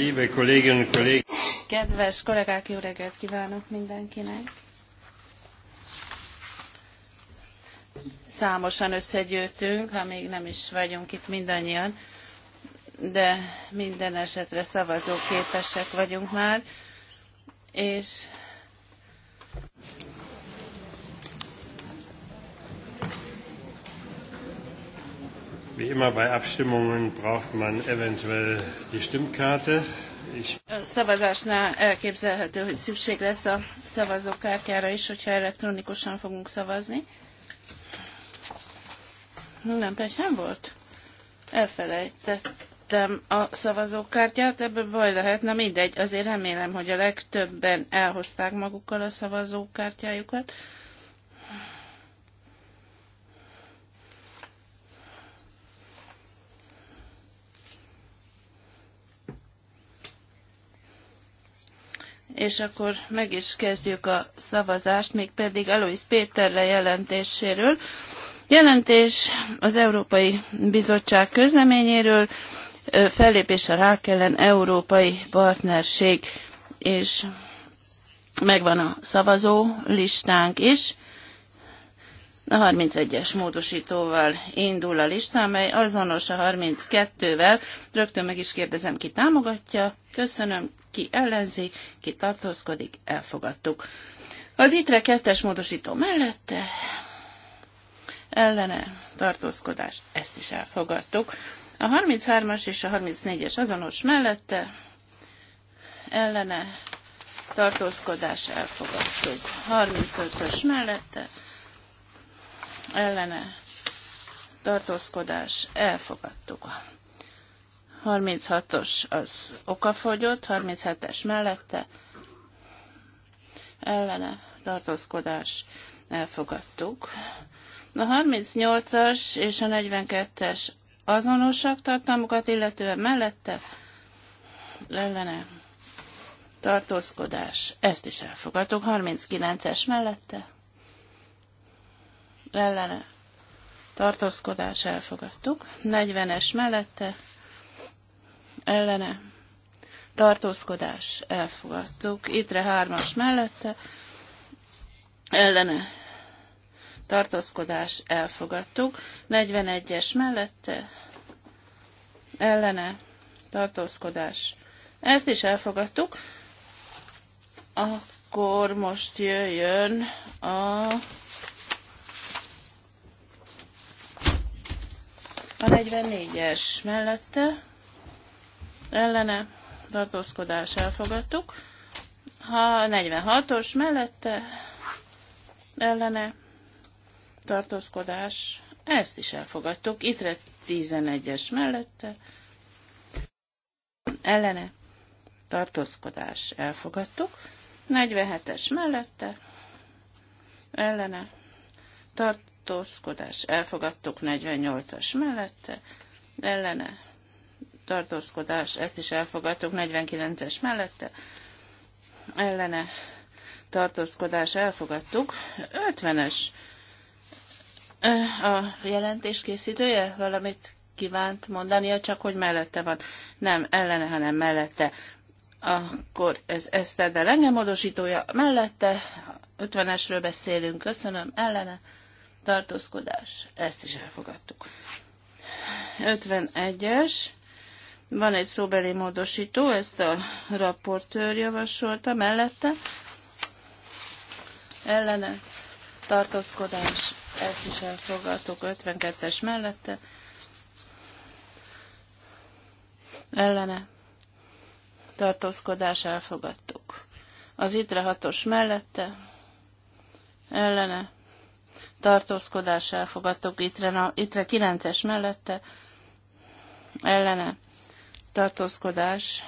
Liebe Kolleginnen und Kollegen. Kedves kollégák, jó reggelt kívánok mindenkinek! Számosan összegyűltünk, ha még nem is vagyunk itt mindannyian, de minden esetre szavazóképesek vagyunk már, és Wie immer bei Abstimmungen braucht man eventuell die Stimmkarte. Ich szavazásnál elképzelhető, hogy szükség lesz a szavazókártyára is, hogyha elektronikusan fogunk szavazni. Nem, persze nem volt. Elfelejtettem a szavazókártyát, ebből baj lehet, na mindegy, azért remélem, hogy a legtöbben elhozták magukkal a szavazókártyájukat. és akkor meg is kezdjük a szavazást, még pedig Alois Péterle jelentéséről. Jelentés az Európai Bizottság közleményéről, fellépés a rák ellen európai partnerség, és megvan a szavazó listánk is. A 31-es módosítóval indul a lista, amely azonos a 32-vel. Rögtön meg is kérdezem, ki támogatja. Köszönöm, ki ellenzi, ki tartózkodik, elfogadtuk. Az itre kettes módosító mellette ellene tartózkodás, ezt is elfogadtuk. A 33-as és a 34-es azonos mellette ellene tartózkodás elfogadtuk. 35-ös mellette ellene tartózkodás elfogadtuk. 36-os az okafogyott, 37-es mellette ellene tartózkodás elfogadtuk. A 38-as és a 42-es azonosak tartalmukat, illetően mellette ellene tartózkodás. Ezt is elfogadtuk. 39-es mellette ellene tartózkodás elfogadtuk. 40-es mellette ellene tartózkodás elfogadtuk. Itre hármas mellette ellene tartózkodás elfogadtuk. 41-es mellette ellene tartózkodás. Ezt is elfogadtuk. Akkor most jöjjön a a 44-es mellette ellene tartózkodás elfogadtuk. Ha 46-os mellette ellene tartózkodás, ezt is elfogadtuk. re 11-es mellette ellene tartózkodás elfogadtuk. 47-es mellette ellene tartózkodás elfogadtuk. 48-as mellette ellene tartózkodás, ezt is elfogadtuk, 49-es mellette, ellene tartózkodás elfogadtuk, 50-es a jelentés készítője valamit kívánt mondania, csak hogy mellette van. Nem ellene, hanem mellette. Akkor ez Eszter, de engem módosítója mellette. 50-esről beszélünk, köszönöm, ellene. Tartózkodás, ezt is elfogadtuk. 51-es van egy szóbeli módosító, ezt a raportőr javasolta mellette. Ellene tartózkodás, ezt is elfogadtuk 52-es mellette. Ellene tartózkodás elfogadtuk. Az ITRE 6 mellette ellene tartózkodás elfogadtuk, ITRE, ITRE 9-es mellette ellene tartózkodás,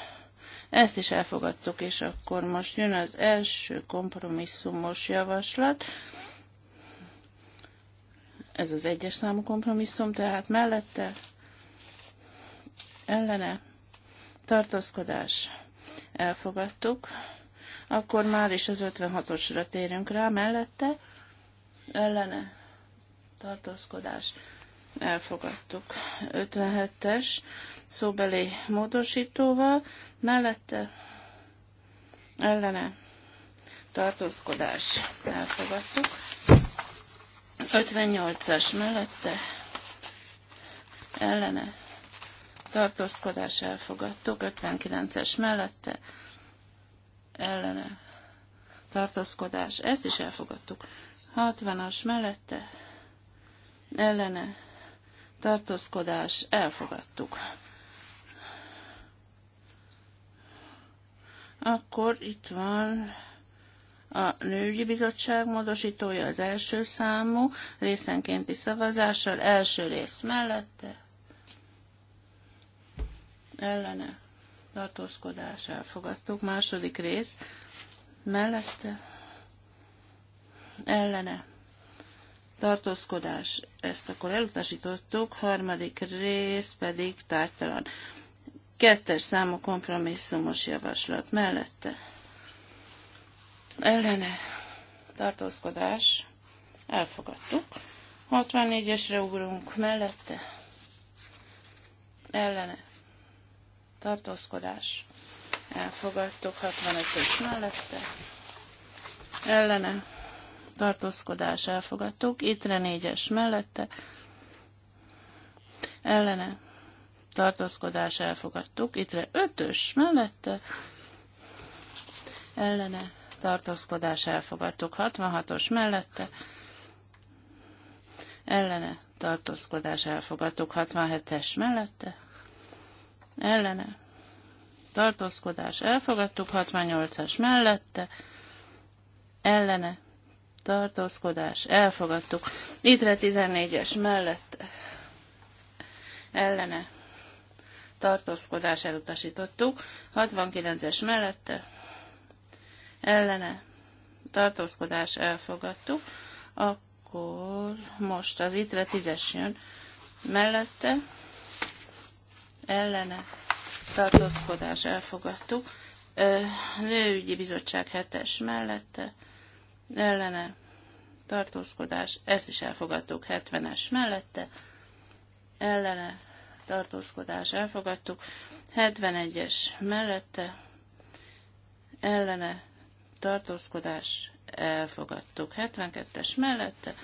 ezt is elfogadtuk, és akkor most jön az első kompromisszumos javaslat. Ez az egyes számú kompromisszum, tehát mellette ellene tartózkodás elfogadtuk. Akkor már is az 56-osra térünk rá, mellette ellene tartózkodás elfogadtuk. 57-es szóbeli módosítóval, mellette ellene tartózkodás elfogadtuk. 58-as mellette ellene tartózkodás elfogadtuk, 59-es mellette ellene tartózkodás, ezt is elfogadtuk. 60-as mellette ellene tartózkodás, elfogadtuk. Akkor itt van a nőgyi bizottság módosítója az első számú részenkénti szavazással, első rész mellette, ellene, tartózkodás, elfogadtuk, második rész mellette, ellene, tartózkodás, ezt akkor elutasítottuk, harmadik rész pedig tártalan. Kettes számú kompromisszumos javaslat mellette. Ellene tartózkodás, elfogadtuk. 64-esre ugrunk mellette. Ellene tartózkodás, elfogadtuk. 65-es mellette. Ellene tartózkodás elfogadtuk, ittre négyes mellette, ellene tartózkodás elfogadtuk, ittre ötös mellette, ellene tartózkodás elfogadtuk, 66-os mellette, ellene tartózkodás elfogadtuk, 67-es mellette, ellene tartózkodás elfogadtuk, 68-as mellette, ellene tartózkodás, elfogadtuk. Itre 14-es mellett ellene tartózkodás elutasítottuk, 69-es mellette ellene tartózkodás elfogadtuk, akkor most az itre 10-es jön mellette ellene tartózkodás elfogadtuk, Nőügyi Bizottság 7-es mellette ellene tartózkodás, ezt is elfogadtuk 70-es mellette, ellene tartózkodás elfogadtuk, 71-es mellette, ellene tartózkodás elfogadtuk, 72-es mellette,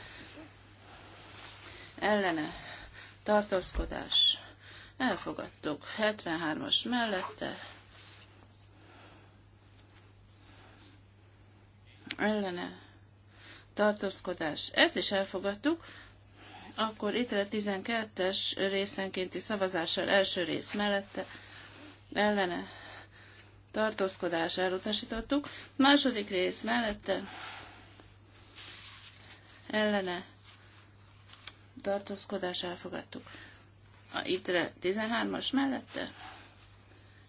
ellene tartózkodás elfogadtuk, 73-as mellette, ellene tartózkodás. Ezt is elfogadtuk, akkor itt a 12-es részenkénti szavazással első rész mellette ellene tartózkodás elutasítottuk, második rész mellette ellene tartózkodás elfogadtuk. A itre 13-as mellette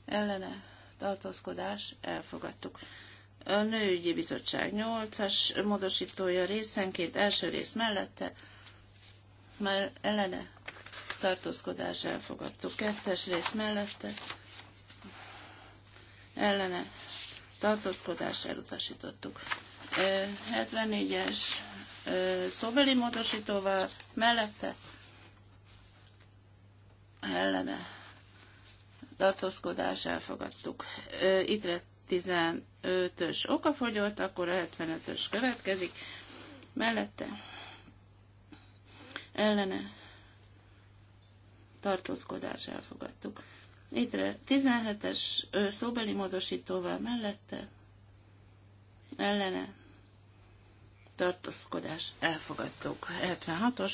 ellene tartózkodás elfogadtuk. A Nőügyi Bizottság 8-as módosítója részenként első rész mellette, már ellene tartózkodás elfogadtuk. Kettes rész mellette, ellene tartózkodás elutasítottuk. 74-es szóbeli módosítóval mellette, ellene tartózkodás elfogadtuk. Itt 75-ös okafogyott, akkor a 75-ös következik, mellette ellene tartózkodás elfogadtuk. Itt 17-es szóbeli módosítóval mellette ellene tartózkodás elfogadtuk. 76-os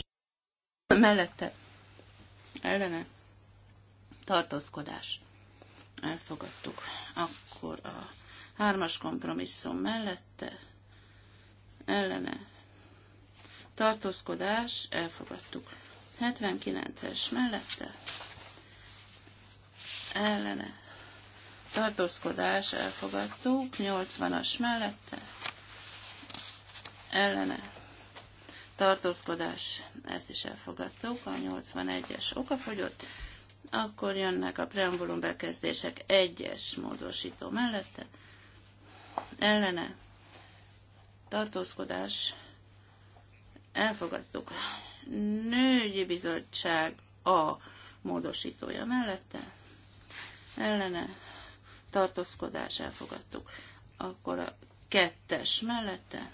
mellette ellene tartózkodás elfogadtuk. Akkor a Hármas kompromisszum mellette ellene tartózkodás, elfogadtuk. 79-es mellette ellene tartózkodás, elfogadtuk. 80-as mellette ellene tartózkodás, ezt is elfogadtuk. A 81-es okafogyott, akkor jönnek a preambulum bekezdések egyes módosító mellette ellene tartózkodás elfogadtuk. Nőgyi bizottság a módosítója mellette ellene tartózkodás elfogadtuk. Akkor a kettes mellette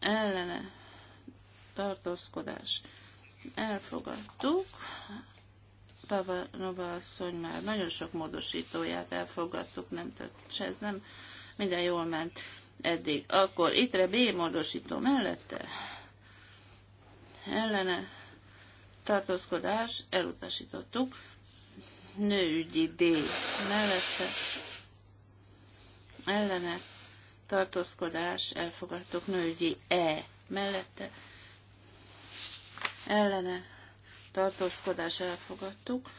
ellene tartózkodás elfogadtuk. Pavanova asszony már nagyon sok módosítóját elfogadtuk, nem tört, és ez nem, minden jól ment eddig. Akkor ittre B módosító mellette ellene tartózkodás elutasítottuk. Nőügyi D mellette ellene tartózkodás elfogadtuk. Nőügyi E mellette ellene tartózkodás elfogadtuk,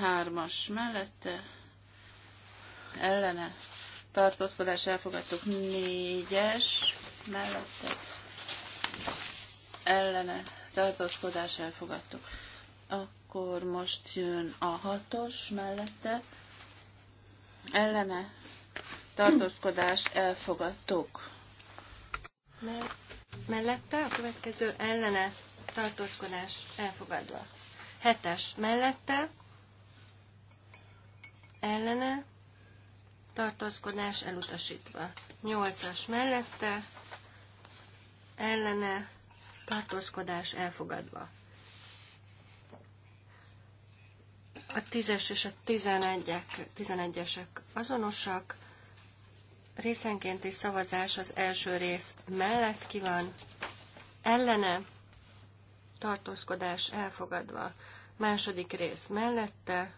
hármas mellette, ellene tartózkodás elfogadtuk, négyes mellette, ellene tartózkodás elfogadtuk. Akkor most jön a hatos mellette, ellene tartózkodás elfogadtuk. Mellette a következő ellene tartózkodás elfogadva. Hetes mellette, ellene, tartózkodás elutasítva. Nyolcas mellette, ellene, tartózkodás elfogadva. A tízes és a tizenegyek, tizenegyesek azonosak, részenkénti szavazás az első rész mellett ki van, ellene tartózkodás elfogadva. Második rész mellette,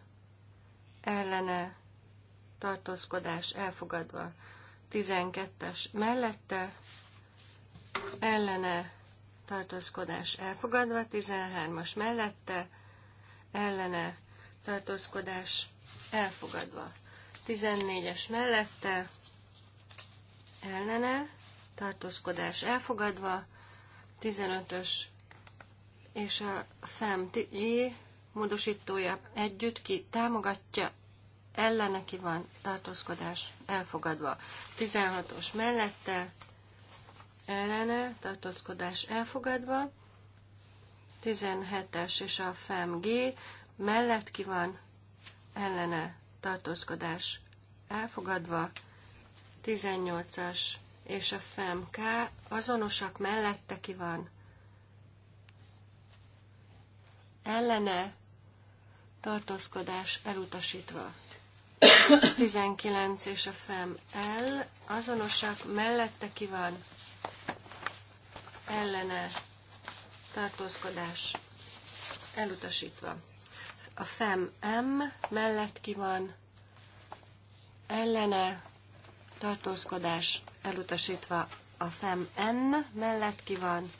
ellene, tartózkodás elfogadva. 12-es mellette, ellene, tartózkodás elfogadva. 13-as mellette, ellene, tartózkodás elfogadva. 14-es mellette, ellene, tartózkodás elfogadva. 15-ös és a FEM módosítója együtt, ki támogatja, ellene ki van tartózkodás elfogadva. 16-os mellette ellene tartózkodás elfogadva. 17-es és a FEMG mellett ki van ellene tartózkodás elfogadva, 18-as és a FEMK azonosak mellette ki van ellene tartózkodás elutasítva. 19 és a fem el, azonosak, mellette ki van, ellene tartózkodás elutasítva. A fem M mellett ki van, ellene tartózkodás elutasítva. A fem N mellett ki van,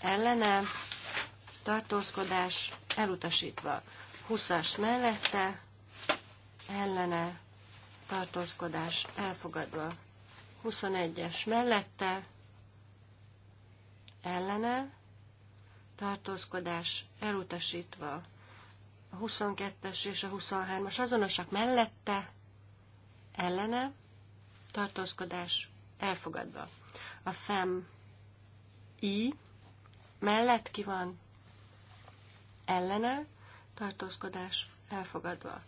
ellene tartózkodás elutasítva. 20-as mellette, ellene, tartózkodás elfogadva. 21-es mellette, ellene, tartózkodás elutasítva. A 22-es és a 23-as azonosak mellette, ellene, tartózkodás elfogadva. A FEM I mellett ki van, ellene, tartózkodás elfogadva.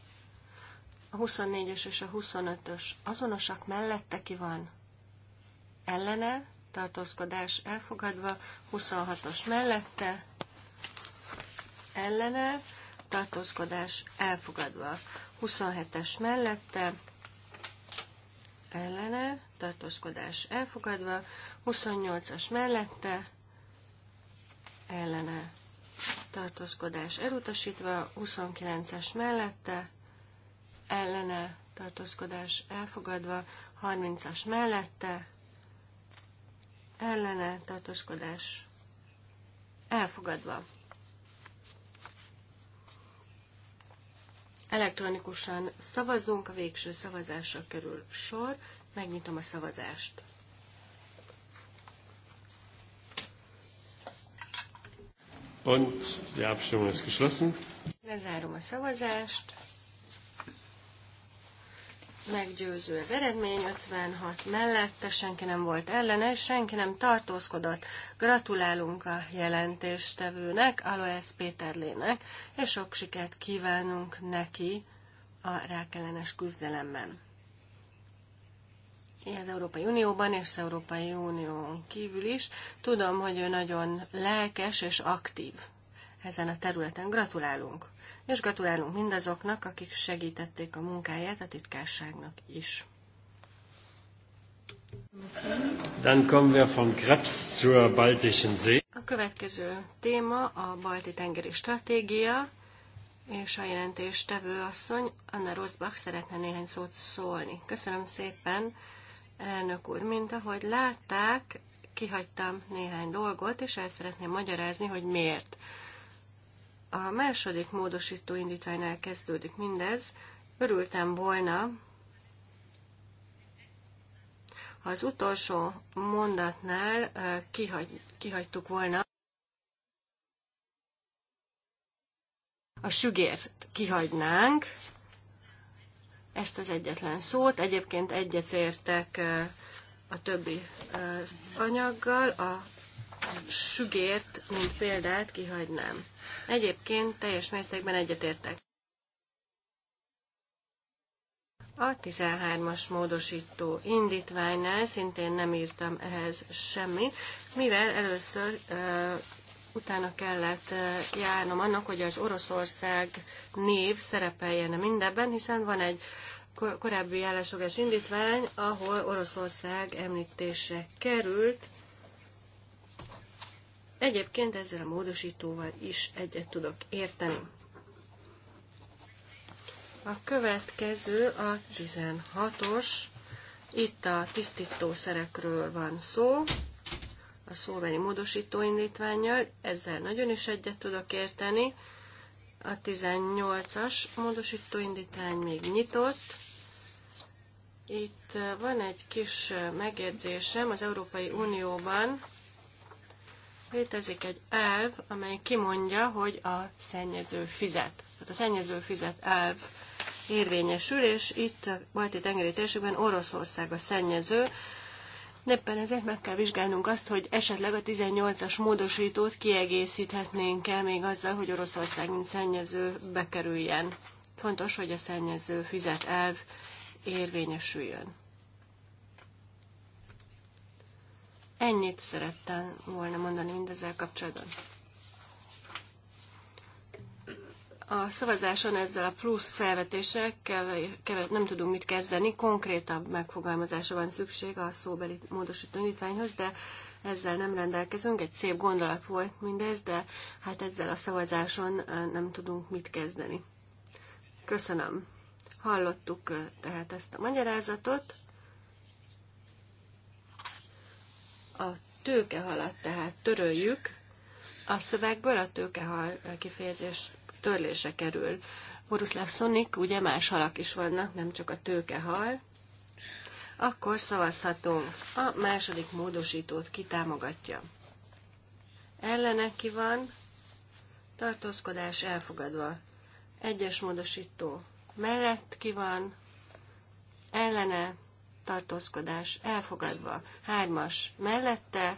A 24 ös és a 25-ös azonosak mellette ki van, ellene, tartózkodás elfogadva, 26-os mellette, ellene, tartózkodás elfogadva, 27-es mellette, ellene, tartózkodás elfogadva, 28-as mellette, ellene, tartózkodás elutasítva, 29-es mellette, ellene tartózkodás elfogadva, 30-as mellette, ellene tartózkodás elfogadva. Elektronikusan szavazunk, a végső szavazásra kerül sor, megnyitom a szavazást. Und die Abstimmung ist geschlossen. Lezárom a szavazást. Meggyőző az eredmény, 56 mellette, senki nem volt ellene, és senki nem tartózkodott. Gratulálunk a jelentéstevőnek, Aloes Péterlének, és sok sikert kívánunk neki a rákellenes küzdelemben az Európai Unióban és az Európai Unión kívül is. Tudom, hogy ő nagyon lelkes és aktív ezen a területen. Gratulálunk! És gratulálunk mindazoknak, akik segítették a munkáját a titkárságnak is. Dann kommen wir von Krebs zur Baltischen See. A következő téma a balti tengeri stratégia, és a jelentéstevő asszony, Anna Rosbach szeretne néhány szót szólni. Köszönöm szépen, Elnök úr, mint ahogy látták, kihagytam néhány dolgot, és el szeretném magyarázni, hogy miért. A második módosító indítványnál kezdődik mindez. Örültem volna, ha az utolsó mondatnál kihagy, kihagytuk volna a sügért kihagynánk, ezt az egyetlen szót. Egyébként egyetértek a többi anyaggal, a sügért, mint példát kihagynám. Egyébként teljes mértékben egyetértek. A 13-as módosító indítványnál szintén nem írtam ehhez semmi, mivel először utána kellett eh, járnom annak, hogy az Oroszország név szerepeljen mindebben, hiszen van egy korábbi állásfogás indítvány, ahol Oroszország említése került. Egyébként ezzel a módosítóval is egyet tudok érteni. A következő a 16-os. Itt a tisztító szerekről van szó a szóbeli módosító indítványjal, ezzel nagyon is egyet tudok érteni. A 18-as módosító indítvány még nyitott. Itt eh, van egy kis eh, megjegyzésem, az Európai Unióban létezik egy elv, amely kimondja, hogy a szennyező fizet. Tehát a szennyező fizet elv érvényesül, és itt a balti tengeri térségben Oroszország a szennyező, Éppen ezért meg kell vizsgálnunk azt, hogy esetleg a 18-as módosítót kiegészíthetnénk-e még azzal, hogy Oroszország mint szennyező bekerüljen. Fontos, hogy a szennyező fizet elv érvényesüljön. Ennyit szerettem volna mondani mindezzel kapcsolatban. A szavazáson ezzel a plusz felvetésekkel nem tudunk mit kezdeni, konkrétabb megfogalmazása van szükség a szóbeli módosító indítványhoz, de ezzel nem rendelkezünk. Egy szép gondolat volt mindez, de hát ezzel a szavazáson nem tudunk mit kezdeni. Köszönöm. Hallottuk tehát ezt a magyarázatot. A tőkehalat tehát töröljük. A szövegből a tőkehal kifejezés törlése kerül. Boruszláv Szonik, ugye más halak is vannak, nem csak a tőkehal. Akkor szavazhatunk. A második módosítót kitámogatja. Ellene ki van? Tartózkodás elfogadva. Egyes módosító mellett ki van? Ellene tartózkodás elfogadva. Hármas mellette,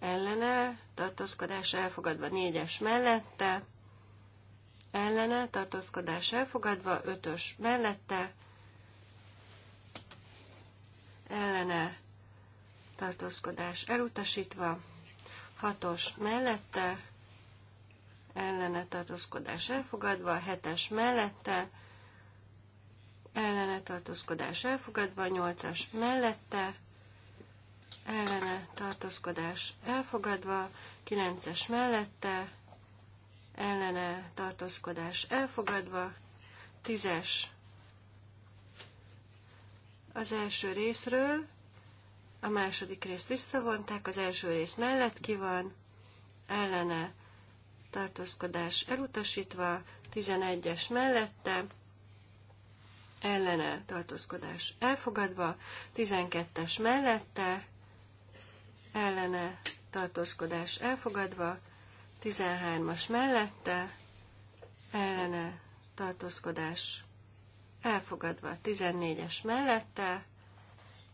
ellene, tartózkodás elfogadva. Négyes mellette, ellene, tartózkodás elfogadva, 5-ös mellette, ellene, tartózkodás elutasítva, 6-os mellette, ellene tartózkodás elfogadva, 7-es mellette, ellene tartózkodás elfogadva, 8-as mellette, ellene tartózkodás elfogadva, 9-es mellette, ellene tartózkodás elfogadva, tízes az első részről, a második részt visszavonták, az első rész mellett ki van, ellene tartózkodás elutasítva, 11-es mellette, ellene tartózkodás elfogadva, 12-es mellette, ellene tartózkodás elfogadva, 13-as mellette, ellene tartózkodás elfogadva. 14-es mellette,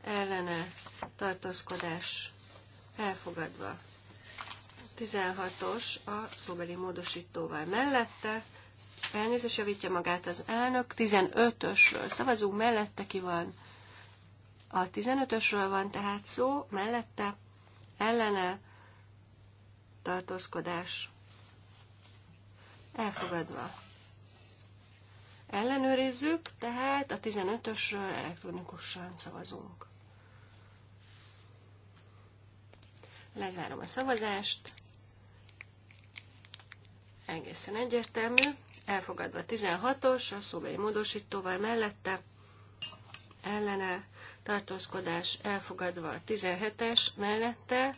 ellene tartózkodás elfogadva. 16-os a szóbeli módosítóval mellette, elnézést javítja magát az elnök, 15-ösről szavazunk, mellette ki van. A 15-ösről van tehát szó, mellette, ellene, tartózkodás elfogadva. Ellenőrizzük, tehát a 15-ösről elektronikusan szavazunk. Lezárom a szavazást. Egészen egyértelmű. Elfogadva a 16-os, a szóbeli módosítóval mellette ellene tartózkodás elfogadva a 17-es mellette,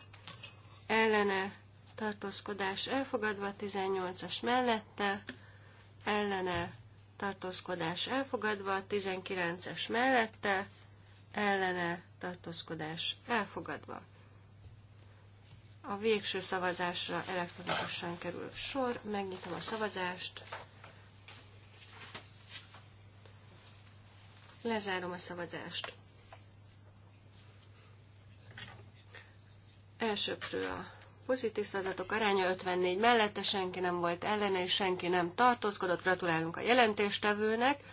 ellene tartózkodás elfogadva, 18-as mellette, ellene tartózkodás elfogadva, 19-es mellette, ellene tartózkodás elfogadva. A végső szavazásra elektronikusan kerül sor, megnyitom a szavazást, lezárom a szavazást. Elsőprő a Pozitív szavazatok aránya 54 mellette, senki nem volt ellene, és senki nem tartózkodott. Gratulálunk a jelentéstevőnek,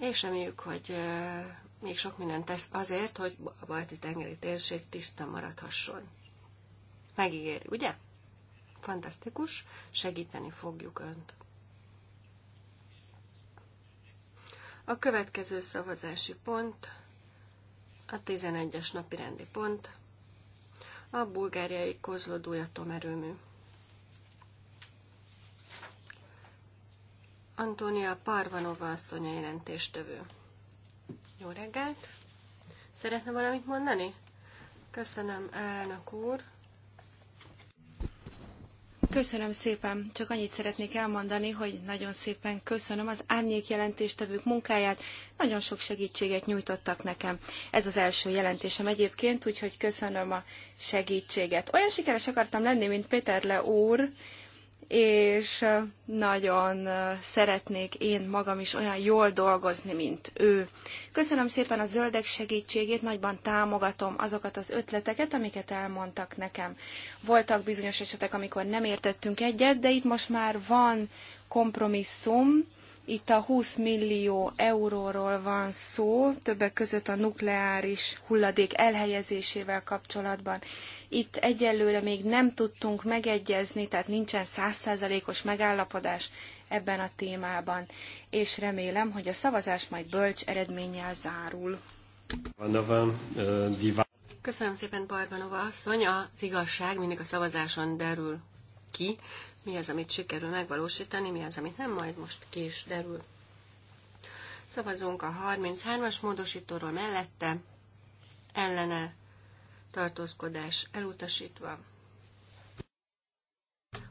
és reméljük, hogy még sok mindent tesz azért, hogy a balti tengeri térség tiszta maradhasson. Megígéri, ugye? Fantasztikus, segíteni fogjuk Önt. A következő szavazási pont a 11-es napi rendi pont a bulgáriai kozlodúj atomerőmű. Antónia Parvanova asszonya jelentéstövő. Jó reggelt! Szeretne valamit mondani? Köszönöm, elnök úr! Köszönöm szépen. Csak annyit szeretnék elmondani, hogy nagyon szépen köszönöm az árnyék jelentéstevők munkáját. Nagyon sok segítséget nyújtottak nekem. Ez az első jelentésem egyébként, úgyhogy köszönöm a segítséget. Olyan sikeres akartam lenni, mint Péter Le úr, és nagyon szeretnék én magam is olyan jól dolgozni, mint ő. Köszönöm szépen a zöldek segítségét, nagyban támogatom azokat az ötleteket, amiket elmondtak nekem. Voltak bizonyos esetek, amikor nem értettünk egyet, de itt most már van kompromisszum, itt a 20 millió euróról van szó, többek között a nukleáris hulladék elhelyezésével kapcsolatban. Itt egyelőre még nem tudtunk megegyezni, tehát nincsen százszázalékos megállapodás ebben a témában, és remélem, hogy a szavazás majd bölcs eredménnyel zárul. Köszönöm szépen, Barbanova asszony. Az igazság mindig a szavazáson derül ki mi az, amit sikerül megvalósítani, mi az, amit nem, majd most ki is derül. Szavazunk a 33-as módosítóról mellette, ellene tartózkodás elutasítva.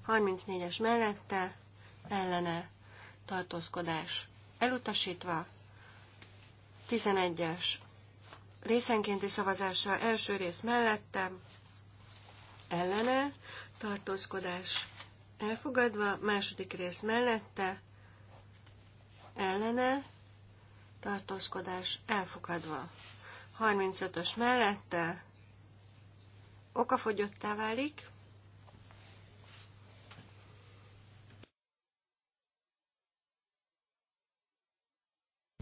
34-es mellette, ellene tartózkodás elutasítva. 11-es részenkénti szavazással első rész mellette, ellene tartózkodás elfogadva, második rész mellette, ellene, tartózkodás elfogadva. 35-ös mellette, okafogyottá válik,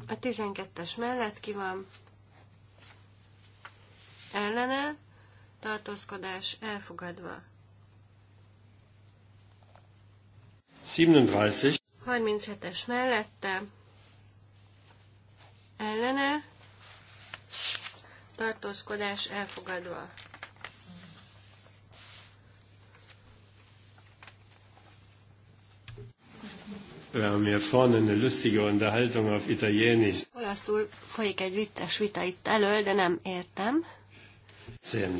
A 12-es mellett ki van ellene, tartózkodás elfogadva. 37. 37-es mellette ellene tartózkodás elfogadva. Wir vorne eine lustige Unterhaltung auf Italienisch. Olaszul folyik egy vittes vita itt elől, de nem értem.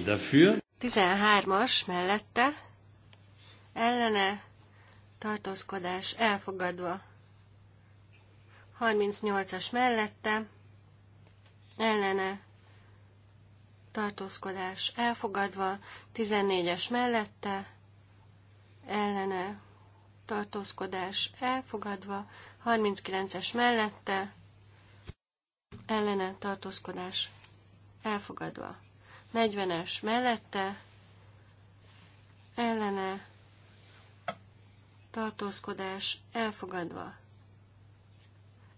Dafür. 13-as mellette ellene tartózkodás elfogadva. 38-as mellette, ellene, tartózkodás elfogadva, 14-es mellette, ellene, tartózkodás elfogadva, 39-es mellette, ellene, tartózkodás elfogadva, 40-es mellette, ellene, tartózkodás elfogadva.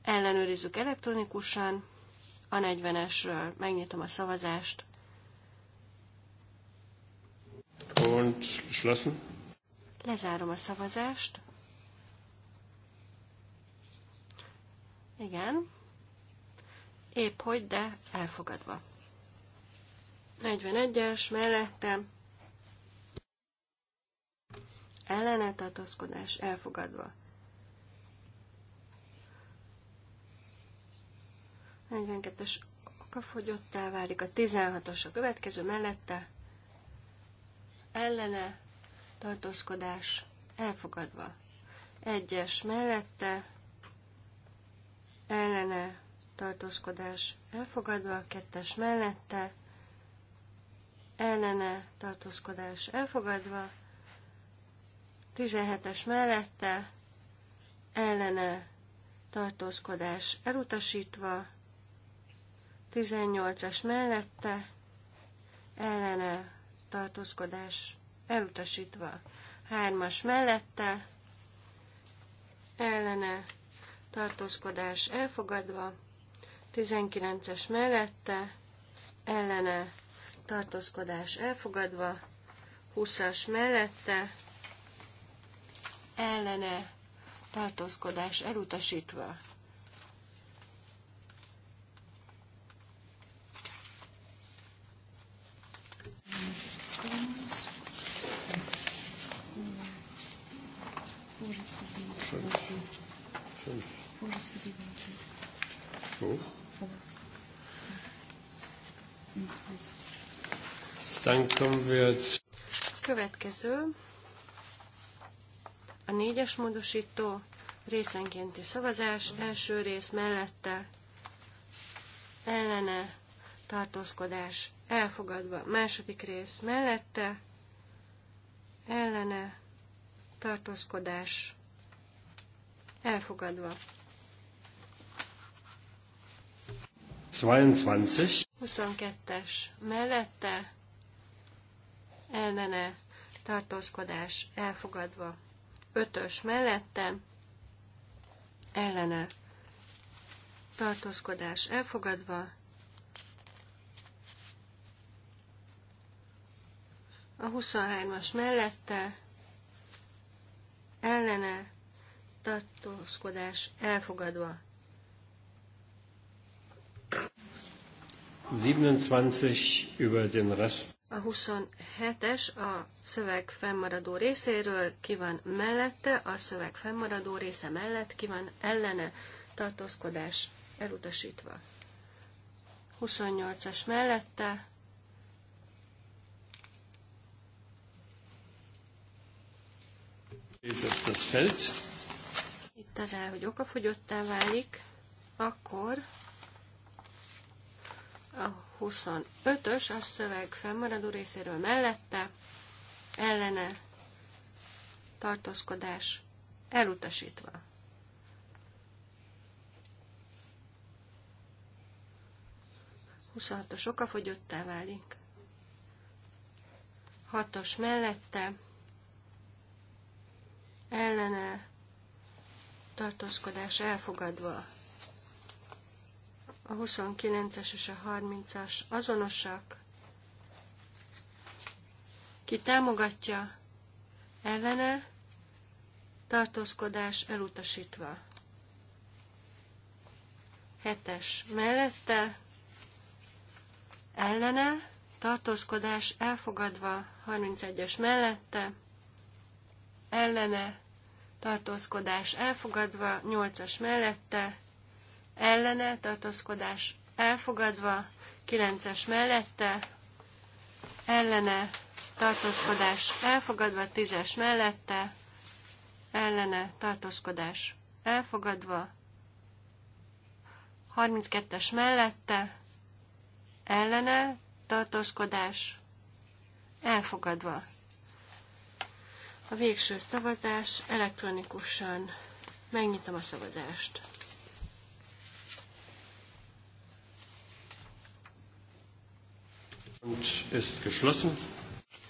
Ellenőrizzük elektronikusan a 40-esről. Megnyitom a szavazást. Und schlossen. Lezárom a szavazást. Igen. Épp hogy, de elfogadva. 41-es mellettem ellene tartózkodás elfogadva. 42-es fogyottá válik a 16-os a következő mellette, ellene tartózkodás elfogadva. Egyes mellette, ellene tartózkodás elfogadva, kettes mellette, ellene tartózkodás elfogadva, 17-es mellette ellene tartózkodás elutasítva, 18 es mellette ellene tartózkodás elutasítva, 3-as mellette ellene tartózkodás elfogadva, 19-es mellette ellene tartózkodás elfogadva, 20-as mellette ellene tartózkodás elutasítva. Dann kommen wir jetzt. Következő a négyes módosító részenkénti szavazás, első rész mellette ellene tartózkodás elfogadva, második rész mellette ellene tartózkodás elfogadva. 22. 22-es mellette ellene tartózkodás elfogadva ötös mellette ellene tartózkodás elfogadva, a 23-as mellette ellene tartózkodás elfogadva. 27 über den Rest a 27-es a szöveg fennmaradó részéről, ki van mellette, a szöveg fennmaradó része mellett, ki van ellene, tartózkodás elutasítva. 28-as mellette, Itt az el, hogy okafogyottá válik, akkor a 25-ös a szöveg fennmaradó részéről mellette, ellene tartózkodás elutasítva. Huszonhatos okafogyottá válik. Hatos mellette, ellene tartózkodás elfogadva a 29-es és a 30-as azonosak. Ki támogatja, ellene, tartózkodás elutasítva. 7-es mellette, ellene, tartózkodás elfogadva, 31-es mellette, ellene, tartózkodás elfogadva, 8-as mellette, ellene tartózkodás elfogadva, 9-es mellette ellene tartózkodás elfogadva, 10-es mellette ellene tartózkodás elfogadva, 32-es mellette ellene tartózkodás elfogadva. A végső szavazás elektronikusan. Megnyitom a szavazást.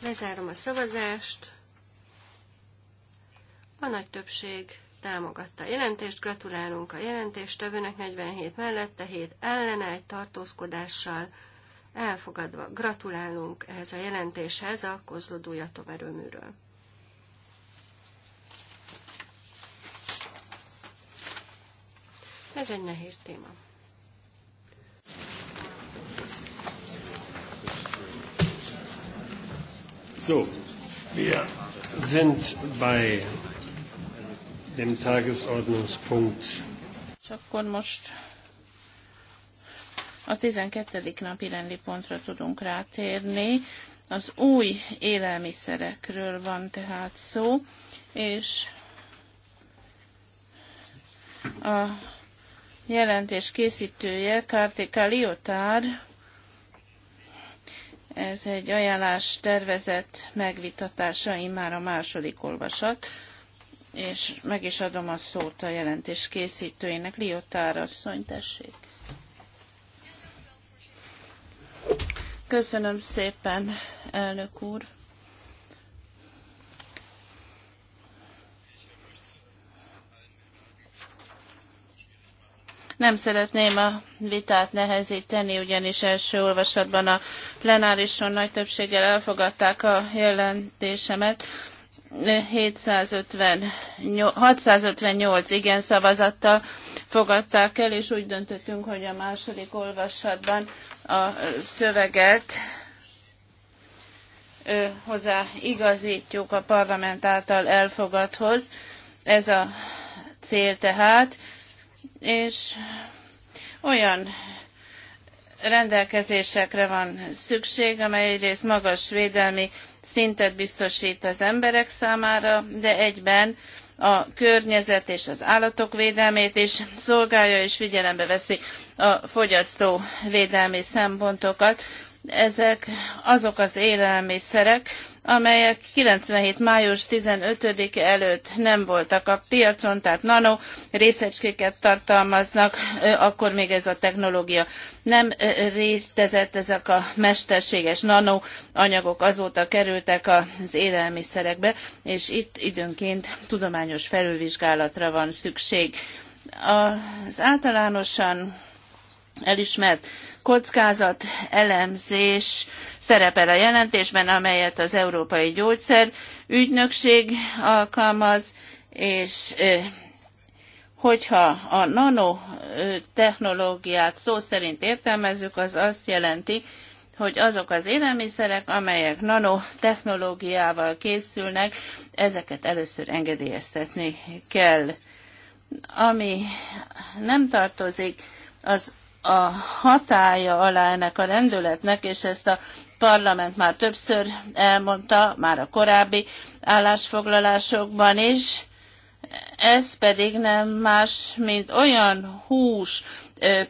Lezárom a szavazást. A nagy többség támogatta a jelentést. Gratulálunk a jelentéstevőnek 47 mellette, 7 ellene egy tartózkodással elfogadva. Gratulálunk ehhez a jelentéshez a Kozlodói atomerőműről. Ez egy nehéz téma. So, wir sind bei dem Tagesordnungspunkt. És akkor most a 12. napi rendi pontra tudunk rátérni. Az új élelmiszerekről van tehát szó, és a jelentés készítője Kárté Liotár ez egy ajánlás tervezett megvitatása, immár a második olvasat, és meg is adom a szót a jelentés készítőjének, Liotár asszony, tessék. Köszönöm szépen, elnök úr. Nem szeretném a vitát nehezíteni, ugyanis első olvasatban a plenárison nagy többséggel elfogadták a jelentésemet. 758, 658 igen szavazattal fogadták el, és úgy döntöttünk, hogy a második olvasatban a szöveget hozzá igazítjuk a parlament által elfogadhoz. Ez a cél tehát és olyan rendelkezésekre van szükség, amely egyrészt magas védelmi szintet biztosít az emberek számára, de egyben a környezet és az állatok védelmét is szolgálja és figyelembe veszi a fogyasztó védelmi szempontokat. Ezek azok az élelmiszerek, amelyek 97. május 15-e előtt nem voltak a piacon, tehát nano részecskéket tartalmaznak, akkor még ez a technológia nem létezett, ezek a mesterséges nano anyagok azóta kerültek az élelmiszerekbe, és itt időnként tudományos felülvizsgálatra van szükség. Az általánosan elismert kockázat elemzés szerepel a jelentésben, amelyet az Európai Gyógyszer ügynökség alkalmaz, és hogyha a nanotechnológiát szó szerint értelmezzük, az azt jelenti, hogy azok az élelmiszerek, amelyek nanotechnológiával készülnek, ezeket először engedélyeztetni kell. Ami nem tartozik az a hatája alá ennek a rendületnek, és ezt a parlament már többször elmondta, már a korábbi állásfoglalásokban is, ez pedig nem más, mint olyan hús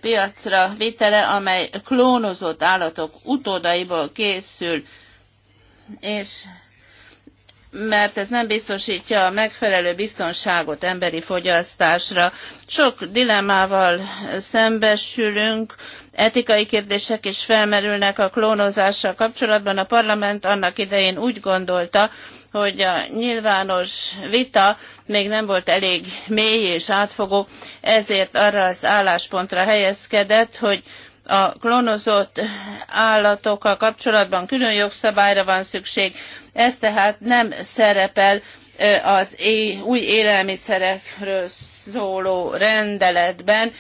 piacra vitele, amely klónozott állatok utódaiból készül, és mert ez nem biztosítja a megfelelő biztonságot emberi fogyasztásra. Sok dilemmával szembesülünk, etikai kérdések is felmerülnek a klónozással kapcsolatban. A parlament annak idején úgy gondolta, hogy a nyilvános vita még nem volt elég mély és átfogó, ezért arra az álláspontra helyezkedett, hogy a klonozott állatokkal kapcsolatban külön jogszabályra van szükség. Ez tehát nem szerepel az új élelmiszerekről szóló rendeletben.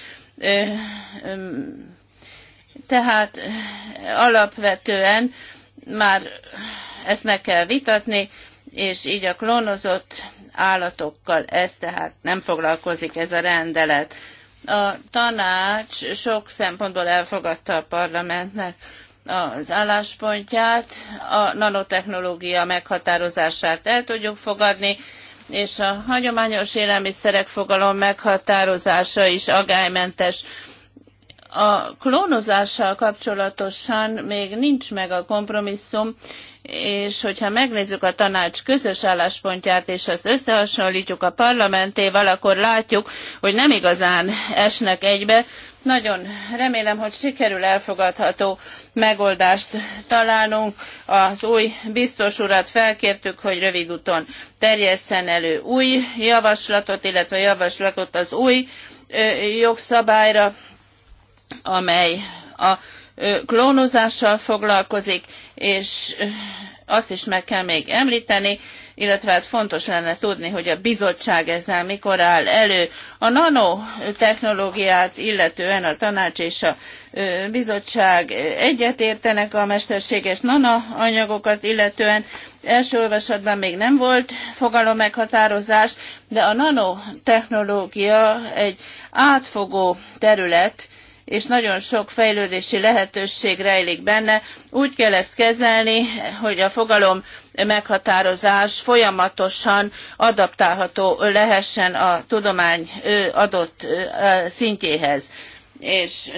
Tehát alapvetően már ezt meg kell vitatni, és így a klónozott állatokkal ez tehát nem foglalkozik ez a rendelet. A tanács sok szempontból elfogadta a parlamentnek az álláspontját, a nanotechnológia meghatározását el tudjuk fogadni, és a hagyományos élelmiszerek fogalom meghatározása is agálymentes. A klónozással kapcsolatosan még nincs meg a kompromisszum, és hogyha megnézzük a tanács közös álláspontját, és ezt összehasonlítjuk a parlamentével, akkor látjuk, hogy nem igazán esnek egybe. Nagyon remélem, hogy sikerül elfogadható megoldást találnunk. Az új biztos urat felkértük, hogy rövid úton terjesszen elő új javaslatot, illetve javaslatot az új jogszabályra, amely a klónozással foglalkozik, és azt is meg kell még említeni, illetve hát fontos lenne tudni, hogy a bizottság ezzel mikor áll elő. A nanotechnológiát illetően a tanács és a bizottság egyetértenek a mesterséges nanoanyagokat illetően. Első olvasatban még nem volt fogalom meghatározás, de a nanotechnológia egy átfogó terület, és nagyon sok fejlődési lehetőség rejlik benne. Úgy kell ezt kezelni, hogy a fogalom meghatározás folyamatosan adaptálható lehessen a tudomány adott szintjéhez. És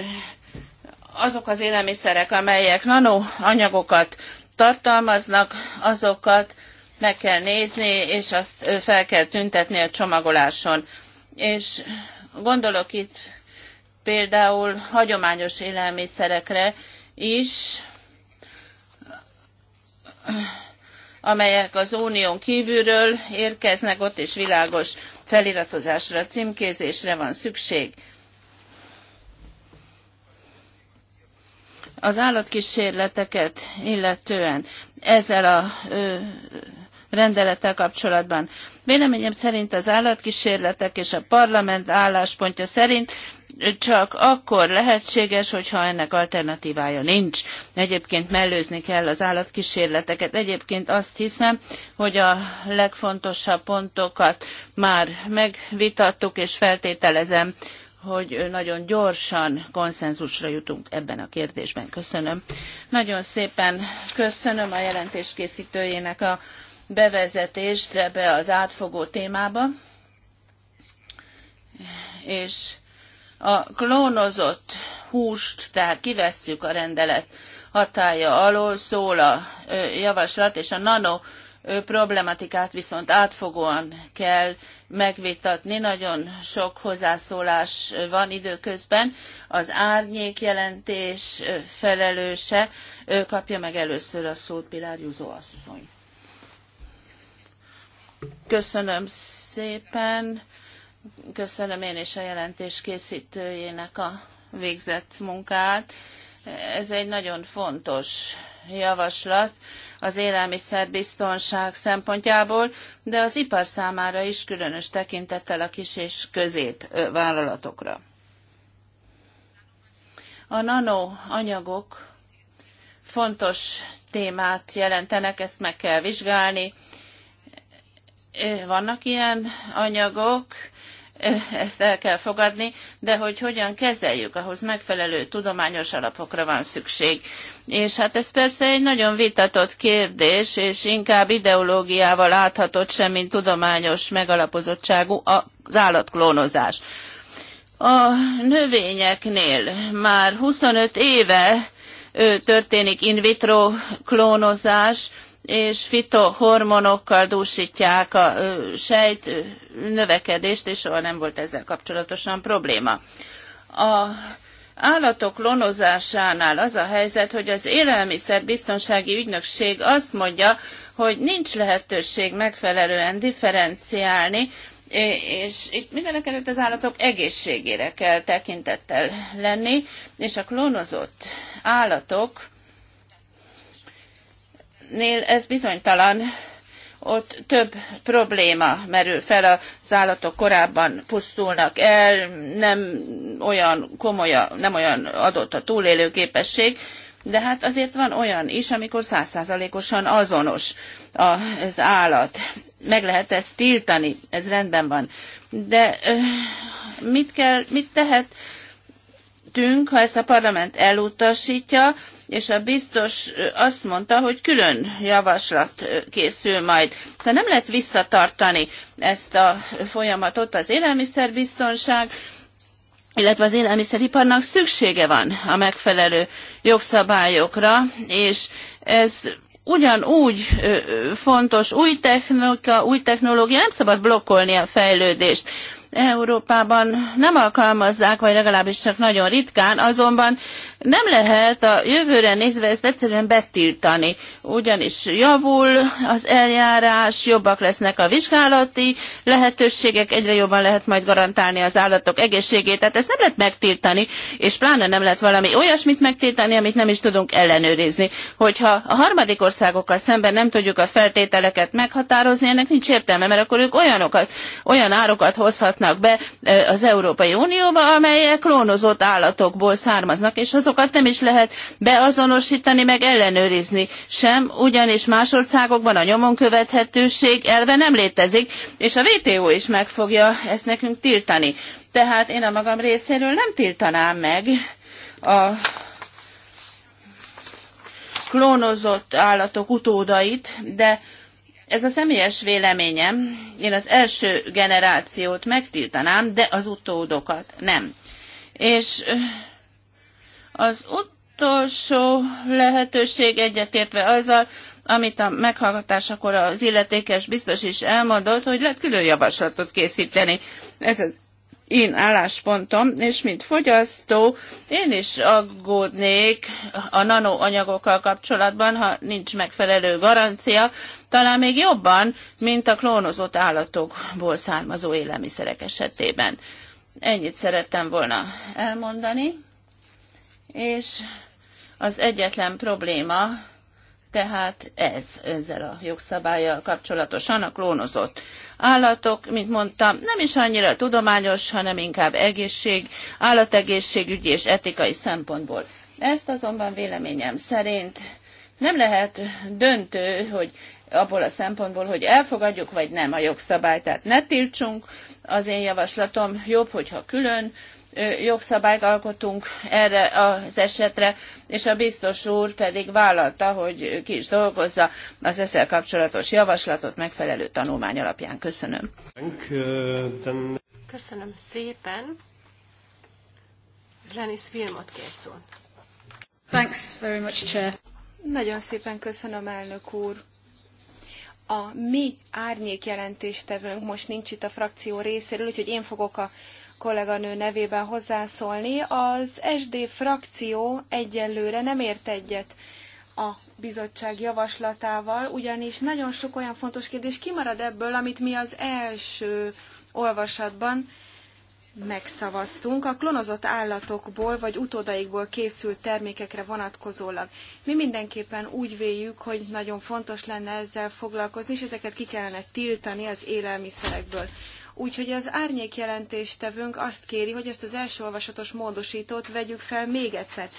azok az élelmiszerek, amelyek nanoanyagokat tartalmaznak, azokat meg kell nézni, és azt fel kell tüntetni a csomagoláson. És gondolok itt például hagyományos élelmiszerekre is, amelyek az unión kívülről érkeznek, ott is világos feliratozásra, címkézésre van szükség. Az állatkísérleteket illetően ezzel a ö, rendelettel kapcsolatban. Véleményem szerint az állatkísérletek és a parlament álláspontja szerint csak akkor lehetséges, hogyha ennek alternatívája nincs. Egyébként mellőzni kell az állatkísérleteket. Egyébként azt hiszem, hogy a legfontosabb pontokat már megvitattuk, és feltételezem, hogy nagyon gyorsan konszenzusra jutunk ebben a kérdésben. Köszönöm. Nagyon szépen köszönöm a jelentés készítőjének a bevezetést ebbe az átfogó témába. És a klónozott húst, tehát kivesszük a rendelet hatája alól, szól a javaslat, és a nano problematikát viszont átfogóan kell megvitatni. Nagyon sok hozzászólás van időközben. Az árnyék jelentés felelőse kapja meg először a szót Pilár Júzó asszony. Köszönöm szépen. Köszönöm én is a jelentés készítőjének a végzett munkát. Ez egy nagyon fontos javaslat az élelmiszerbiztonság szempontjából, de az ipar számára is különös tekintettel a kis és vállalatokra. A nanoanyagok fontos témát jelentenek, ezt meg kell vizsgálni. Vannak ilyen anyagok, ezt el kell fogadni, de hogy hogyan kezeljük, ahhoz megfelelő tudományos alapokra van szükség. És hát ez persze egy nagyon vitatott kérdés, és inkább ideológiával áthatott sem, mint tudományos megalapozottságú az állatklónozás. A növényeknél már 25 éve történik in vitro klónozás, és fitohormonokkal dúsítják a sejt növekedést, és soha nem volt ezzel kapcsolatosan probléma. A állatok lonozásánál az a helyzet, hogy az élelmiszer biztonsági ügynökség azt mondja, hogy nincs lehetőség megfelelően differenciálni, és itt mindenek előtt az állatok egészségére kell tekintettel lenni, és a klónozott állatok nél ez bizonytalan, ott több probléma merül fel, az állatok korábban pusztulnak el, nem olyan komoly, nem olyan adott a túlélő képesség, de hát azért van olyan is, amikor százszázalékosan azonos az állat. Meg lehet ezt tiltani, ez rendben van. De mit, kell, mit tehetünk, ha ezt a parlament elutasítja, és a biztos azt mondta, hogy külön javaslat készül majd. Szóval nem lehet visszatartani ezt a folyamatot az élelmiszerbiztonság, illetve az élelmiszeriparnak szüksége van a megfelelő jogszabályokra, és ez ugyanúgy fontos új technika, új technológia, nem szabad blokkolni a fejlődést. Európában nem alkalmazzák, vagy legalábbis csak nagyon ritkán, azonban nem lehet a jövőre nézve ezt egyszerűen betiltani, ugyanis javul az eljárás, jobbak lesznek a vizsgálati lehetőségek, egyre jobban lehet majd garantálni az állatok egészségét, tehát ezt nem lehet megtiltani, és pláne nem lehet valami olyasmit megtiltani, amit nem is tudunk ellenőrizni. Hogyha a harmadik országokkal szemben nem tudjuk a feltételeket meghatározni, ennek nincs értelme, mert akkor ők olyanokat, olyan árokat hozhat jutnak be az Európai Unióba, amelyek klónozott állatokból származnak, és azokat nem is lehet beazonosítani, meg ellenőrizni sem, ugyanis más országokban a nyomon követhetőség elve nem létezik, és a WTO is meg fogja ezt nekünk tiltani. Tehát én a magam részéről nem tiltanám meg a klónozott állatok utódait, de ez a személyes véleményem, én az első generációt megtiltanám, de az utódokat nem. És az utolsó lehetőség egyetértve azzal, amit a meghallgatásakor az illetékes biztos is elmondott, hogy lehet külön javaslatot készíteni. Ez az én álláspontom, és mint fogyasztó én is aggódnék a nanoanyagokkal kapcsolatban, ha nincs megfelelő garancia, talán még jobban, mint a klónozott állatokból származó élelmiszerek esetében. Ennyit szerettem volna elmondani, és az egyetlen probléma tehát ez ezzel a jogszabályjal kapcsolatosan a klónozott állatok, mint mondtam, nem is annyira tudományos, hanem inkább egészség, állategészségügyi és etikai szempontból. Ezt azonban véleményem szerint nem lehet döntő, hogy abból a szempontból, hogy elfogadjuk vagy nem a jogszabályt. Tehát ne tiltsunk, az én javaslatom jobb, hogyha külön jogszabályt alkotunk erre az esetre, és a biztos úr pedig vállalta, hogy ki is dolgozza az ezzel kapcsolatos javaslatot megfelelő tanulmány alapján. Köszönöm. Köszönöm szépen. Lenis Vilmot kért Thanks very much, Chair. Nagyon szépen köszönöm, elnök úr a mi árnyék jelentéstevőnk most nincs itt a frakció részéről, úgyhogy én fogok a kolléganő nevében hozzászólni. Az SD frakció egyelőre nem ért egyet a bizottság javaslatával, ugyanis nagyon sok olyan fontos kérdés kimarad ebből, amit mi az első olvasatban megszavaztunk, a klonozott állatokból vagy utódaikból készült termékekre vonatkozólag. Mi mindenképpen úgy véljük, hogy nagyon fontos lenne ezzel foglalkozni, és ezeket ki kellene tiltani az élelmiszerekből. Úgyhogy az árnyék jelentéstevőnk azt kéri, hogy ezt az első olvasatos módosítót vegyük fel még egyszer.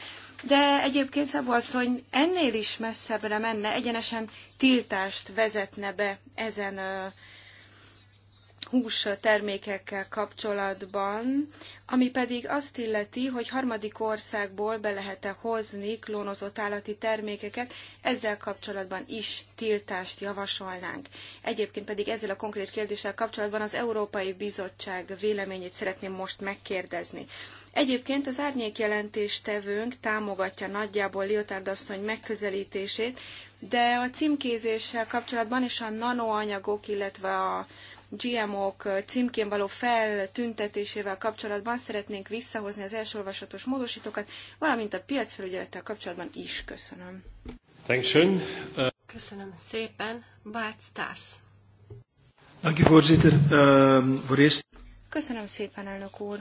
De egyébként Szabó asszony ennél is messzebbre menne, egyenesen tiltást vezetne be ezen hús termékekkel kapcsolatban, ami pedig azt illeti, hogy harmadik országból be lehet-e hozni klónozott állati termékeket, ezzel kapcsolatban is tiltást javasolnánk. Egyébként pedig ezzel a konkrét kérdéssel kapcsolatban az Európai Bizottság véleményét szeretném most megkérdezni. Egyébként az árnyék jelentéstevőnk támogatja nagyjából Liotárd asszony megközelítését, de a címkézéssel kapcsolatban és a nanoanyagok, illetve a GMO-k címkén való feltüntetésével kapcsolatban szeretnénk visszahozni az első olvasatos módosítókat, valamint a piacfelügyelettel kapcsolatban is. Köszönöm. Dankeschön. Uh, Köszönöm szépen. Bárc Tász. Ehm, Köszönöm szépen, elnök úr.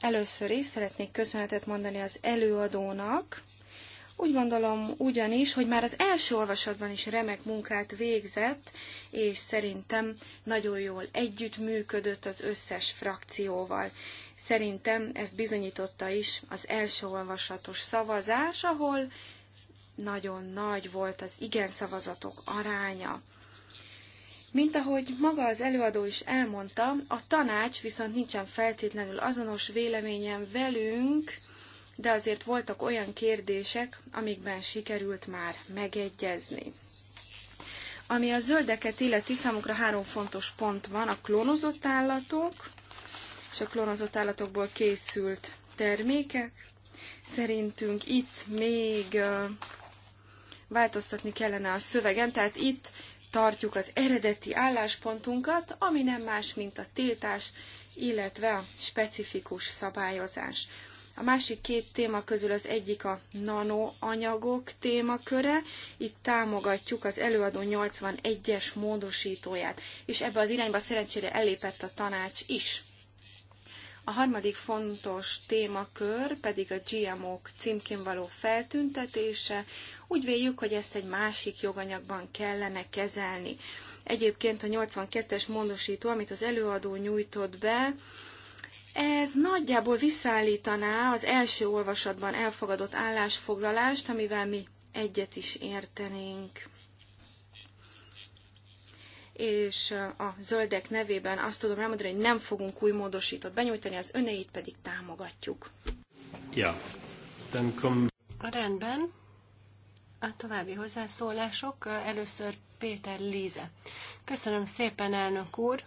Először is szeretnék köszönetet mondani az előadónak, úgy gondolom ugyanis, hogy már az első olvasatban is remek munkát végzett, és szerintem nagyon jól együttműködött az összes frakcióval. Szerintem ezt bizonyította is az első olvasatos szavazás, ahol nagyon nagy volt az igen szavazatok aránya. Mint ahogy maga az előadó is elmondta, a tanács viszont nincsen feltétlenül azonos véleményen velünk, de azért voltak olyan kérdések, amikben sikerült már megegyezni. Ami a zöldeket illeti, számukra három fontos pont van, a klónozott állatok, és a klónozott állatokból készült termékek. Szerintünk itt még változtatni kellene a szövegen, tehát itt tartjuk az eredeti álláspontunkat, ami nem más, mint a tiltás, illetve a specifikus szabályozás. A másik két téma közül az egyik a nanoanyagok témaköre. Itt támogatjuk az előadó 81-es módosítóját, és ebbe az irányba szerencsére elépett a tanács is. A harmadik fontos témakör pedig a GMO-k címkén való feltüntetése. Úgy véljük, hogy ezt egy másik joganyagban kellene kezelni. Egyébként a 82-es módosító, amit az előadó nyújtott be, ez nagyjából visszaállítaná az első olvasatban elfogadott állásfoglalást, amivel mi egyet is értenénk és a zöldek nevében azt tudom elmondani, hogy nem fogunk új módosított benyújtani, az önéit pedig támogatjuk. Ja, dann kommen... Rendben. A további hozzászólások. Először Péter Líze. Köszönöm szépen, elnök úr.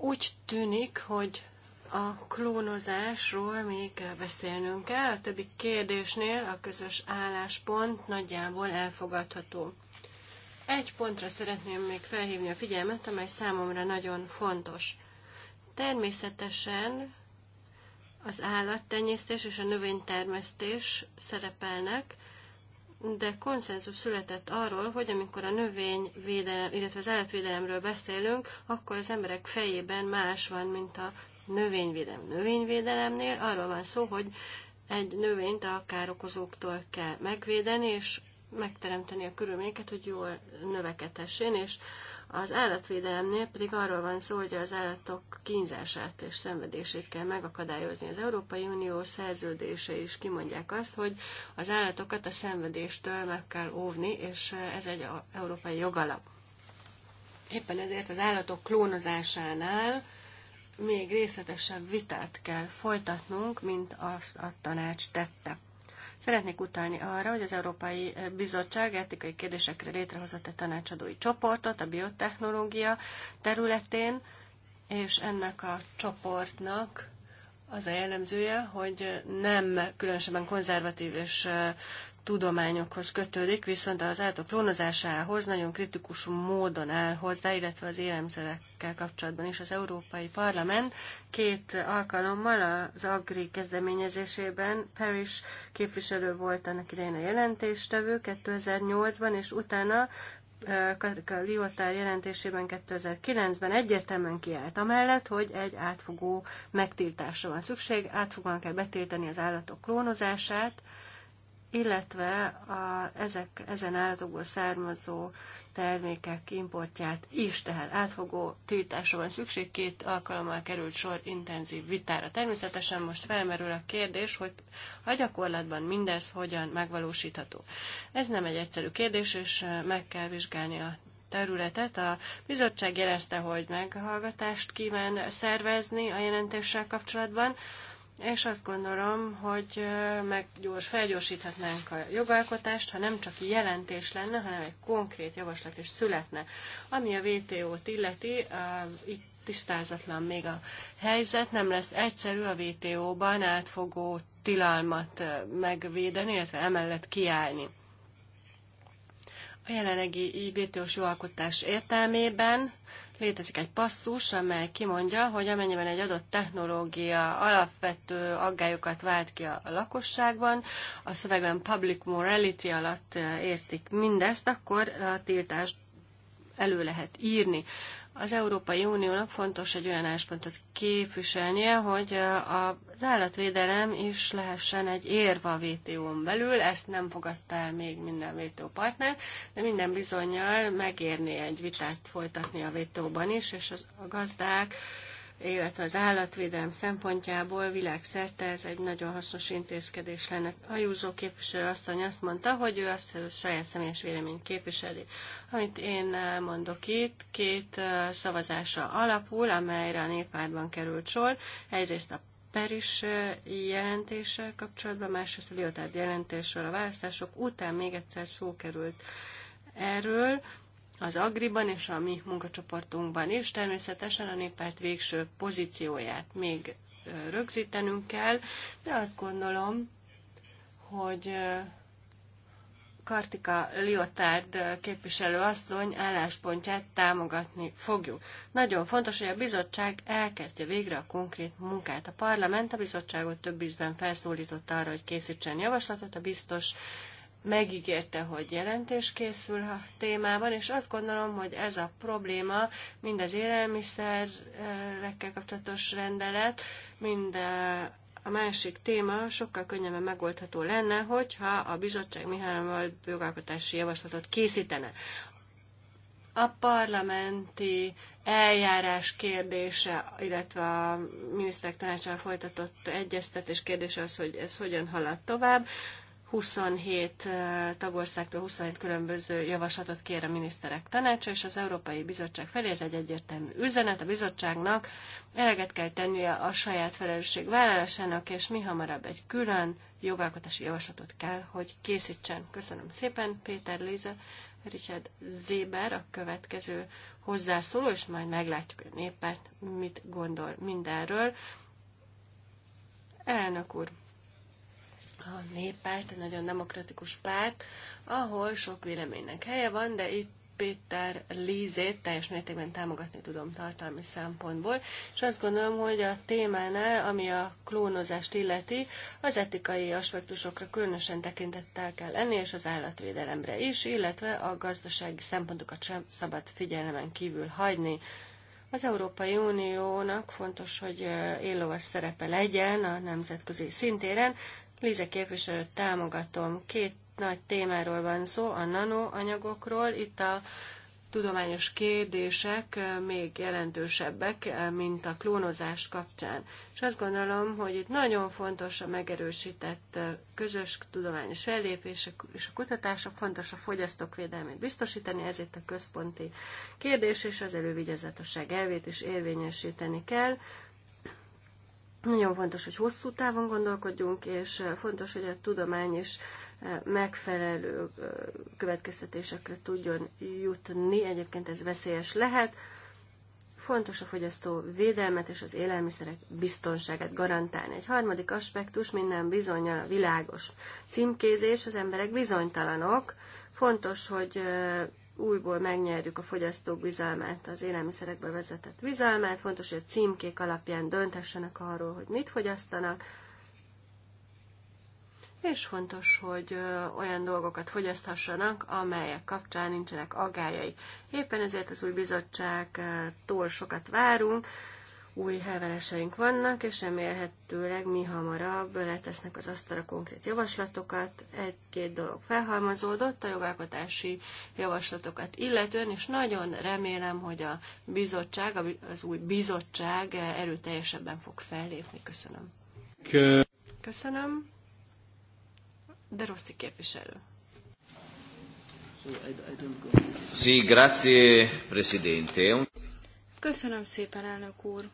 Úgy tűnik, hogy a klónozásról még beszélnünk kell, a többi kérdésnél a közös álláspont nagyjából elfogadható. Egy pontra szeretném még felhívni a figyelmet, amely számomra nagyon fontos. Természetesen az állattenyésztés és a növénytermesztés szerepelnek de konszenzus született arról, hogy amikor a növényvédelem, illetve az állatvédelemről beszélünk, akkor az emberek fejében más van, mint a növényvédelem. Növényvédelemnél arról van szó, hogy egy növényt a károkozóktól kell megvédeni, és megteremteni a körülményeket, hogy jól növekedhessen, és az állatvédelemnél pedig arról van szó, hogy az állatok kínzását és szenvedését kell megakadályozni. Az Európai Unió szerződése is kimondják azt, hogy az állatokat a szenvedéstől meg kell óvni, és ez egy európai jogalap. Éppen ezért az állatok klónozásánál még részletesebb vitát kell folytatnunk, mint azt a tanács tette. Szeretnék utalni arra, hogy az Európai Bizottság etikai kérdésekre létrehozott egy tanácsadói csoportot a biotechnológia területén, és ennek a csoportnak az a jellemzője, hogy nem különösebben konzervatív és tudományokhoz kötődik, viszont az állatok klónozásához nagyon kritikus módon áll hozzá, illetve az élelmiszerekkel kapcsolatban is az Európai Parlament két alkalommal az Agri kezdeményezésében Paris képviselő volt annak idején a jelentéstevő 2008-ban, és utána a Liotár jelentésében 2009-ben egyértelműen kiállt amellett, hogy egy átfogó megtiltásra van szükség, átfogóan kell betiltani az állatok klónozását, illetve a, ezek, ezen állatokból származó termékek importját is, tehát átfogó tiltásra van szükség. Két alkalommal került sor intenzív vitára. Természetesen most felmerül a kérdés, hogy a gyakorlatban mindez hogyan megvalósítható. Ez nem egy egyszerű kérdés, és meg kell vizsgálni a területet. A bizottság jelezte, hogy meghallgatást kíván szervezni a jelentéssel kapcsolatban és azt gondolom, hogy meg gyors, felgyorsíthatnánk a jogalkotást, ha nem csak jelentés lenne, hanem egy konkrét javaslat is születne. Ami a vto t illeti, itt tisztázatlan még a helyzet, nem lesz egyszerű a vto ban átfogó tilalmat megvédeni, illetve emellett kiállni. A jelenlegi vto s jogalkotás értelmében Létezik egy passzus, amely kimondja, hogy amennyiben egy adott technológia alapvető aggályokat vált ki a lakosságban, a szövegben public morality alatt eh, értik mindezt, akkor a tiltást elő lehet írni. Az Európai Uniónak fontos egy olyan álláspontot képviselnie, hogy az állatvédelem is lehessen egy érva a WTO-n belül, ezt nem fogadta el még minden WTO partner, de minden bizonyal megérné egy vitát folytatni a WTO-ban is, és az, a gazdák illetve az állatvédelem szempontjából világszerte ez egy nagyon hasznos intézkedés lenne. A Júzó képviselő asszony azt mondta, hogy ő azt a saját személyes véleményt képviseli. Amit én mondok itt, két szavazása alapul, amelyre a néppártban került sor. Egyrészt a Peris jelentése kapcsolatban, másrészt a Liotard jelentésről a választások után még egyszer szó került erről az Agriban és a mi munkacsoportunkban is. Természetesen a néppárt végső pozícióját még rögzítenünk kell, de azt gondolom, hogy Kartika Liotard képviselő asszony álláspontját támogatni fogjuk. Nagyon fontos, hogy a bizottság elkezdje végre a konkrét munkát. A parlament a bizottságot több ízben felszólította arra, hogy készítsen javaslatot, a biztos megígérte, hogy jelentés készül a témában, és azt gondolom, hogy ez a probléma mind az élelmiszerekkel kapcsolatos rendelet, mind a másik téma sokkal könnyebben megoldható lenne, hogyha a bizottság Mihályval jogalkotási javaslatot készítene. A parlamenti eljárás kérdése, illetve a miniszterek tanácsával folytatott egyeztetés kérdése az, hogy ez hogyan halad tovább. 27 tagországtól 27 különböző javaslatot kér a miniszterek tanácsa, és az Európai Bizottság felé ez egy egyértelmű üzenet. A bizottságnak eleget kell tennie a saját felelősség vállalásának, és mi hamarabb egy külön jogalkotási javaslatot kell, hogy készítsen. Köszönöm szépen, Péter Léze, Richard Zéber a következő hozzászóló, és majd meglátjuk, hogy a néppárt mit gondol mindenről. Elnök úr, a néppárt, egy nagyon demokratikus párt, ahol sok véleménynek helye van, de itt Péter Lízét teljes mértékben támogatni tudom tartalmi szempontból, és azt gondolom, hogy a témánál, ami a klónozást illeti, az etikai aspektusokra különösen tekintettel kell lenni, és az állatvédelemre is, illetve a gazdasági szempontokat sem szabad figyelemen kívül hagyni. Az Európai Uniónak fontos, hogy éllovas szerepe legyen a nemzetközi szintéren, Lize képviselőt támogatom. Két nagy témáról van szó, a nanoanyagokról. Itt a tudományos kérdések eh, még jelentősebbek, eh, mint a klónozás kapcsán. És azt gondolom, hogy itt nagyon fontos a megerősített eh, közös tudományos fellépések és a kutatások, fontos a fogyasztók védelmét biztosítani, ezért a központi kérdés és az elővigyázatosság elvét is érvényesíteni kell. Nagyon fontos, hogy hosszú távon gondolkodjunk, és eh, fontos, hogy a tudomány is eh, megfelelő eh, következtetésekre tudjon jutni. Egyébként ez veszélyes lehet. Fontos a fogyasztó védelmet és az élelmiszerek biztonságát garantálni. Egy harmadik aspektus minden a világos. Címkézés, az emberek bizonytalanok. Fontos, hogy újból megnyerjük a fogyasztók bizalmát, az élelmiszerekbe vezetett bizalmát. Fontos, hogy a címkék alapján döntessenek arról, hogy mit fogyasztanak, és fontos, hogy olyan dolgokat fogyaszthassanak, amelyek kapcsán nincsenek agályai. Éppen ezért az új bizottságtól sokat várunk, új elvárásaink vannak, és remélhetőleg mi hamarabb letesznek az asztalra konkrét javaslatokat. Egy-két dolog felhalmozódott a jogalkotási javaslatokat illetően, és nagyon remélem, hogy a bizottság, az új bizottság erőteljesebben fog fellépni. Köszönöm. Köszönöm. De Rossi képviselő. Sí, grazie, Presidente. Köszönöm szépen, elnök úr.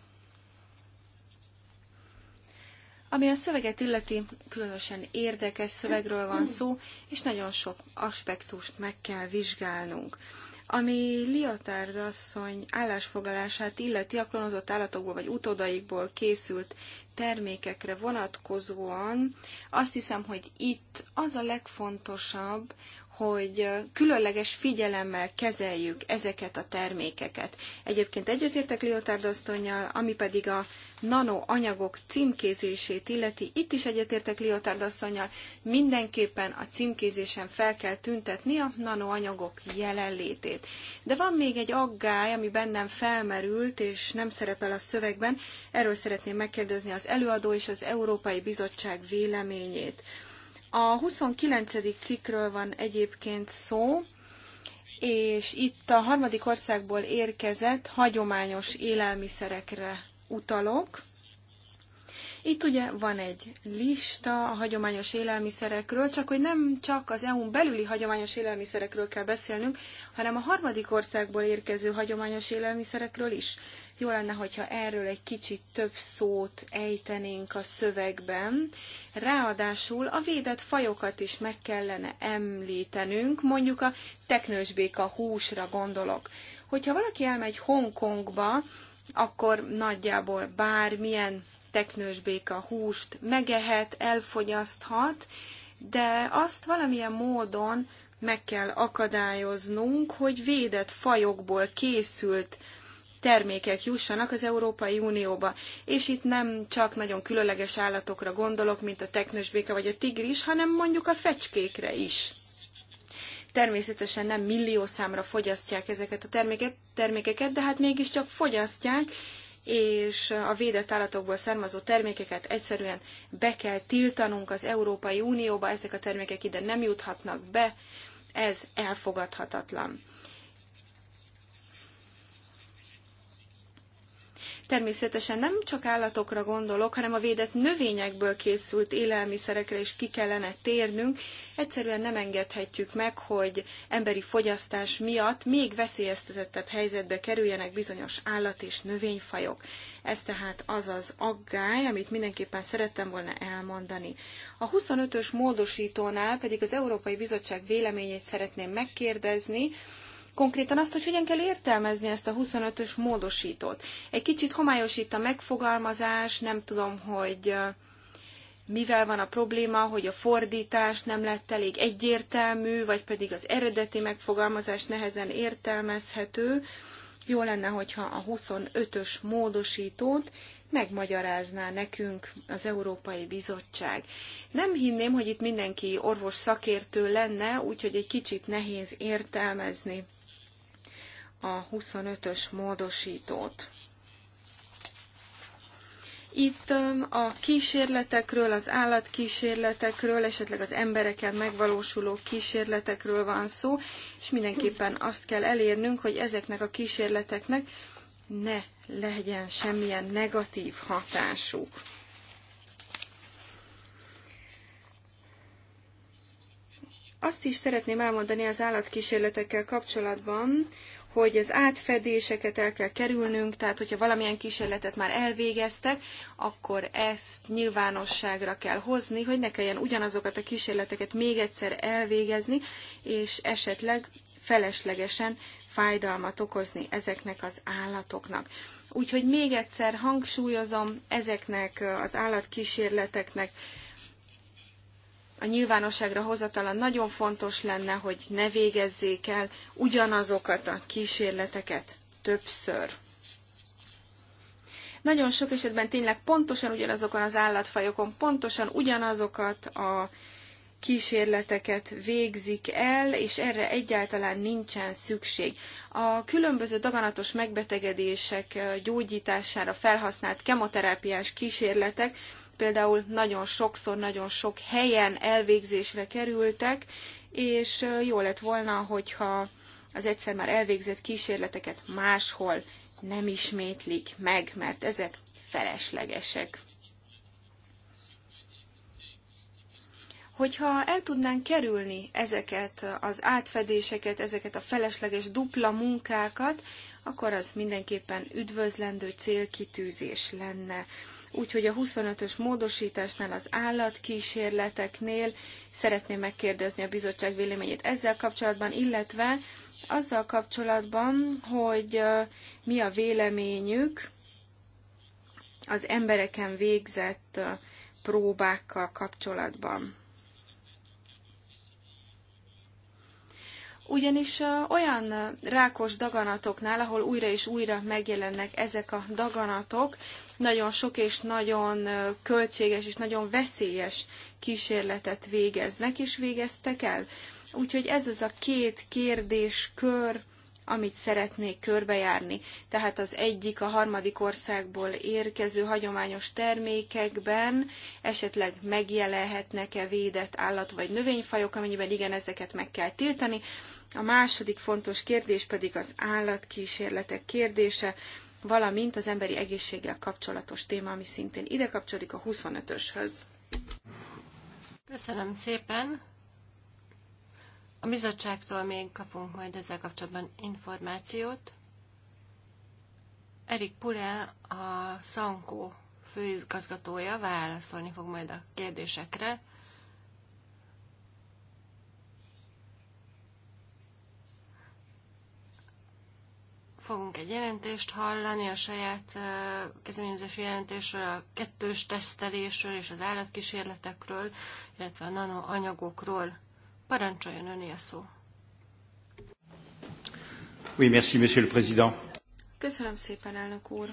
Ami a szöveget illeti, különösen érdekes szövegről van szó, és nagyon sok aspektust meg kell vizsgálnunk. Ami Liotard asszony állásfoglalását illeti a klonozott állatokból vagy utódaikból készült termékekre vonatkozóan, azt hiszem, hogy itt az a legfontosabb, hogy különleges figyelemmel kezeljük ezeket a termékeket. Egyébként egyetértek Liotard asszonynal, ami pedig a nanoanyagok címkézését illeti. Itt is egyetértek Liotard asszonynal, mindenképpen a címkézésen fel kell tüntetni a nanoanyagok jelenlétét. De van még egy aggály, ami bennem felmerült, és nem szerepel a szövegben. Erről szeretném megkérdezni az előadó és az Európai Bizottság véleményét. A 29. cikkről van egyébként szó, és itt a harmadik országból érkezett hagyományos élelmiszerekre utalok. Itt ugye van egy lista a hagyományos élelmiszerekről, csak hogy nem csak az EU-n belüli hagyományos élelmiszerekről kell beszélnünk, hanem a harmadik országból érkező hagyományos élelmiszerekről is. Jó lenne, hogyha erről egy kicsit több szót ejtenénk a szövegben. Ráadásul a védett fajokat is meg kellene említenünk, mondjuk a teknősbéka húsra gondolok. Hogyha valaki elmegy Hongkongba, akkor nagyjából bármilyen teknős béka húst megehet, elfogyaszthat, de azt valamilyen módon meg kell akadályoznunk, hogy védett fajokból készült termékek jussanak az Európai Unióba. És itt nem csak nagyon különleges állatokra gondolok, mint a teknősbéka vagy a tigris, hanem mondjuk a fecskékre is. Természetesen nem millió számra fogyasztják ezeket a termékeket, de hát mégiscsak fogyasztják, és a védett állatokból származó termékeket egyszerűen be kell tiltanunk az Európai Unióba, ezek a termékek ide nem juthatnak be, ez elfogadhatatlan. Természetesen nem csak állatokra gondolok, hanem a védett növényekből készült élelmiszerekre is ki kellene térnünk. Egyszerűen nem engedhetjük meg, hogy emberi fogyasztás miatt még veszélyeztetettebb helyzetbe kerüljenek bizonyos állat és növényfajok. Ez tehát az az aggály, amit mindenképpen szerettem volna elmondani. A 25-ös módosítónál pedig az Európai Bizottság véleményét szeretném megkérdezni, konkrétan azt, hogy hogyan kell értelmezni ezt a 25-ös módosítót. Egy kicsit homályos itt a megfogalmazás, nem tudom, hogy mivel van a probléma, hogy a fordítás nem lett elég egyértelmű, vagy pedig az eredeti megfogalmazás nehezen értelmezhető. Jó lenne, hogyha a 25-ös módosítót megmagyarázná nekünk az Európai Bizottság. Nem hinném, hogy itt mindenki orvos szakértő lenne, úgyhogy egy kicsit nehéz értelmezni a 25-ös módosítót. Itt a kísérletekről, az állatkísérletekről, esetleg az embereken megvalósuló kísérletekről van szó, és mindenképpen azt kell elérnünk, hogy ezeknek a kísérleteknek ne legyen semmilyen negatív hatásuk. Azt is szeretném elmondani az állatkísérletekkel kapcsolatban, hogy az átfedéseket el kell kerülnünk, tehát hogyha valamilyen kísérletet már elvégeztek, akkor ezt nyilvánosságra kell hozni, hogy ne kelljen ugyanazokat a kísérleteket még egyszer elvégezni, és esetleg feleslegesen fájdalmat okozni ezeknek az állatoknak. Úgyhogy még egyszer hangsúlyozom, ezeknek az állatkísérleteknek a nyilvánosságra hozatala nagyon fontos lenne, hogy ne végezzék el ugyanazokat a kísérleteket többször. Nagyon sok esetben tényleg pontosan ugyanazokon az állatfajokon, pontosan ugyanazokat a kísérleteket végzik el, és erre egyáltalán nincsen szükség. A különböző daganatos megbetegedések gyógyítására felhasznált kemoterápiás kísérletek például nagyon sokszor, nagyon sok helyen elvégzésre kerültek, és jó lett volna, hogyha az egyszer már elvégzett kísérleteket máshol nem ismétlik meg, mert ezek feleslegesek. Hogyha el tudnánk kerülni ezeket az átfedéseket, ezeket a felesleges dupla munkákat, akkor az mindenképpen üdvözlendő célkitűzés lenne úgyhogy a 25-ös módosításnál, az állatkísérleteknél szeretném megkérdezni a bizottság véleményét ezzel kapcsolatban, illetve azzal kapcsolatban, hogy mi a véleményük az embereken végzett próbákkal kapcsolatban. ugyanis olyan rákos daganatoknál, ahol újra és újra megjelennek ezek a daganatok, nagyon sok és nagyon költséges és nagyon veszélyes kísérletet végeznek és végeztek el. Úgyhogy ez az a két kérdéskör, amit szeretnék körbejárni. Tehát az egyik a harmadik országból érkező hagyományos termékekben esetleg megjelenhetnek-e védett állat vagy növényfajok, amennyiben igen, ezeket meg kell tiltani. A második fontos kérdés pedig az állatkísérletek kérdése, valamint az emberi egészséggel kapcsolatos téma, ami szintén ide kapcsolódik a 25-öshöz. Köszönöm szépen! A bizottságtól még kapunk majd ezzel kapcsolatban információt. Erik Pule, a Szankó főigazgatója válaszolni fog majd a kérdésekre. Fogunk egy jelentést hallani a saját kezdeményezési jelentésről, a kettős tesztelésről és az állatkísérletekről, illetve a nanoanyagokról. Parancsoljon öné a szó. Oui, merci, monsieur le président. Köszönöm szépen, elnök úr.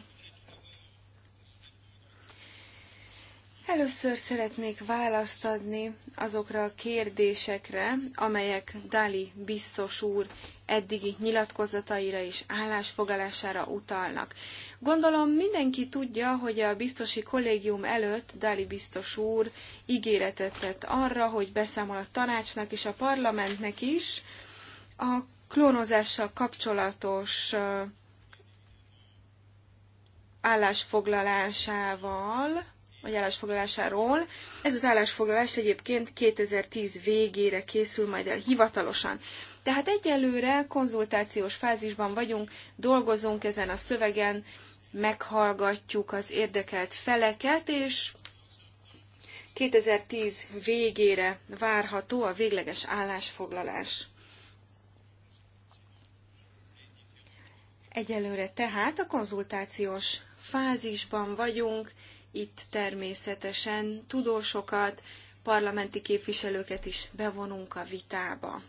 Először szeretnék választ adni azokra a kérdésekre, amelyek Dali biztos úr eddigi nyilatkozataira és állásfoglalására utalnak. Gondolom mindenki tudja, hogy a biztosi kollégium előtt Dali biztos úr ígéretet tett arra, hogy beszámol a tanácsnak és a parlamentnek is a klónozással kapcsolatos állásfoglalásával, vagy állásfoglalásáról. Ez az állásfoglalás egyébként 2010 végére készül majd el hivatalosan. Tehát egyelőre konzultációs fázisban vagyunk, dolgozunk ezen a szövegen, meghallgatjuk az érdekelt feleket, és 2010 végére várható a végleges állásfoglalás. Egyelőre tehát a konzultációs fázisban vagyunk, itt természetesen tudósokat, parlamenti képviselőket is bevonunk a vitába.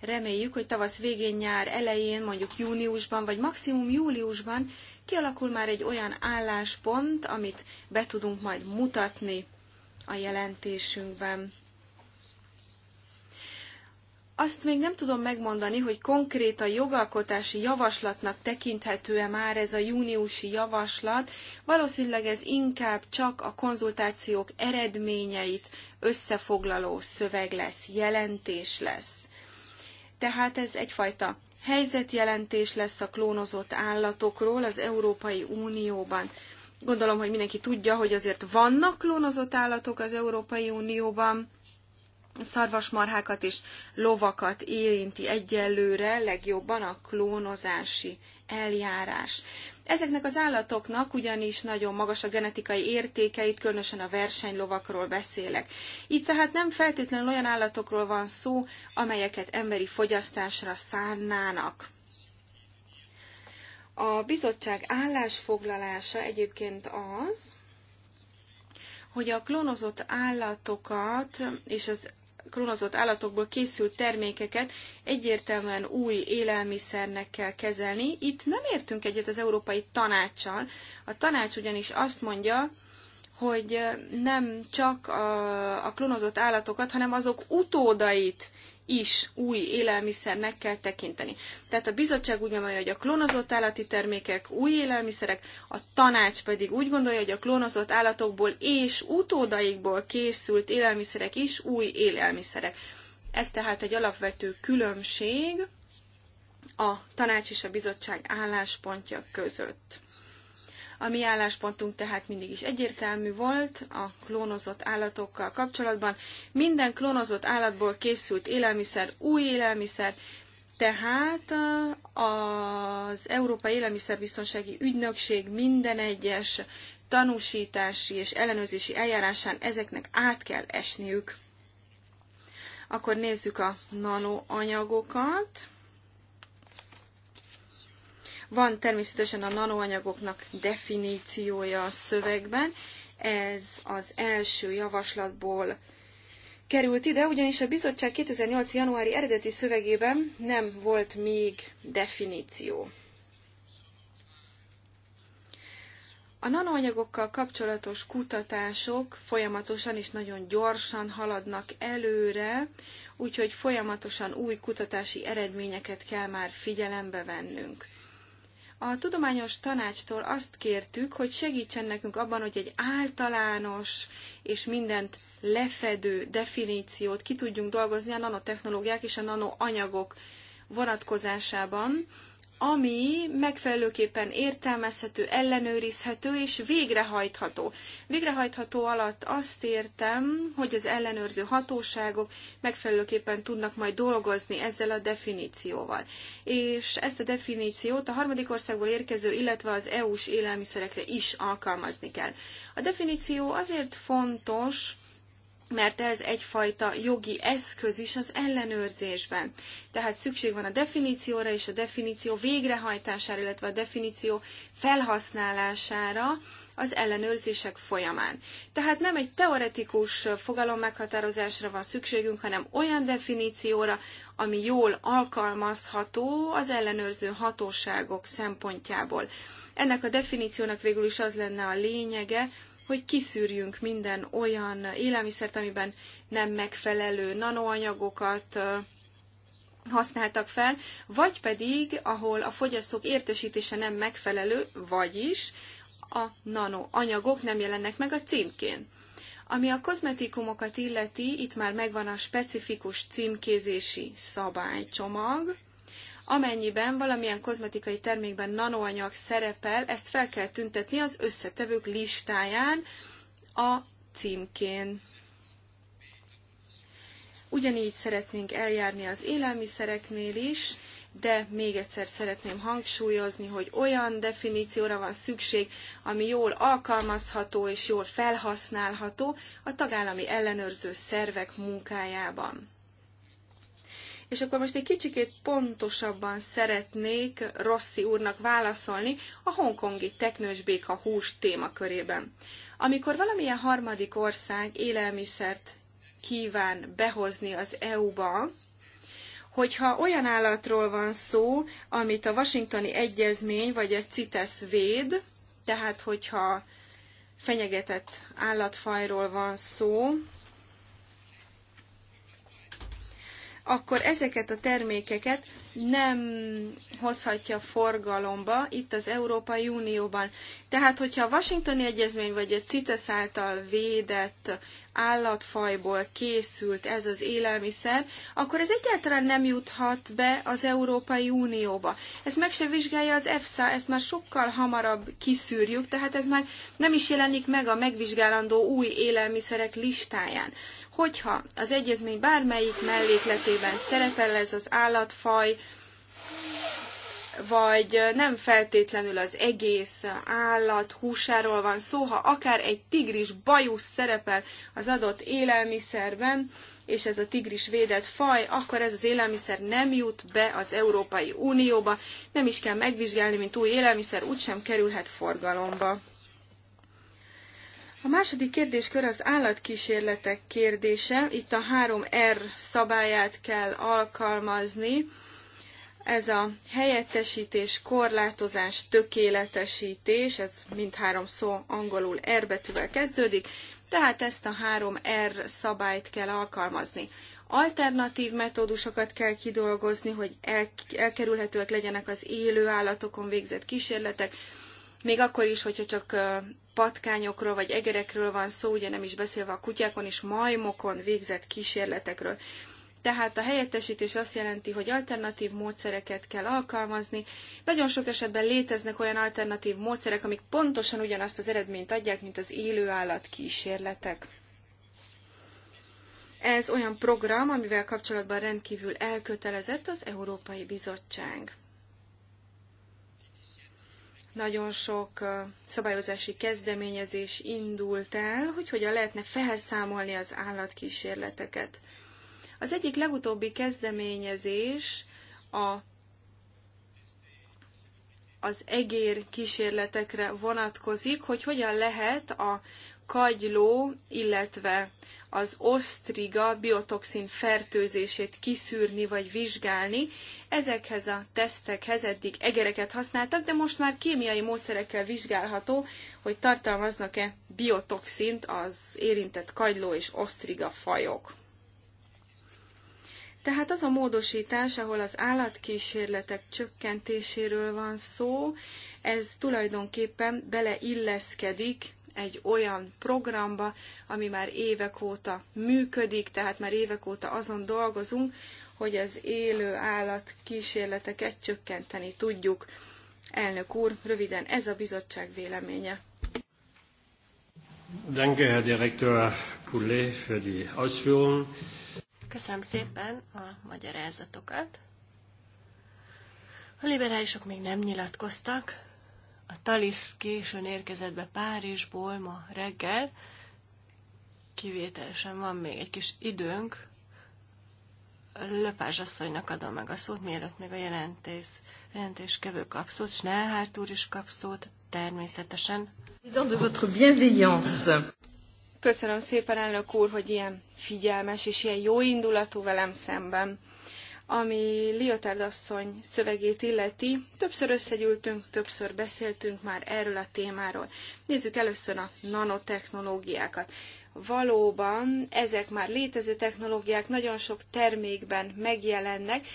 Reméljük, hogy tavasz végén, nyár elején, mondjuk júniusban, vagy maximum júliusban kialakul már egy olyan álláspont, amit be tudunk majd mutatni a jelentésünkben. Azt még nem tudom megmondani, hogy konkrét a jogalkotási javaslatnak tekinthető-e már ez a júniusi javaslat. Valószínűleg ez inkább csak a konzultációk eredményeit összefoglaló szöveg lesz, jelentés lesz. Tehát ez egyfajta helyzetjelentés lesz a klónozott állatokról az Európai Unióban. Gondolom, hogy mindenki tudja, hogy azért vannak klónozott állatok az Európai Unióban, szarvasmarhákat és lovakat érinti egyelőre legjobban a klónozási eljárás. Ezeknek az állatoknak ugyanis nagyon magas a genetikai értékeit, különösen a versenylovakról beszélek. Itt tehát nem feltétlenül olyan állatokról van szó, amelyeket emberi fogyasztásra szánnának. A bizottság állásfoglalása egyébként az, hogy a klónozott állatokat és az klónozott állatokból készült termékeket egyértelműen új élelmiszernek kell kezelni. Itt nem értünk egyet az Európai Tanácssal. A tanács ugyanis azt mondja, hogy nem csak a, a klónozott állatokat, hanem azok utódait is új élelmiszernek kell tekinteni. Tehát a bizottság úgy gondolja, hogy a klónozott állati termékek új élelmiszerek, a tanács pedig úgy gondolja, hogy a klónozott állatokból és utódaikból készült élelmiszerek is új élelmiszerek. Ez tehát egy alapvető különbség a tanács és a bizottság álláspontja között. A mi álláspontunk tehát mindig is egyértelmű volt a klónozott állatokkal kapcsolatban. Minden klónozott állatból készült élelmiszer új élelmiszer, tehát az Európai Élelmiszerbiztonsági Ügynökség minden egyes tanúsítási és ellenőrzési eljárásán ezeknek át kell esniük. Akkor nézzük a nanoanyagokat. Van természetesen a nanoanyagoknak definíciója a szövegben, ez az első javaslatból került ide, ugyanis a bizottság 2008. januári eredeti szövegében nem volt még definíció. A nanoanyagokkal kapcsolatos kutatások folyamatosan és nagyon gyorsan haladnak előre, úgyhogy folyamatosan új kutatási eredményeket kell már figyelembe vennünk. A tudományos tanácstól azt kértük, hogy segítsen nekünk abban, hogy egy általános és mindent lefedő definíciót ki tudjunk dolgozni a nanotechnológiák és a nanoanyagok vonatkozásában, ami megfelelőképpen értelmezhető, ellenőrizhető és végrehajtható. Végrehajtható alatt azt értem, hogy az ellenőrző hatóságok megfelelőképpen tudnak majd dolgozni ezzel a definícióval. És ezt a definíciót a harmadik országból érkező, illetve az EU-s élelmiszerekre is alkalmazni kell. A definíció azért fontos, mert ez egyfajta jogi eszköz is az ellenőrzésben. Tehát szükség van a definícióra és a definíció végrehajtására, illetve a definíció felhasználására az ellenőrzések folyamán. Tehát nem egy teoretikus fogalom meghatározásra van szükségünk, hanem olyan definícióra, ami jól alkalmazható az ellenőrző hatóságok szempontjából. Ennek a definíciónak végül is az lenne a lényege, hogy kiszűrjünk minden olyan élelmiszert, amiben nem megfelelő nanoanyagokat használtak fel, vagy pedig, ahol a fogyasztók értesítése nem megfelelő, vagyis a nanoanyagok nem jelennek meg a címkén. Ami a kozmetikumokat illeti, itt már megvan a specifikus címkézési szabálycsomag, Amennyiben valamilyen kozmetikai termékben nanoanyag szerepel, ezt fel kell tüntetni az összetevők listáján a címkén. Ugyanígy szeretnénk eljárni az élelmiszereknél is, de még egyszer szeretném hangsúlyozni, hogy olyan definícióra van szükség, ami jól alkalmazható és jól felhasználható a tagállami ellenőrző szervek munkájában. És akkor most egy kicsikét pontosabban szeretnék Rossi úrnak válaszolni a hongkongi teknős béka hús témakörében. Amikor valamilyen harmadik ország élelmiszert kíván behozni az EU-ba, hogyha olyan állatról van szó, amit a Washingtoni Egyezmény vagy a CITES véd, tehát hogyha fenyegetett állatfajról van szó, akkor ezeket a termékeket nem hozhatja forgalomba itt az Európai Unióban. Tehát, hogyha a Washingtoni Egyezmény vagy a CITES által védett állatfajból készült ez az élelmiszer, akkor ez egyáltalán nem juthat be az Európai Unióba. Ezt meg se vizsgálja az EFSA, ezt már sokkal hamarabb kiszűrjük, tehát ez már nem is jelenik meg a megvizsgálandó új élelmiszerek listáján. Hogyha az egyezmény bármelyik mellékletében szerepel ez az állatfaj, vagy nem feltétlenül az egész állat húsáról van szó, ha akár egy tigris bajusz szerepel az adott élelmiszerben, és ez a tigris védett faj, akkor ez az élelmiszer nem jut be az Európai Unióba, nem is kell megvizsgálni, mint új élelmiszer, úgysem kerülhet forgalomba. A második kérdéskör az állatkísérletek kérdése. Itt a 3R szabályát kell alkalmazni ez a helyettesítés, korlátozás, tökéletesítés, ez mindhárom szó angolul R betűvel kezdődik, tehát ezt a három R szabályt kell alkalmazni. Alternatív metódusokat kell kidolgozni, hogy elkerülhetőek legyenek az élő állatokon végzett kísérletek, még akkor is, hogyha csak patkányokról vagy egerekről van szó, ugye nem is beszélve a kutyákon és majmokon végzett kísérletekről. Tehát a helyettesítés azt jelenti, hogy alternatív módszereket kell alkalmazni. Nagyon sok esetben léteznek olyan alternatív módszerek, amik pontosan ugyanazt az eredményt adják, mint az élő állat kísérletek. Ez olyan program, amivel kapcsolatban rendkívül elkötelezett az Európai Bizottság. Nagyon sok szabályozási kezdeményezés indult el, hogy hogyan lehetne felszámolni az állatkísérleteket. Az egyik legutóbbi kezdeményezés a az egér kísérletekre vonatkozik, hogy hogyan lehet a kagyló, illetve az osztriga biotoxin fertőzését kiszűrni vagy vizsgálni. Ezekhez a tesztekhez eddig egereket használtak, de most már kémiai módszerekkel vizsgálható, hogy tartalmaznak-e biotoxint az érintett kagyló és osztriga fajok. Tehát az a módosítás, ahol az állatkísérletek csökkentéséről van szó, ez tulajdonképpen beleilleszkedik egy olyan programba, ami már évek óta működik, tehát már évek óta azon dolgozunk, hogy az élő állatkísérleteket csökkenteni tudjuk. Elnök úr, röviden ez a bizottság véleménye. Danke, Herr Direktor Poulet, für die Ausführungen. Köszönöm szépen a magyarázatokat. A liberálisok még nem nyilatkoztak. A Talisz későn érkezett be Párizsból ma reggel. Kivételesen van még egy kis időnk. Löpás asszonynak adom meg a szót, mielőtt még a jelentés, jelentés kevő kap szót, Snellhárt úr is kap szót, természetesen. De votre bienveillance. Köszönöm szépen, elnök úr, hogy ilyen figyelmes és ilyen jó indulatú velem szemben. Ami Liotard asszony szövegét illeti, többször összegyűltünk, többször beszéltünk már erről a témáról. Nézzük először a nanotechnológiákat valóban ezek már létező technológiák nagyon sok termékben megjelennek,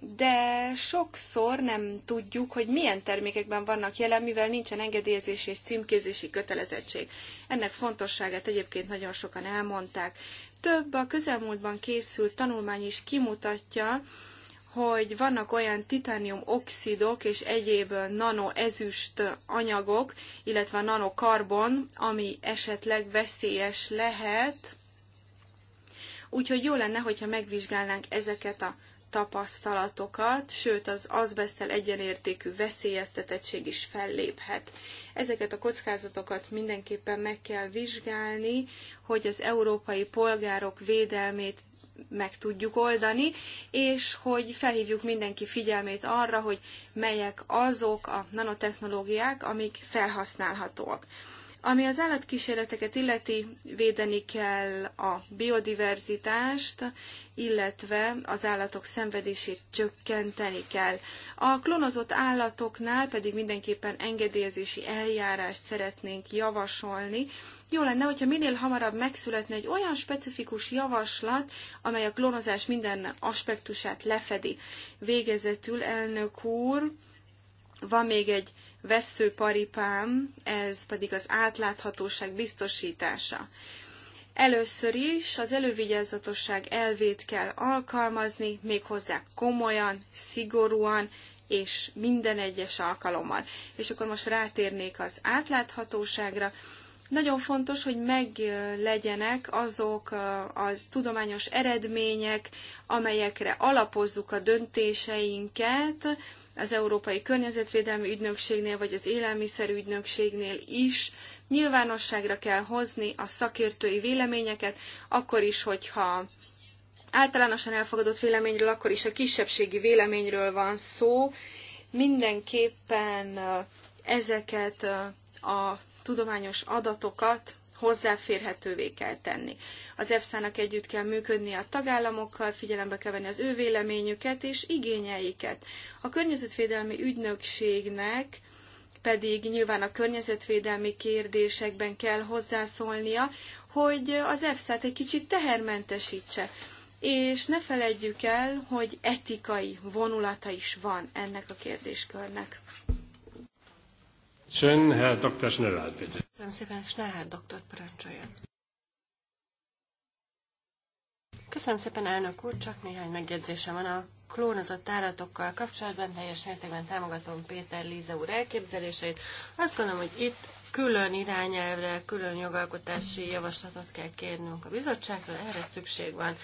de sokszor nem tudjuk, hogy milyen termékekben vannak jelen, mivel nincsen engedélyezés és címkézési kötelezettség. Ennek fontosságát egyébként nagyon sokan elmondták. Több a közelmúltban készült tanulmány is kimutatja, hogy vannak olyan titánium oxidok és egyéb nanoezüst anyagok, illetve nanokarbon, ami esetleg veszélyes lehet. Úgyhogy jó lenne, hogyha megvizsgálnánk ezeket a tapasztalatokat, sőt az azbesztel egyenértékű veszélyeztetettség is felléphet. Ezeket a kockázatokat mindenképpen meg kell vizsgálni, hogy az európai polgárok védelmét meg tudjuk oldani, és hogy felhívjuk mindenki figyelmét arra, hogy melyek azok a nanotechnológiák, amik felhasználhatóak. Ami az állatkísérleteket illeti, védeni kell a biodiverzitást, illetve az állatok szenvedését csökkenteni kell. A klónozott állatoknál pedig mindenképpen engedélyezési eljárást szeretnénk javasolni. Jó lenne, hogyha minél hamarabb megszületne egy olyan specifikus javaslat, amely a klónozás minden aspektusát lefedi. Végezetül, elnök úr, van még egy veszőparipám, ez pedig az átláthatóság biztosítása. Először is az elővigyázatosság elvét kell alkalmazni, méghozzá komolyan, szigorúan és minden egyes alkalommal. És akkor most rátérnék az átláthatóságra. Nagyon fontos, hogy meglegyenek azok a tudományos eredmények, amelyekre alapozzuk a döntéseinket, az Európai Környezetvédelmi Ügynökségnél vagy az Ügynökségnél is nyilvánosságra kell hozni a szakértői véleményeket, akkor is, hogyha általánosan elfogadott véleményről, akkor is a kisebbségi véleményről van szó. Mindenképpen ezeket a tudományos adatokat hozzáférhetővé kell tenni. Az EFSA-nak együtt kell működni a tagállamokkal, figyelembe kell venni az ő véleményüket és igényeiket. A környezetvédelmi ügynökségnek pedig nyilván a környezetvédelmi kérdésekben kell hozzászólnia, hogy az EFSA-t egy kicsit tehermentesítse. És ne feledjük el, hogy etikai vonulata is van ennek a kérdéskörnek. Schön, Herr Dr. Schnellhardt, bitte. Köszönöm szépen, Schnellhardt doktor parancsoljon. Köszönöm szépen, elnök úr, csak néhány megjegyzésem van a klónozott állatokkal kapcsolatban. Teljes mértékben támogatom Péter Líze úr elképzeléseit. Azt gondolom, hogy itt külön irányelvre, külön jogalkotási javaslatot kell kérnünk a bizottságtól, erre szükség van.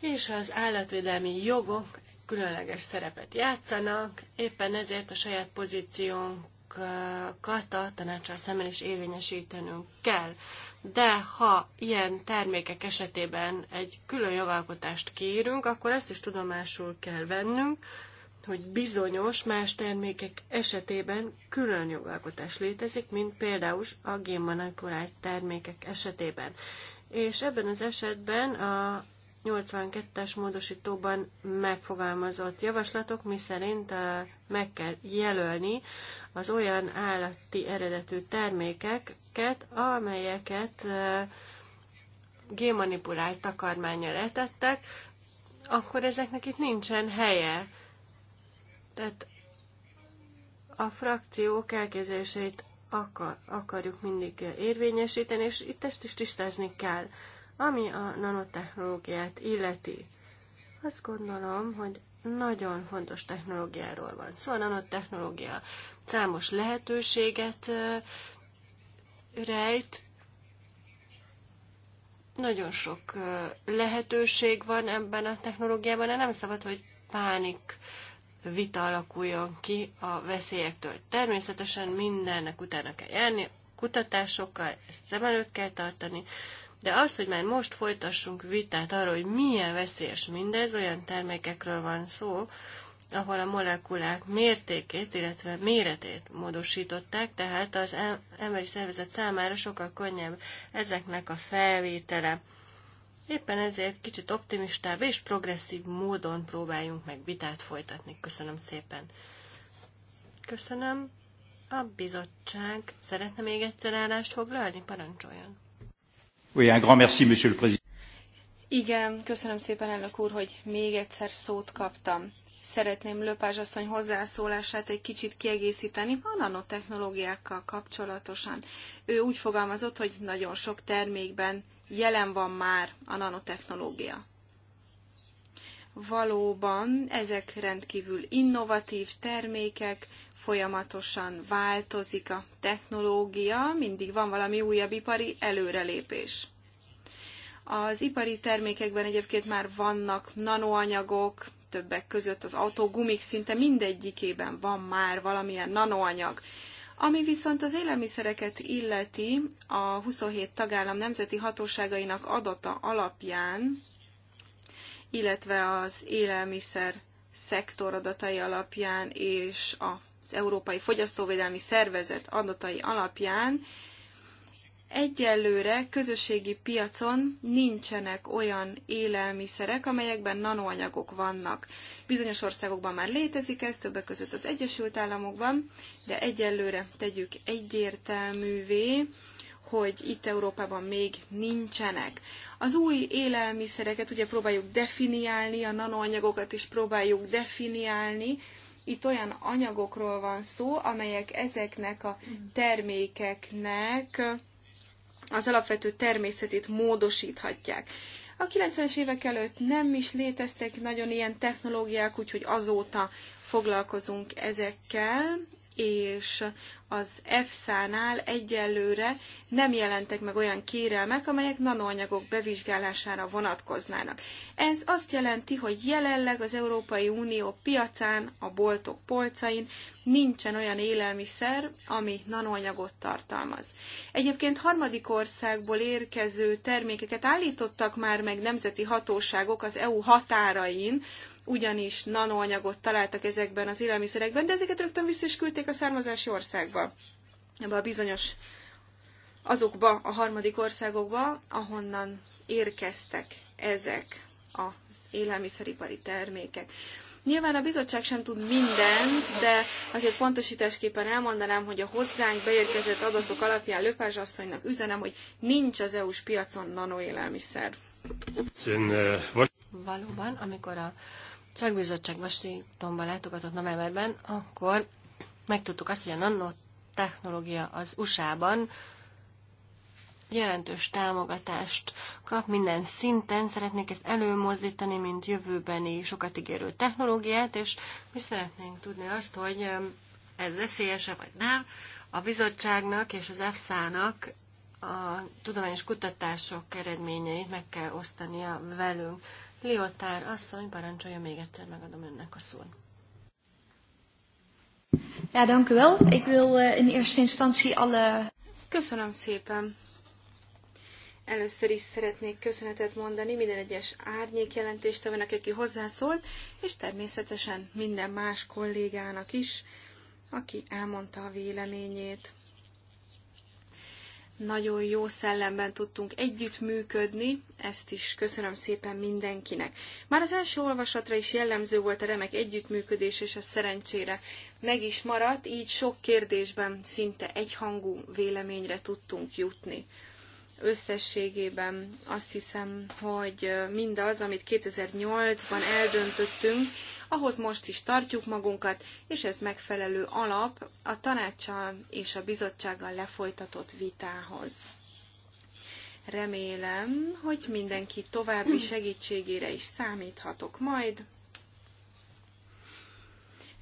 És az állatvédelmi jogok különleges szerepet játszanak, éppen ezért a saját pozíciónk szabályokat a tanácsal szemben is érvényesítenünk kell. De ha ilyen termékek esetében egy külön jogalkotást kérünk, akkor ezt is tudomásul kell vennünk, hogy bizonyos más termékek esetében külön jogalkotás létezik, mint például a génmanipulált termékek esetében. És ebben az esetben a 82-es módosítóban megfogalmazott javaslatok, miszerint meg kell jelölni az olyan állati eredetű termékeket, amelyeket gémanipulált takarmányra letettek, akkor ezeknek itt nincsen helye. Tehát a frakciók elképzelését akar, akarjuk mindig érvényesíteni, és itt ezt is tisztázni kell. Ami a nanotechnológiát illeti, azt gondolom, hogy nagyon fontos technológiáról van szó. Szóval a nanotechnológia számos lehetőséget rejt, nagyon sok lehetőség van ebben a technológiában, de nem szabad, hogy pánik vita alakuljon ki a veszélyektől. Természetesen mindennek utána kell járni, kutatásokkal ezt szem előtt kell tartani, de az, hogy már most folytassunk vitát arról, hogy milyen veszélyes mindez, olyan termékekről van szó, ahol a molekulák mértékét, illetve méretét módosították, tehát az emberi szervezet számára sokkal könnyebb ezeknek a felvétele. Éppen ezért kicsit optimistább és progresszív módon próbáljunk meg vitát folytatni. Köszönöm szépen. Köszönöm. A bizottság szeretne még egyszer állást foglalni? Parancsoljon. Oui, un grand merci, monsieur le président. Igen, köszönöm szépen, elnök úr, hogy még egyszer szót kaptam. Szeretném Löpázs asszony hozzászólását egy kicsit kiegészíteni a nanotechnológiákkal kapcsolatosan. Ő úgy fogalmazott, hogy nagyon sok termékben jelen van már a nanotechnológia. Valóban ezek rendkívül innovatív termékek, folyamatosan változik a technológia, mindig van valami újabb ipari előrelépés. Az ipari termékekben egyébként már vannak nanoanyagok, többek között az autógumik szinte mindegyikében van már valamilyen nanoanyag. Ami viszont az élelmiszereket illeti, a 27 tagállam nemzeti hatóságainak adata alapján, illetve az élelmiszer szektor adatai alapján és a az Európai Fogyasztóvédelmi Szervezet adatai alapján egyelőre közösségi piacon nincsenek olyan élelmiszerek, amelyekben nanoanyagok vannak. Bizonyos országokban már létezik ez, többek között az Egyesült Államokban, de egyelőre tegyük egyértelművé, hogy itt Európában még nincsenek. Az új élelmiszereket ugye próbáljuk definiálni, a nanoanyagokat is próbáljuk definiálni, itt olyan anyagokról van szó, amelyek ezeknek a termékeknek az alapvető természetét módosíthatják. A 90-es évek előtt nem is léteztek nagyon ilyen technológiák, úgyhogy azóta foglalkozunk ezekkel, és az EFSA-nál egyelőre nem jelentek meg olyan kérelmek, amelyek nanoanyagok bevizsgálására vonatkoznának. Ez azt jelenti, hogy jelenleg az Európai Unió piacán, a boltok polcain nincsen olyan élelmiszer, ami nanoanyagot tartalmaz. Egyébként harmadik országból érkező termékeket állítottak már meg nemzeti hatóságok az EU határain, ugyanis nanoanyagot találtak ezekben az élelmiszerekben, de ezeket rögtön vissza is küldték a származási országba, ebbe a bizonyos azokba a harmadik országokba, ahonnan érkeztek ezek az élelmiszeripari termékek. Nyilván a bizottság sem tud mindent, de azért pontosításképpen elmondanám, hogy a hozzánk beérkezett adatok alapján Löpázs asszonynak üzenem, hogy nincs az EU-s piacon nanoélelmiszer. Eh, Valóban, amikor a szakbizottság Washingtonban látogatott novemberben, akkor megtudtuk azt, hogy a nanotechnológia az USA-ban jelentős támogatást kap minden szinten. Szeretnék ezt előmozdítani, mint jövőbeni sokat ígérő technológiát, és mi szeretnénk tudni azt, hogy um, ez veszélyese vagy nem. A bizottságnak és az EFSA-nak a tudományos kutatások eredményeit meg kell osztania velünk. Liotár asszony, parancsolja még egyszer, megadom önnek a szót. Ja, dank u wel. Ik wil eh, in eerste instantie alle... Köszönöm szépen. Először is szeretnék köszönetet mondani minden egyes árnyék jelentéstevőnek, aki hozzászólt, és természetesen minden más kollégának is, aki elmondta a véleményét nagyon jó szellemben tudtunk együttműködni, ezt is köszönöm szépen mindenkinek. Már az első olvasatra is jellemző volt a remek együttműködés, és a szerencsére meg is maradt, így sok kérdésben szinte egyhangú véleményre tudtunk jutni. Összességében azt hiszem, hogy mindaz, amit 2008-ban eldöntöttünk, ahhoz most is tartjuk magunkat, és ez megfelelő alap a tanácssal és a bizottsággal lefolytatott vitához. Remélem, hogy mindenki további segítségére is számíthatok majd,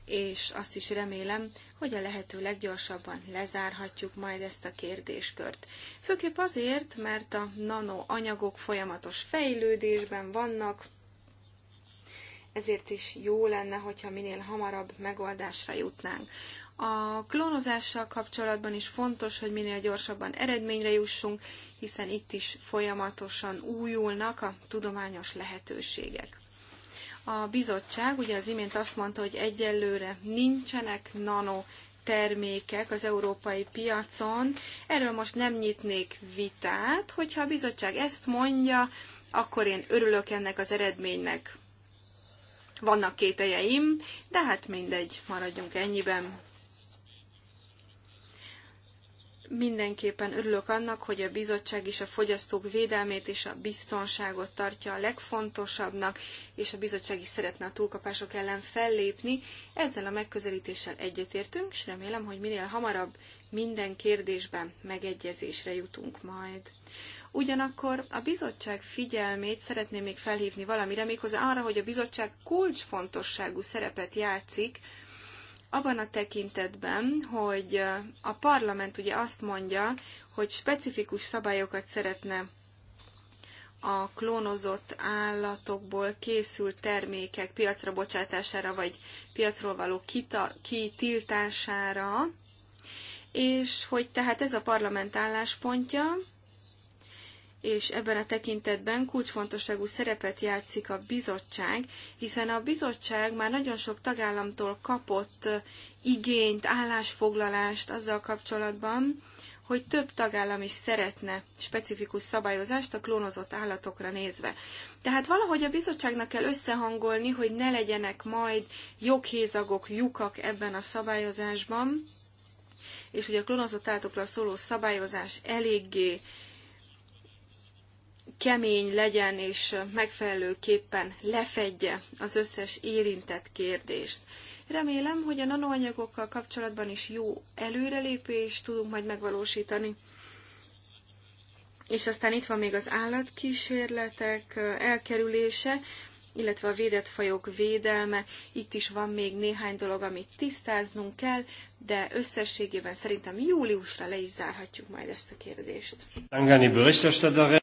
és azt is remélem, hogy a lehető leggyorsabban lezárhatjuk majd ezt a kérdéskört. Főképp azért, mert a nanoanyagok folyamatos fejlődésben vannak, ezért is jó lenne, hogyha minél hamarabb megoldásra jutnánk. A klónozással kapcsolatban is fontos, hogy minél gyorsabban eredményre jussunk, hiszen itt is folyamatosan újulnak a tudományos lehetőségek. A bizottság ugye az imént azt mondta, hogy egyelőre nincsenek nano termékek az európai piacon. Erről most nem nyitnék vitát, hogyha a bizottság ezt mondja, akkor én örülök ennek az eredménynek. Vannak kételjeim, de hát mindegy, maradjunk ennyiben. Mindenképpen örülök annak, hogy a bizottság is a fogyasztók védelmét és a biztonságot tartja a legfontosabbnak, és a bizottság is szeretne a túlkapások ellen fellépni. Ezzel a megközelítéssel egyetértünk, és remélem, hogy minél hamarabb minden kérdésben megegyezésre jutunk majd. Ugyanakkor a bizottság figyelmét szeretném még felhívni valamire, méghozzá arra, hogy a bizottság kulcsfontosságú szerepet játszik abban a tekintetben, hogy a parlament ugye azt mondja, hogy specifikus szabályokat szeretne a klónozott állatokból készült termékek piacra bocsátására, vagy piacról való kita, kitiltására, és hogy tehát ez a parlament álláspontja, és ebben a tekintetben kulcsfontosságú szerepet játszik a bizottság, hiszen a bizottság már nagyon sok tagállamtól kapott igényt, állásfoglalást azzal kapcsolatban, hogy több tagállam is szeretne specifikus szabályozást a klónozott állatokra nézve. Tehát valahogy a bizottságnak kell összehangolni, hogy ne legyenek majd joghézagok, lyukak ebben a szabályozásban, és hogy a klónozott állatokra szóló szabályozás eléggé kemény legyen és megfelelőképpen lefedje az összes érintett kérdést. Remélem, hogy a nanoanyagokkal kapcsolatban is jó előrelépést tudunk majd megvalósítani. És aztán itt van még az állatkísérletek elkerülése illetve a védett fajok védelme. Itt is van még néhány dolog, amit tisztáznunk kell, de összességében szerintem júliusra le is zárhatjuk majd ezt a kérdést.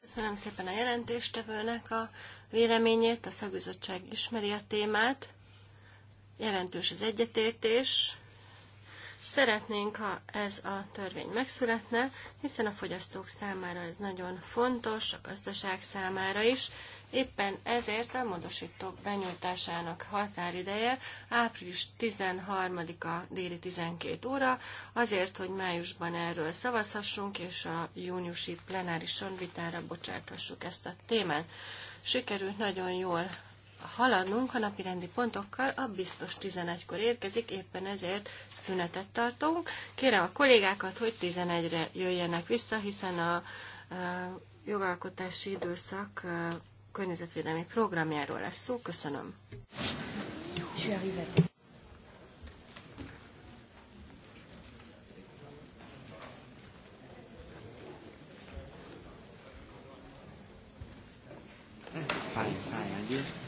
Köszönöm szépen a jelentéstevőnek a véleményét, a szakbizottság ismeri a témát, jelentős az egyetértés, Szeretnénk, ha ez a törvény megszületne, hiszen a fogyasztók számára ez nagyon fontos, a gazdaság számára is, Éppen ezért a módosítók benyújtásának határideje április 13-a déli 12 óra, azért, hogy májusban erről szavazhassunk, és a júniusi plenárison vitára bocsáthassuk ezt a témát. Sikerült nagyon jól haladnunk a napi rendi pontokkal, a biztos 11-kor érkezik, éppen ezért szünetet tartunk. Kérem a kollégákat, hogy 11-re jöjjenek vissza, hiszen a, a jogalkotási időszak környezetvédelmi programjáról lesz szó. Köszönöm. Fine, fine, and you?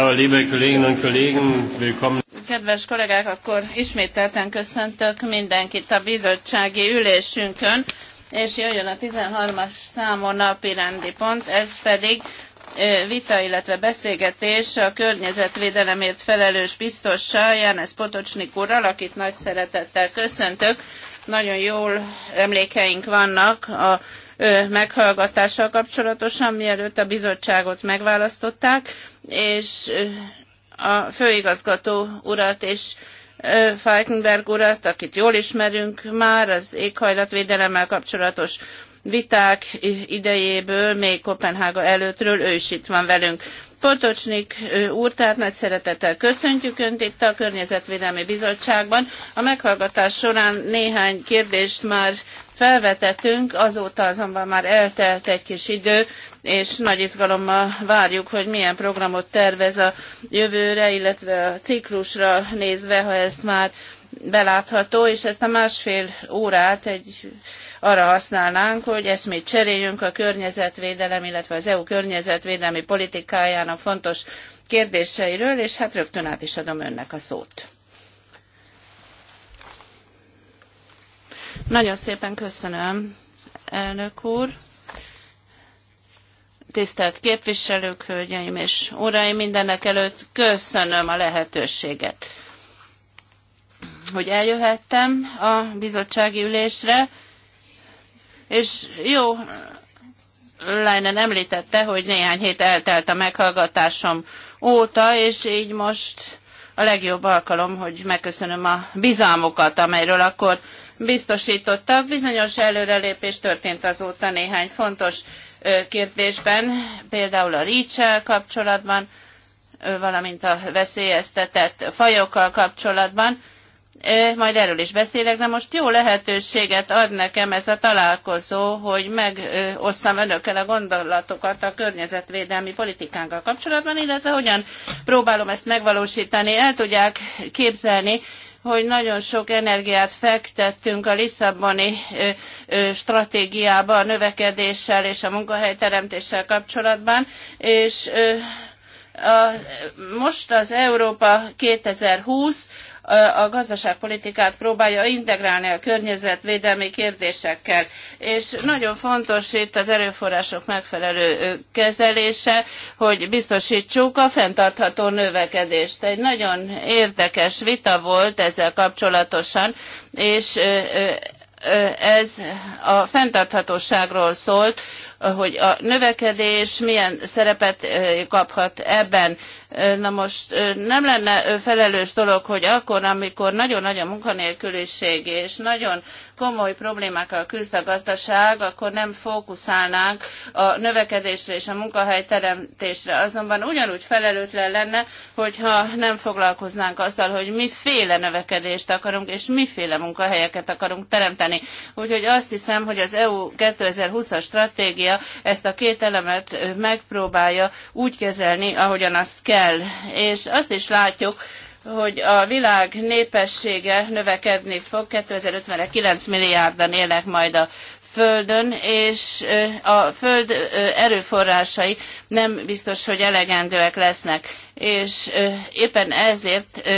liebe Kolleginnen und Kollegen, willkommen. Kedves kollégák, akkor ismételten köszöntök mindenkit a bizottsági ülésünkön, és jöjjön a 13. számú napi rendi pont, ez pedig vita, illetve beszélgetés a környezetvédelemért felelős biztossal, János Potocsnik úrral, akit nagy szeretettel köszöntök. Nagyon jól emlékeink vannak a meghallgatással kapcsolatosan, mielőtt a bizottságot megválasztották és a főigazgató urat és Falkenberg urat, akit jól ismerünk már, az éghajlatvédelemmel kapcsolatos viták idejéből, még Kopenhága előttről, ő is itt van velünk. Potocsnik úr, tehát nagy szeretettel köszöntjük Önt itt a Környezetvédelmi Bizottságban. A meghallgatás során néhány kérdést már felvetettünk, azóta azonban már eltelt egy kis idő, és nagy izgalommal várjuk, hogy milyen programot tervez a jövőre, illetve a ciklusra nézve, ha ezt már belátható, és ezt a másfél órát egy, arra használnánk, hogy eszmét cseréljünk a környezetvédelem, illetve az EU környezetvédelmi politikájának fontos kérdéseiről, és hát rögtön át is adom önnek a szót. Nagyon szépen köszönöm, elnök úr. Tisztelt képviselők, hölgyeim és uraim, mindenek előtt köszönöm a lehetőséget, hogy eljöhettem a bizottsági ülésre, és jó, Leinen említette, hogy néhány hét eltelt a meghallgatásom óta, és így most a legjobb alkalom, hogy megköszönöm a bizalmukat, amelyről akkor biztosítottak. Bizonyos előrelépés történt azóta néhány fontos kérdésben, például a rics kapcsolatban, valamint a veszélyeztetett fajokkal kapcsolatban. Majd erről is beszélek, de most jó lehetőséget ad nekem ez a találkozó, hogy megosszam önökkel a gondolatokat a környezetvédelmi politikánkkal kapcsolatban, illetve hogyan próbálom ezt megvalósítani. El tudják képzelni, hogy nagyon sok energiát fektettünk a Lisszaboni stratégiába a növekedéssel és a munkahelyteremtéssel kapcsolatban, és a, most az Európa 2020 a gazdaságpolitikát próbálja integrálni a környezetvédelmi kérdésekkel. És nagyon fontos itt az erőforrások megfelelő kezelése, hogy biztosítsuk a fenntartható növekedést. Egy nagyon érdekes vita volt ezzel kapcsolatosan, és ez a fenntarthatóságról szólt, hogy a növekedés milyen szerepet kaphat ebben. Na most nem lenne felelős dolog, hogy akkor, amikor nagyon nagy a munkanélküliség és nagyon komoly problémákkal küzd a gazdaság, akkor nem fókuszálnánk a növekedésre és a munkahelyteremtésre. Azonban ugyanúgy felelőtlen lenne, hogyha nem foglalkoznánk azzal, hogy miféle növekedést akarunk, és miféle munkahelyeket akarunk teremteni. Úgyhogy azt hiszem, hogy az EU 2020-as stratégia megpróbálja ezt a két elemet megpróbálja úgy kezelni, ahogyan azt kell. És azt is látjuk, hogy a világ népessége növekedni fog, 2050-re 9 milliárdan élnek majd a Földön, és a Föld erőforrásai nem biztos, hogy elegendőek lesznek. És éppen ezért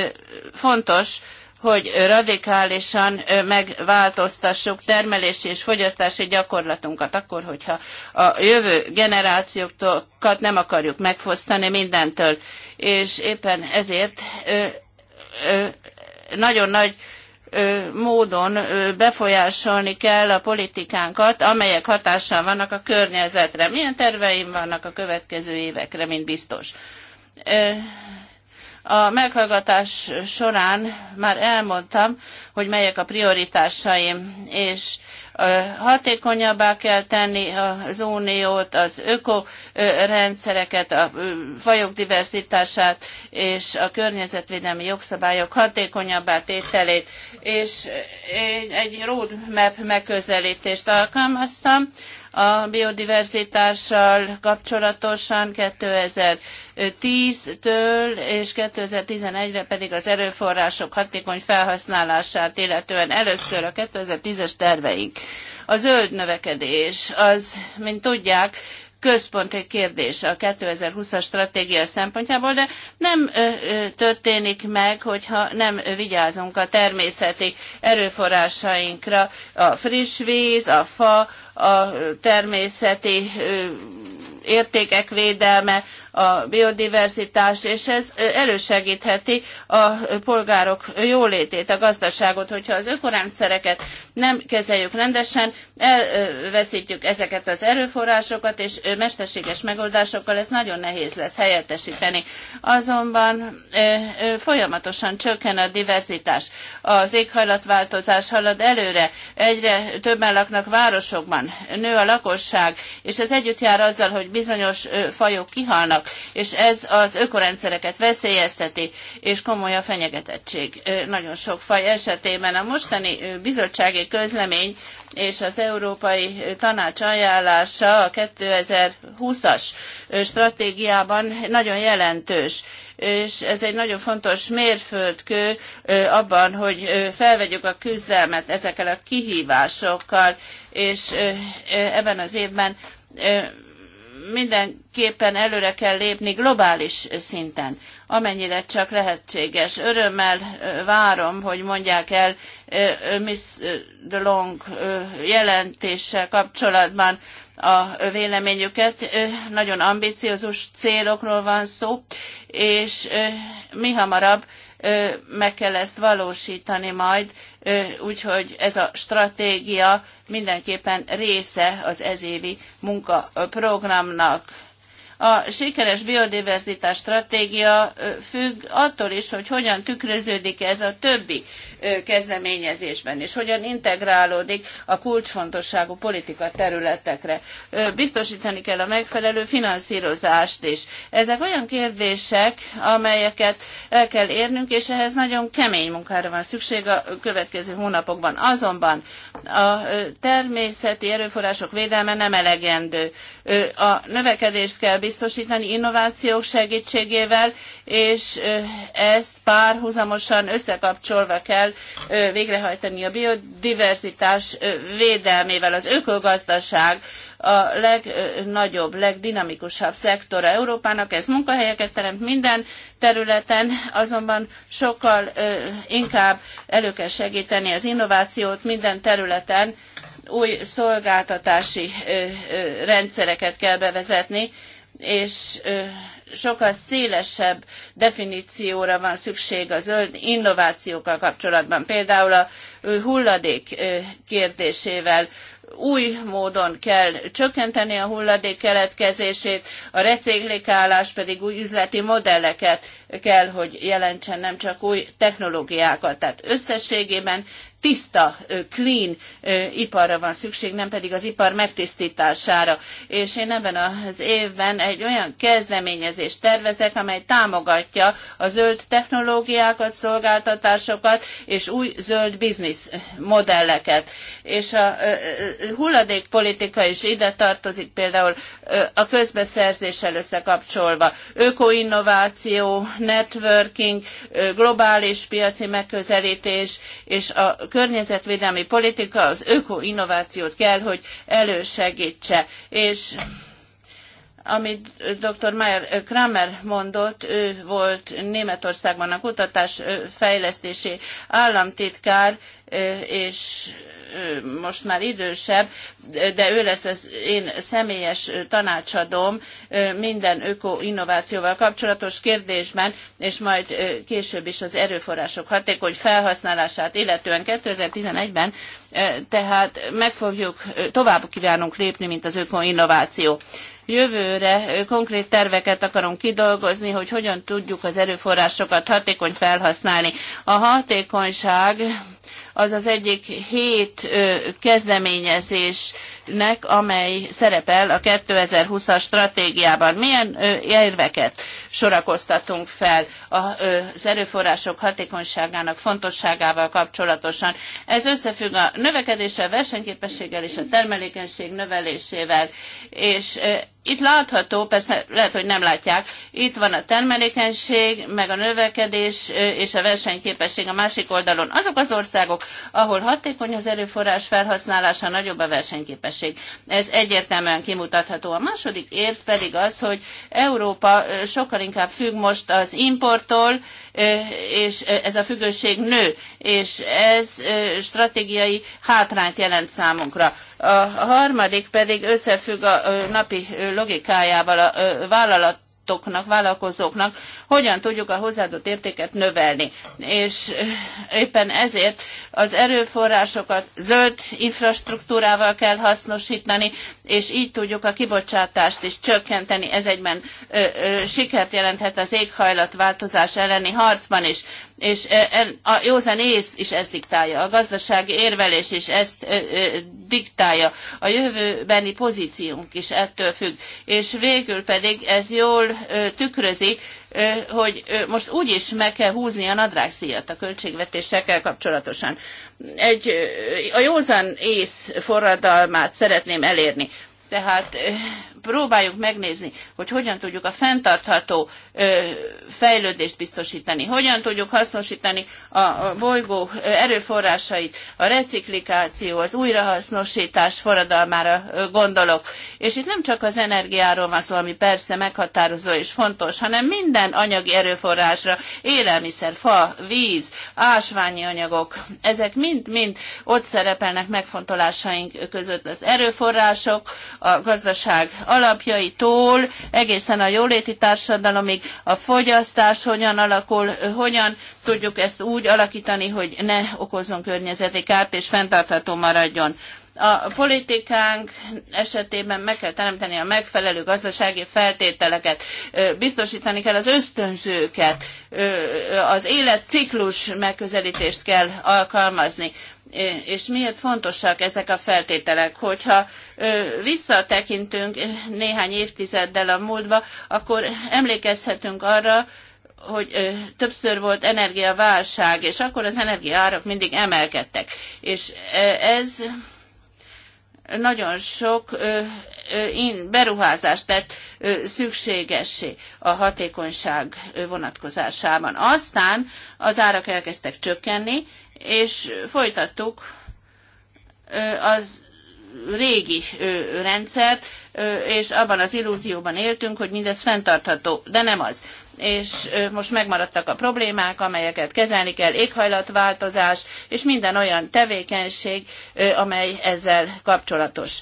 fontos, hogy radikálisan megváltoztassuk termelési és fogyasztási gyakorlatunkat, akkor, hogyha a jövő generációkat nem akarjuk megfosztani mindentől. És éppen ezért nagyon nagy módon befolyásolni kell a politikánkat, amelyek hatással vannak a környezetre. Milyen terveim vannak a következő évekre, mint biztos? A meghallgatás során már elmondtam, hogy melyek a prioritásaim, és hatékonyabbá kell tenni az uniót, az ökorendszereket, a fajok diversitását és a környezetvédelmi jogszabályok hatékonyabbá tételét, és én egy roadmap megközelítést alkalmaztam, a biodiverzitással kapcsolatosan 2010-től és 2011-re pedig az erőforrások hatékony felhasználását illetően először a 2010-es terveink. A zöld növekedés az, mint tudják, központi kérdés a 2020-as stratégia szempontjából, de nem történik meg, hogyha nem vigyázunk a természeti erőforrásainkra. A friss víz, a fa, a természeti értékek védelme, a biodiverzitás, és ez elősegítheti a polgárok jólétét, a gazdaságot, hogyha az ökorendszereket nem kezeljük rendesen, elveszítjük ezeket az erőforrásokat, és mesterséges megoldásokkal ez nagyon nehéz lesz helyettesíteni. Azonban folyamatosan csökken a diverzitás. Az éghajlatváltozás halad előre, egyre többen laknak városokban, nő a lakosság, és ez együtt jár azzal, hogy bizonyos fajok kihalnak vannak, és ez az ökorendszereket veszélyezteti, és komoly a fenyegetettség nagyon sok faj esetében. A mostani bizottsági közlemény és az Európai Tanács ajánlása a 2020-as stratégiában nagyon jelentős és ez egy nagyon fontos mérföldkő abban, hogy felvegyük a küzdelmet ezekkel a kihívásokkal, és ebben az évben mindenképpen előre kell lépni globális szinten, amennyire csak lehetséges. Örömmel várom, hogy mondják el Miss DeLong jelentéssel kapcsolatban a véleményüket. Nagyon ambiciózus célokról van szó, és mi hamarabb meg kell ezt valósítani majd, úgyhogy ez a stratégia mindenképpen része az ezévi munkaprogramnak a sikeres biodiverzitás stratégia függ attól is, hogy hogyan tükröződik ez a többi kezdeményezésben, és hogyan integrálódik a kulcsfontosságú politika területekre. Biztosítani kell a megfelelő finanszírozást is. Ezek olyan kérdések, amelyeket el kell érnünk, és ehhez nagyon kemény munkára van szükség a következő hónapokban. Azonban a természeti erőforrások védelme nem elegendő. A növekedést kell biztosítani innovációk segítségével, és ezt párhuzamosan összekapcsolva kell végrehajtani a biodiverzitás védelmével. Az ökogazdaság a legnagyobb, legdinamikusabb szektora Európának, ez munkahelyeket teremt minden területen, azonban sokkal inkább elő kell segíteni az innovációt minden területen, új szolgáltatási rendszereket kell bevezetni, és sokkal szélesebb definícióra van szükség a zöld innovációkkal kapcsolatban. Például a hulladék kérdésével új módon kell csökkenteni a hulladék keletkezését, a recéklikálás pedig új üzleti modelleket kell, hogy jelentsen, nem csak új technológiákat. Tehát összességében tiszta, clean iparra van szükség, nem pedig az ipar megtisztítására. És én ebben az évben egy olyan kezdeményezést tervezek, amely támogatja a zöld technológiákat, szolgáltatásokat és új zöld biznisz modelleket. És a hulladékpolitika is ide tartozik például a közbeszerzéssel összekapcsolva. Ökoinnováció, networking, globális piaci megközelítés és a környezetvédelmi politika az ökoinnovációt kell, hogy elősegítse. És amit dr. Meyer Kramer mondott, ő volt Németországban a kutatás fejlesztési államtitkár, és most már idősebb, de ő lesz az én személyes tanácsadóm minden öko-innovációval kapcsolatos kérdésben, és majd később is az erőforrások hatékony felhasználását, illetően 2011-ben, tehát meg fogjuk, tovább kívánunk lépni, mint az öko-innováció. Jövőre konkrét terveket akarunk kidolgozni, hogy hogyan tudjuk az erőforrásokat hatékony felhasználni. A hatékonyság az az egyik hét kezdeményezésnek, amely szerepel a 2020-as stratégiában. Milyen érveket sorakoztatunk fel az erőforrások hatékonyságának fontosságával kapcsolatosan? Ez összefügg a növekedéssel, versenyképességgel és a termelékenység növelésével, és itt látható, persze lehet, hogy nem látják, itt van a termelékenység, meg a növekedés és a versenyképesség a másik oldalon. Azok az országok, ahol hatékony az erőforrás felhasználása, nagyobb a versenyképesség. Ez egyértelműen kimutatható. A második érv pedig az, hogy Európa sokkal inkább függ most az importtól, és ez a függőség nő, és ez stratégiai hátrányt jelent számunkra a harmadik pedig összefügg a napi logikájával a vállalat vállalatoknak, vállalkozóknak, hogyan tudjuk a hozzáadott értéket növelni. És éppen ezért az erőforrásokat zöld infrastruktúrával kell hasznosítani, és így tudjuk a kibocsátást is csökkenteni. Ez egyben ö, ö, sikert jelenthet az éghajlatváltozás elleni harcban is és a józan ész is ezt diktálja, a gazdasági érvelés is ezt diktálja, a jövőbeni pozíciónk is ettől függ. És végül pedig ez jól tükrözi, hogy most is meg kell húzni a nadrágszíjat a költségvetésekkel kapcsolatosan. Egy, a józan ész forradalmát szeretném elérni. Tehát próbáljuk megnézni, hogy hogyan tudjuk a fenntartható fejlődést biztosítani, hogyan tudjuk hasznosítani a bolygó erőforrásait, a reciklikáció, az újrahasznosítás forradalmára gondolok. És itt nem csak az energiáról van szó, ami persze meghatározó és fontos, hanem minden anyagi erőforrásra, élelmiszer, fa, víz, ásványi anyagok, ezek mind-mind ott szerepelnek megfontolásaink között az erőforrások, a gazdaság alapjaitól egészen a jóléti társadalomig, a fogyasztás hogyan alakul, hogyan tudjuk ezt úgy alakítani, hogy ne okozzon környezeti kárt és fenntartható maradjon. A politikánk esetében meg kell teremteni a megfelelő gazdasági feltételeket, biztosítani kell az ösztönzőket, az életciklus megközelítést kell alkalmazni és miért fontosak ezek a feltételek. Hogyha visszatekintünk néhány évtizeddel a múltba, akkor emlékezhetünk arra, hogy ö, többször volt energiaválság, és akkor az energiaárak mindig emelkedtek. És ez nagyon sok beruházást tett szükségessé a hatékonyság vonatkozásában. Aztán az árak elkezdtek csökkenni, és folytattuk az régi rendszert, és abban az illúzióban éltünk, hogy mindez fenntartható, de nem az és most megmaradtak a problémák, amelyeket kezelni kell, éghajlatváltozás, és minden olyan tevékenység, amely ezzel kapcsolatos.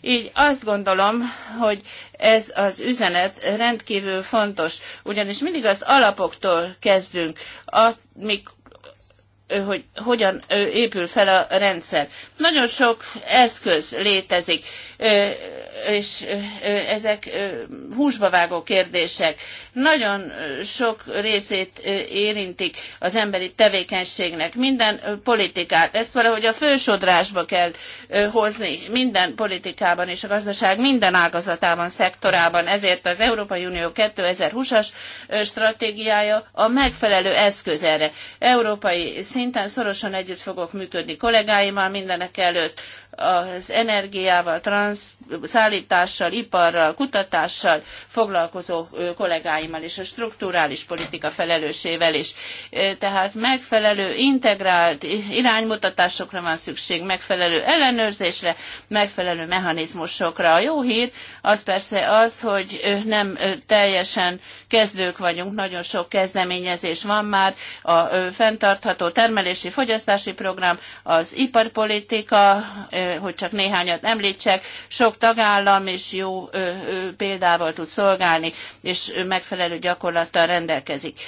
Így azt gondolom, hogy ez az üzenet rendkívül fontos, ugyanis mindig az alapoktól kezdünk, amik hogy hogyan épül fel a rendszer. Nagyon sok eszköz létezik, és ezek húsba vágó kérdések. Nagyon sok részét érintik az emberi tevékenységnek, minden politikát. Ezt valahogy a fősodrásba kell hozni, minden politikában és a gazdaság minden ágazatában, szektorában. Ezért az Európai Unió 2020-as stratégiája a megfelelő eszköz erre. Európai szinten szorosan együtt fogok működni kollégáimmal mindenek előtt, az energiával, transz, szállítással, iparral, kutatással foglalkozó kollégáimmal és a strukturális politika felelősével is. Tehát megfelelő integrált iránymutatásokra van szükség, megfelelő ellenőrzésre, megfelelő mechanizmusokra. A jó hír az persze az, hogy nem teljesen kezdők vagyunk, nagyon sok kezdeményezés van már a fenntartható termelési fogyasztási program, az iparpolitika, hogy csak néhányat említsek, sok tagállam és jó példával tud szolgálni, és megfelelő gyakorlattal rendelkezik.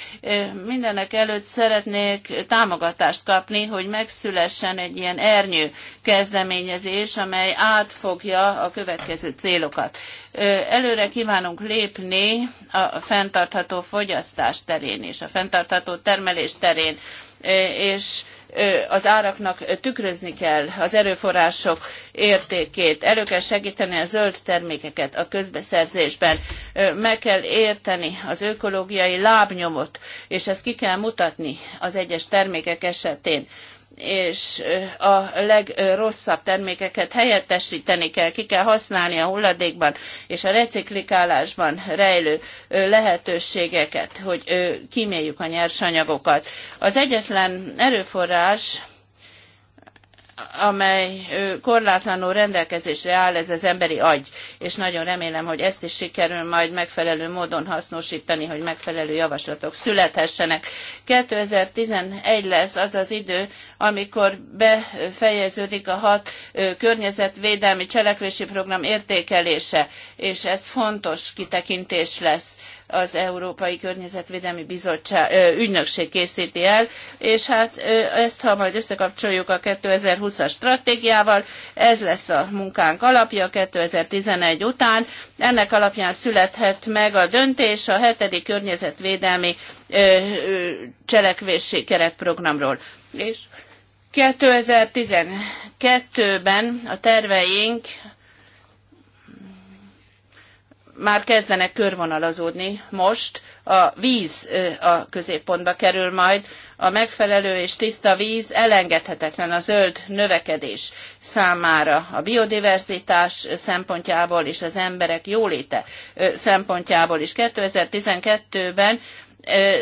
Mindenek előtt szeretnék támogatást kapni, hogy megszülessen egy ilyen ernyő kezdeményezés, amely átfogja a következő célokat. Előre kívánunk lépni a fenntartható fogyasztás terén és a fenntartható termelés terén. E, és e, az áraknak tükrözni kell az erőforrások értékét, elő kell segíteni a zöld termékeket a közbeszerzésben, e, meg kell érteni az ökológiai lábnyomot, és ezt ki kell mutatni az egyes termékek esetén és a legrosszabb termékeket helyettesíteni kell, ki kell használni a hulladékban és a reciklikálásban rejlő lehetőségeket, hogy kíméljük a nyersanyagokat. Az egyetlen erőforrás, amely korlátlanul rendelkezésre áll, ez az emberi agy, és nagyon remélem, hogy ezt is sikerül majd megfelelő módon hasznosítani, hogy megfelelő javaslatok születhessenek. 2011 lesz az az idő, amikor befejeződik a hat környezetvédelmi cselekvési program értékelése, és ez fontos kitekintés lesz az Európai Környezetvédelmi Bizottság, ügynökség készíti el, és hát ezt, ha majd összekapcsoljuk a 2020-as stratégiával, ez lesz a munkánk alapja 2011 után. Ennek alapján születhet meg a döntés a hetedik környezetvédelmi cselekvési keretprogramról. És 2012-ben a terveink már kezdenek körvonalazódni most, a víz a középpontba kerül majd, a megfelelő és tiszta víz elengedhetetlen a zöld növekedés számára, a biodiverzitás szempontjából és az emberek jóléte szempontjából is. 2012-ben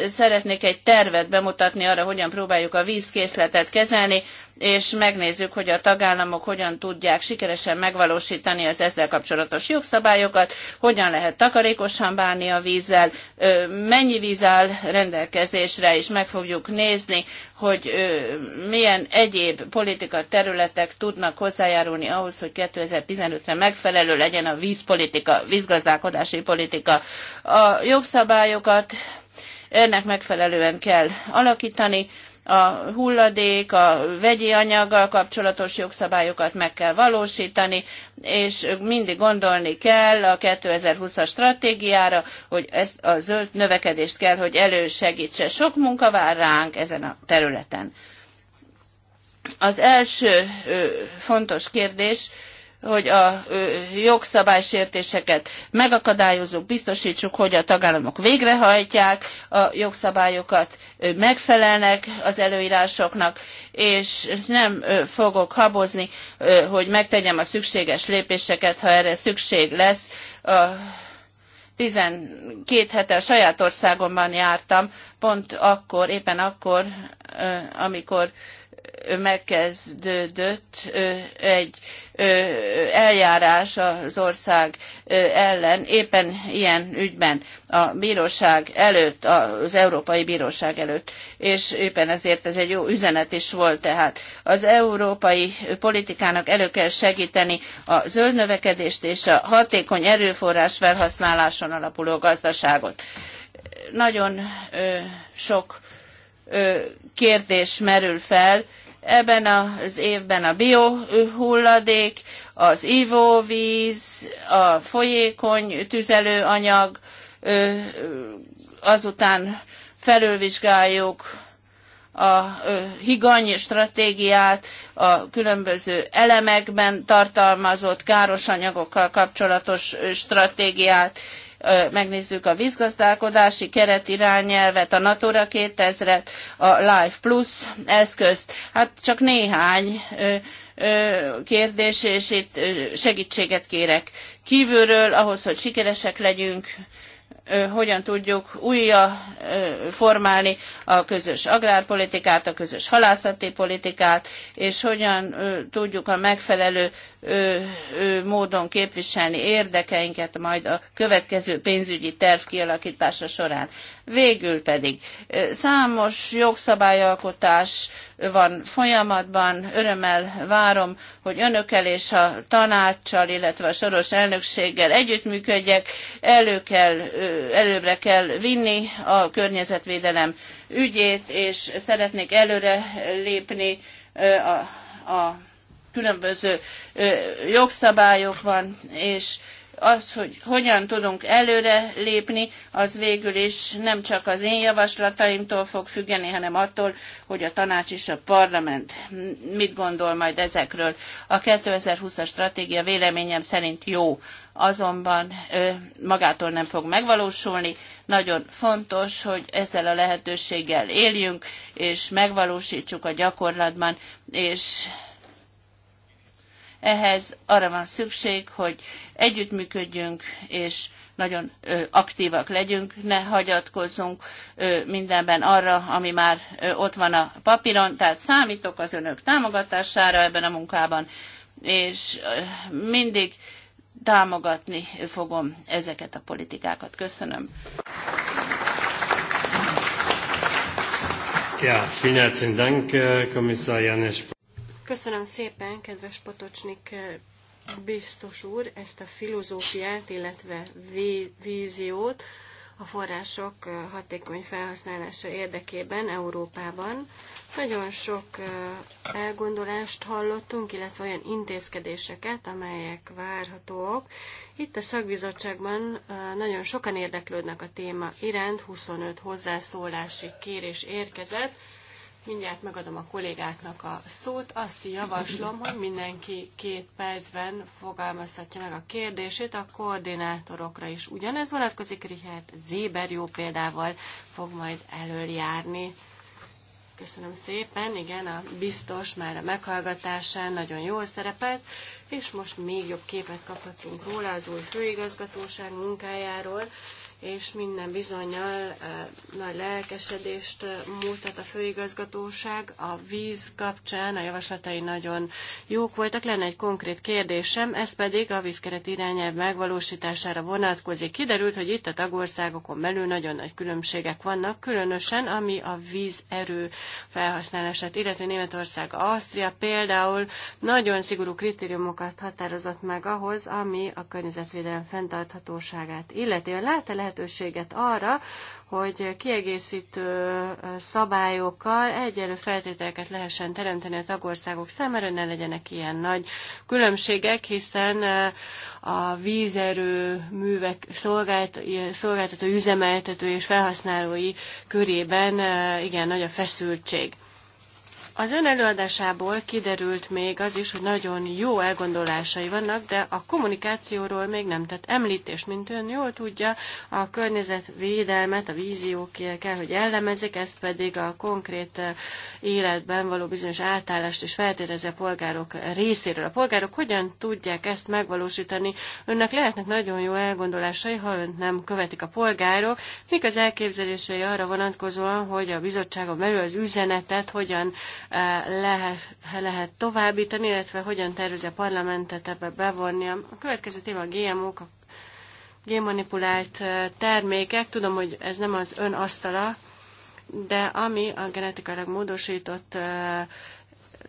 szeretnék egy tervet bemutatni arra, hogyan próbáljuk a vízkészletet kezelni, és megnézzük, hogy a tagállamok hogyan tudják sikeresen megvalósítani az ezzel kapcsolatos jogszabályokat, hogyan lehet takarékosan bánni a vízzel, mennyi víz áll rendelkezésre, és meg fogjuk nézni, hogy milyen egyéb politika területek tudnak hozzájárulni ahhoz, hogy 2015-re megfelelő legyen a vízpolitika, vízgazdálkodási politika. A jogszabályokat ennek megfelelően kell alakítani. A hulladék, a vegyi anyaggal kapcsolatos jogszabályokat meg kell valósítani, és mindig gondolni kell a 2020-as stratégiára, hogy ez a zöld növekedést kell, hogy elősegítse. Sok munka vár ránk ezen a területen. Az első fontos kérdés, hogy a jogszabálysértéseket megakadályozunk, biztosítsuk, hogy a tagállamok végrehajtják a jogszabályokat, megfelelnek az előírásoknak, és nem fogok habozni, hogy megtegyem a szükséges lépéseket, ha erre szükség lesz. A 12 hete a saját országomban jártam, pont akkor, éppen akkor, amikor megkezdődött egy eljárás az ország ellen, éppen ilyen ügyben a bíróság előtt, az Európai Bíróság előtt, és éppen ezért ez egy jó üzenet is volt tehát. Az európai politikának elő kell segíteni a zöld növekedést és a hatékony erőforrás felhasználáson alapuló gazdaságot. Nagyon sok kérdés merül fel, Ebben az évben a biohulladék, az ivóvíz, a folyékony tüzelőanyag, azután felülvizsgáljuk a higany stratégiát a különböző elemekben tartalmazott káros anyagokkal kapcsolatos stratégiát, megnézzük a vízgazdálkodási keretirányelvet, a Natura 2000-et, a Life Plus eszközt. Hát csak néhány kérdés, és itt segítséget kérek kívülről, ahhoz, hogy sikeresek legyünk, hogyan tudjuk újra formálni a közös agrárpolitikát, a közös halászati politikát, és hogyan tudjuk a megfelelő módon képviselni érdekeinket majd a következő pénzügyi terv kialakítása során. Végül pedig számos jogszabályalkotás van folyamatban. Örömmel várom, hogy önökkel és a tanácssal, illetve a soros elnökséggel együttműködjek. Elő kell, előbbre kell vinni a környezetvédelem ügyét, és szeretnék előre lépni a, a különböző jogszabályok van, és az, hogy hogyan tudunk előre lépni, az végül is nem csak az én javaslataimtól fog függeni, hanem attól, hogy a tanács és a parlament mit gondol majd ezekről. A 2020-as stratégia véleményem szerint jó, azonban magától nem fog megvalósulni. Nagyon fontos, hogy ezzel a lehetőséggel éljünk, és megvalósítsuk a gyakorlatban, és ehhez arra van szükség, hogy együttműködjünk, és nagyon aktívak legyünk, ne hagyatkozzunk mindenben arra, ami már ott van a papíron, tehát számítok az önök támogatására ebben a munkában, és mindig támogatni fogom ezeket a politikákat. Köszönöm. Ja, vielen herzlichen Dank, äh, Kommissar Köszönöm szépen, kedves Potocsnik eh, biztos úr, ezt a filozófiát, illetve víziót a források eh, hatékony felhasználása érdekében Európában. Nagyon sok eh, elgondolást hallottunk, illetve olyan intézkedéseket, amelyek várhatóak. Itt a szakbizottságban nagyon sokan érdeklődnek a téma iránt, 25 hozzászólási kérés érkezett Mindjárt megadom a kollégáknak a szót. Azt javaslom, hogy mindenki két percben fogalmazhatja meg a kérdését. A koordinátorokra is ugyanez vonatkozik. Richard Zéber jó példával fog majd előjárni. Köszönöm szépen, igen, a biztos már a meghallgatásán nagyon jól szerepelt, és most még jobb képet kaphatunk róla az új főigazgatóság munkájáról, és minden bizonyal nagy lelkesedést mutat a főigazgatóság. A víz kapcsán a javaslatai nagyon jók voltak. Lenne egy konkrét kérdésem, ez pedig a vízkeret irányelv megvalósítására vonatkozik. Kiderült, hogy itt a tagországokon belül nagyon nagy különbségek vannak, különösen ami a vízerő felhasználását, illetve Németország, Ausztria például nagyon szigorú kritériumokat határozott meg ahhoz, ami a környezetvédelem fenntarthatóságát illeti. Lát-e lehetőséget arra, hogy kiegészítő szabályokkal egyenlő feltételeket lehessen teremteni a tagországok számára, ne legyenek ilyen nagy különbségek, hiszen a vízerő művek szolgált, szolgáltató, üzemeltető és felhasználói körében igen nagy a feszültség. Az ön előadásából kiderült még az is, hogy nagyon jó elgondolásai vannak, de a kommunikációról még nem tett említés, mint ön jól tudja, a környezetvédelmet, a víziók kell, hogy jellemezik, ezt pedig a konkrét eh, életben való bizonyos átállást is feltérezi a polgárok részéről. A polgárok hogyan tudják ezt megvalósítani? Önnek lehetnek nagyon jó elgondolásai, ha önt nem követik a polgárok. Mik az elképzelései arra vonatkozóan, hogy a bizottságon belül az üzenetet hogyan lehet, lehet továbbítani, illetve hogyan tervezi a parlamentet ebbe bevonni. A következő téma a GMO-k, a génmanipulált termékek. Tudom, hogy ez nem az ön asztala, de ami a genetikailag módosított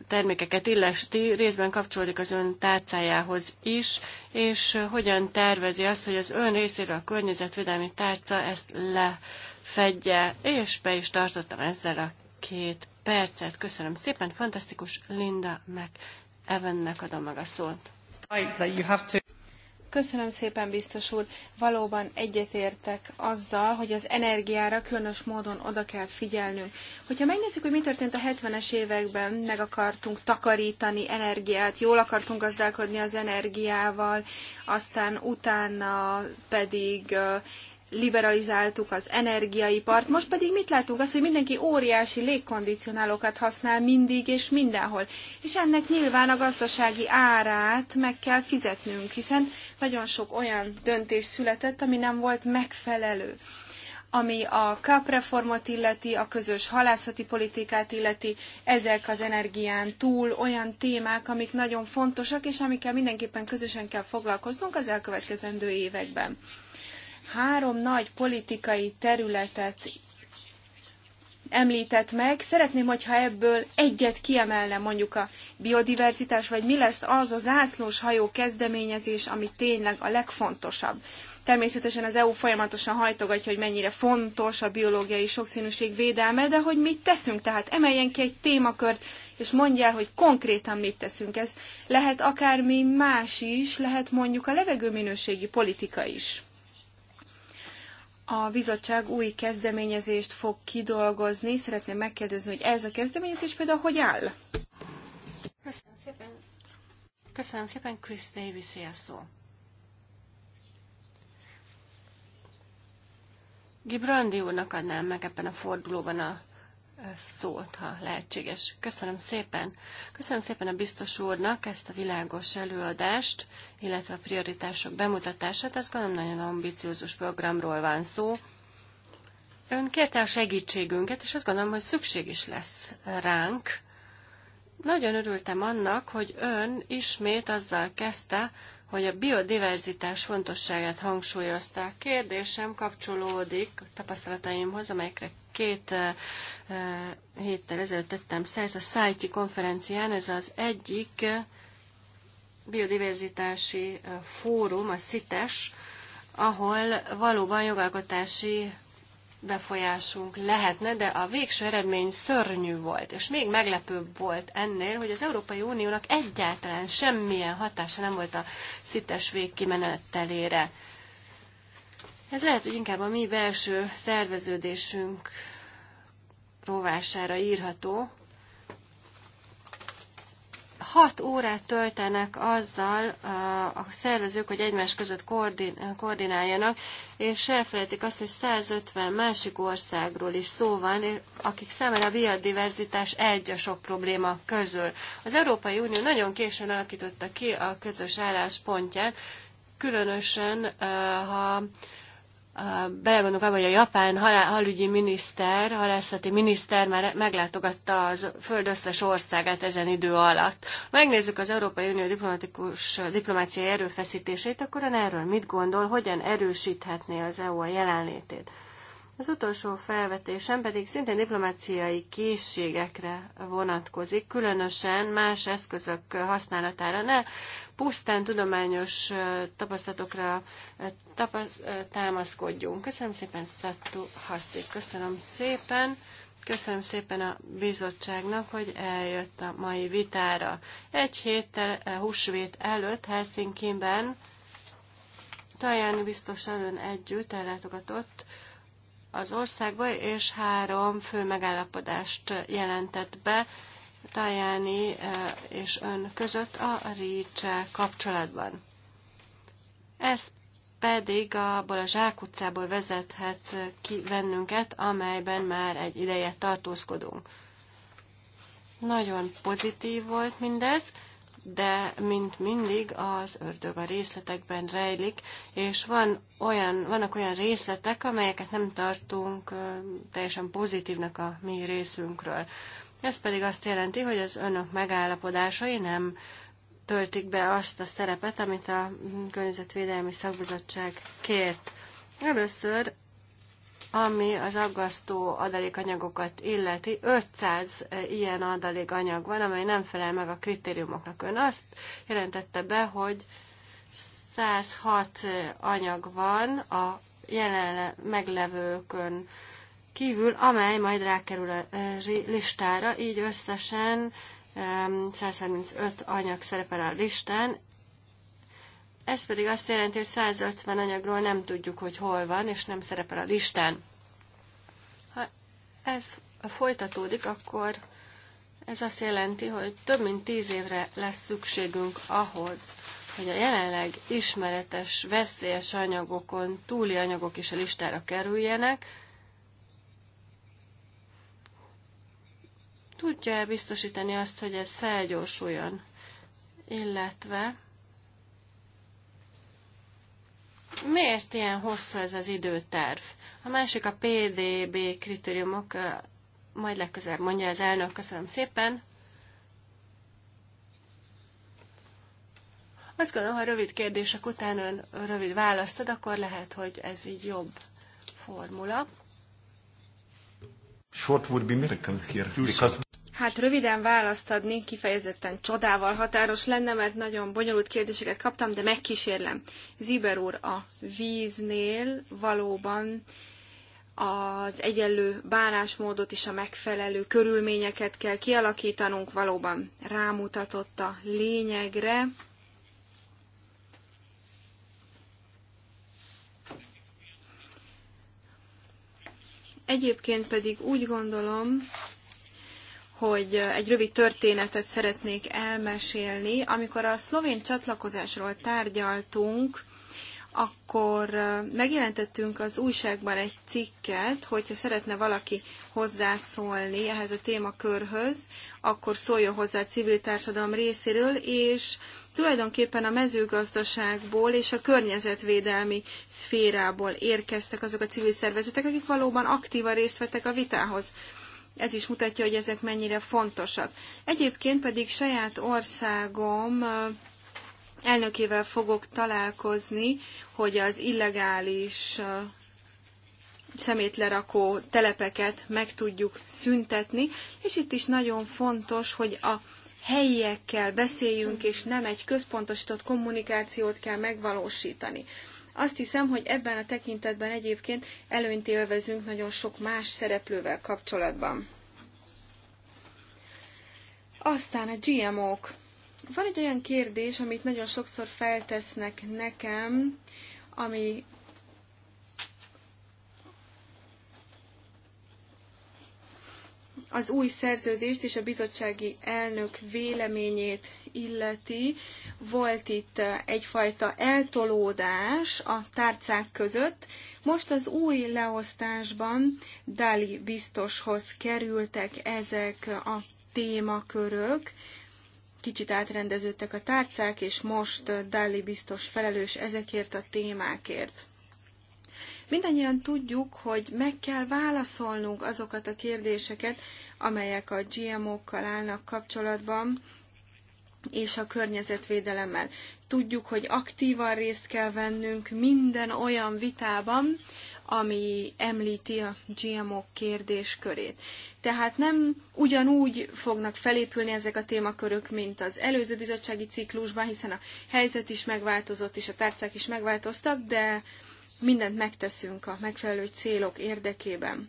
termékeket illeti, részben kapcsolódik az ön tárcájához is, és hogyan tervezi azt, hogy az ön részéről a környezetvédelmi tárca ezt lefedje, és be is tartottam ezzel a két percet. Köszönöm szépen, fantasztikus Linda meg Evennek adom meg a szót. Köszönöm szépen, biztos úr. Valóban egyetértek azzal, hogy az energiára különös módon oda kell figyelnünk. Hogyha megnézzük, hogy mi történt a 70-es években, meg akartunk takarítani energiát, jól akartunk gazdálkodni az energiával, aztán utána pedig liberalizáltuk az energiaipart, most pedig mit látunk? Azt, hogy mindenki óriási légkondicionálókat használ mindig és mindenhol. És ennek nyilván a gazdasági árát meg kell fizetnünk, hiszen nagyon sok olyan döntés született, ami nem volt megfelelő ami a kapreformot illeti, a közös halászati politikát illeti, ezek az energián túl olyan témák, amik nagyon fontosak, és amikkel mindenképpen közösen kell foglalkoznunk az elkövetkezendő években három nagy politikai területet említett meg. Szeretném, hogyha ebből egyet kiemelne mondjuk a biodiverzitás, vagy mi lesz az a zászlós hajó kezdeményezés, ami tényleg a legfontosabb. Természetesen az EU folyamatosan hajtogatja, hogy mennyire fontos a biológiai sokszínűség védelme, de hogy mit teszünk, tehát emeljen ki egy témakört, és el, hogy konkrétan mit teszünk. Ez lehet akármi más is, lehet mondjuk a levegőminőségi politika is a bizottság új kezdeményezést fog kidolgozni. Szeretném megkérdezni, hogy ez a kezdeményezés például hogy áll? Köszönöm szépen. Köszönöm szépen, Chris Davis, a szó. Gibrandi úrnak adnám meg ebben a fordulóban a szót, ha lehetséges. Köszönöm szépen. Köszönöm szépen a biztos úrnak ezt a világos előadást, illetve a prioritások bemutatását. Ez gondolom, nagyon ambiciózus programról van szó. Ön kérte a segítségünket, és azt gondolom, hogy szükség is lesz ránk. Nagyon örültem annak, hogy ön ismét azzal kezdte, hogy a biodiverzitás fontosságát hangsúlyozták. Kérdésem kapcsolódik a tapasztalataimhoz, amelyekre két eh, eh, héttel ezelőtt tettem szert a SZÁJTI konferencián. Ez az egyik eh, biodiverzitási fórum, a CITES, ahol valóban jogalkotási befolyásunk lehetne, de a végső eredmény szörnyű volt, és még meglepőbb volt ennél, hogy az Európai Uniónak egyáltalán semmilyen hatása nem volt a szites végkimenetelére. Ez lehet, hogy inkább a mi belső szerveződésünk rovására írható, hat órát töltenek azzal a szervezők, hogy egymás között koordináljanak, és elfelejtik azt, hogy 150 másik országról is szó van, akik számára a biodiverzitás egy a sok probléma közül. Az Európai Unió nagyon későn alakította ki a közös álláspontját, különösen ha belegondolok abba, hogy a japán halál, halügyi miniszter, halászati miniszter már meglátogatta az föld összes országát ezen idő alatt. Megnézzük az Európai Unió diplomatikus diplomáciai erőfeszítéseit, akkor ön erről mit gondol, hogyan erősíthetné az EU a jelenlétét? Az utolsó felvetésem pedig szintén diplomáciai készségekre vonatkozik, különösen más eszközök használatára. Ne pusztán tudományos tapasztalatokra tapasz, támaszkodjunk. Köszönöm szépen, Szattu Haszti. Köszönöm szépen. Köszönöm szépen a bizottságnak, hogy eljött a mai vitára. Egy héttel húsvét előtt Helsinki-ben Tajani biztos előn együtt ellátogatott az országba, és három fő megállapodást jelentett be Tajani eh, és ön között a reach kapcsolatban. Ez pedig abból a utcából vezethet ki bennünket, amelyben már egy ideje tartózkodunk. Nagyon pozitív volt mindez, de mint mindig az ördög a részletekben rejlik, és van olyan, vannak olyan részletek, amelyeket nem tartunk eh, teljesen pozitívnak a mi részünkről. Ez pedig azt jelenti, hogy az önök megállapodásai nem töltik be azt a szerepet, amit a Környezetvédelmi Szakbizottság kért. Először, ami az aggasztó adalékanyagokat illeti, 500 ilyen adalékanyag van, amely nem felel meg a kritériumoknak. Ön azt jelentette be, hogy 106 anyag van a jelen meglevőkön kívül, amely majd rákerül a listára, így összesen 135 anyag szerepel a listán. Ez pedig azt jelenti, hogy 150 anyagról nem tudjuk, hogy hol van, és nem szerepel a listán. Ha ez folytatódik, akkor ez azt jelenti, hogy több mint 10 évre lesz szükségünk ahhoz, hogy a jelenleg ismeretes, veszélyes anyagokon túli anyagok is a listára kerüljenek, tudja -e biztosítani azt, hogy ez felgyorsuljon, illetve miért ilyen hosszú ez az időterv? A másik a PDB kritériumok, majd legközelebb mondja az elnök, köszönöm szépen. Azt gondolom, ha rövid kérdések után ön rövid választod, akkor lehet, hogy ez így jobb formula. Short would be miracle here, because Hát röviden választ adni kifejezetten csodával határos lenne, mert nagyon bonyolult kérdéseket kaptam, de megkísérlem. Ziber úr, a víznél valóban az egyenlő bánásmódot és a megfelelő körülményeket kell kialakítanunk, valóban rámutatott a lényegre. Egyébként pedig úgy gondolom, hogy egy rövid történetet szeretnék elmesélni. Amikor a szlovén csatlakozásról tárgyaltunk, akkor megjelentettünk az újságban egy cikket, hogyha szeretne valaki hozzászólni ehhez a témakörhöz, akkor szóljon hozzá a civil társadalom részéről, és tulajdonképpen a mezőgazdaságból és a környezetvédelmi szférából érkeztek azok a civil szervezetek, akik valóban aktívan részt vettek a vitához. Ez is mutatja, hogy ezek mennyire fontosak. Egyébként pedig saját országom elnökével fogok találkozni, hogy az illegális szemétlerakó telepeket meg tudjuk szüntetni, és itt is nagyon fontos, hogy a helyiekkel beszéljünk, és nem egy központosított kommunikációt kell megvalósítani. Azt hiszem, hogy ebben a tekintetben egyébként előnyt élvezünk nagyon sok más szereplővel kapcsolatban. Aztán a GMO-k. Van egy olyan kérdés, amit nagyon sokszor feltesznek nekem, ami az új szerződést és a bizottsági elnök véleményét illeti, volt itt eh, egyfajta eltolódás a tárcák között. Most az új leosztásban Dali biztoshoz kerültek ezek a témakörök, kicsit átrendeződtek a tárcák, és most eh, Dali biztos felelős ezekért a témákért. Mindannyian tudjuk, hogy meg kell válaszolnunk azokat a kérdéseket, amelyek a GMO-kkal állnak kapcsolatban, és a környezetvédelemmel. Tudjuk, hogy aktívan részt kell vennünk minden olyan vitában, ami említi a GMO kérdéskörét. Tehát nem ugyanúgy fognak felépülni ezek a témakörök, mint az előző bizottsági ciklusban, hiszen a helyzet is megváltozott, és a tárcák is megváltoztak, de mindent megteszünk a megfelelő célok érdekében.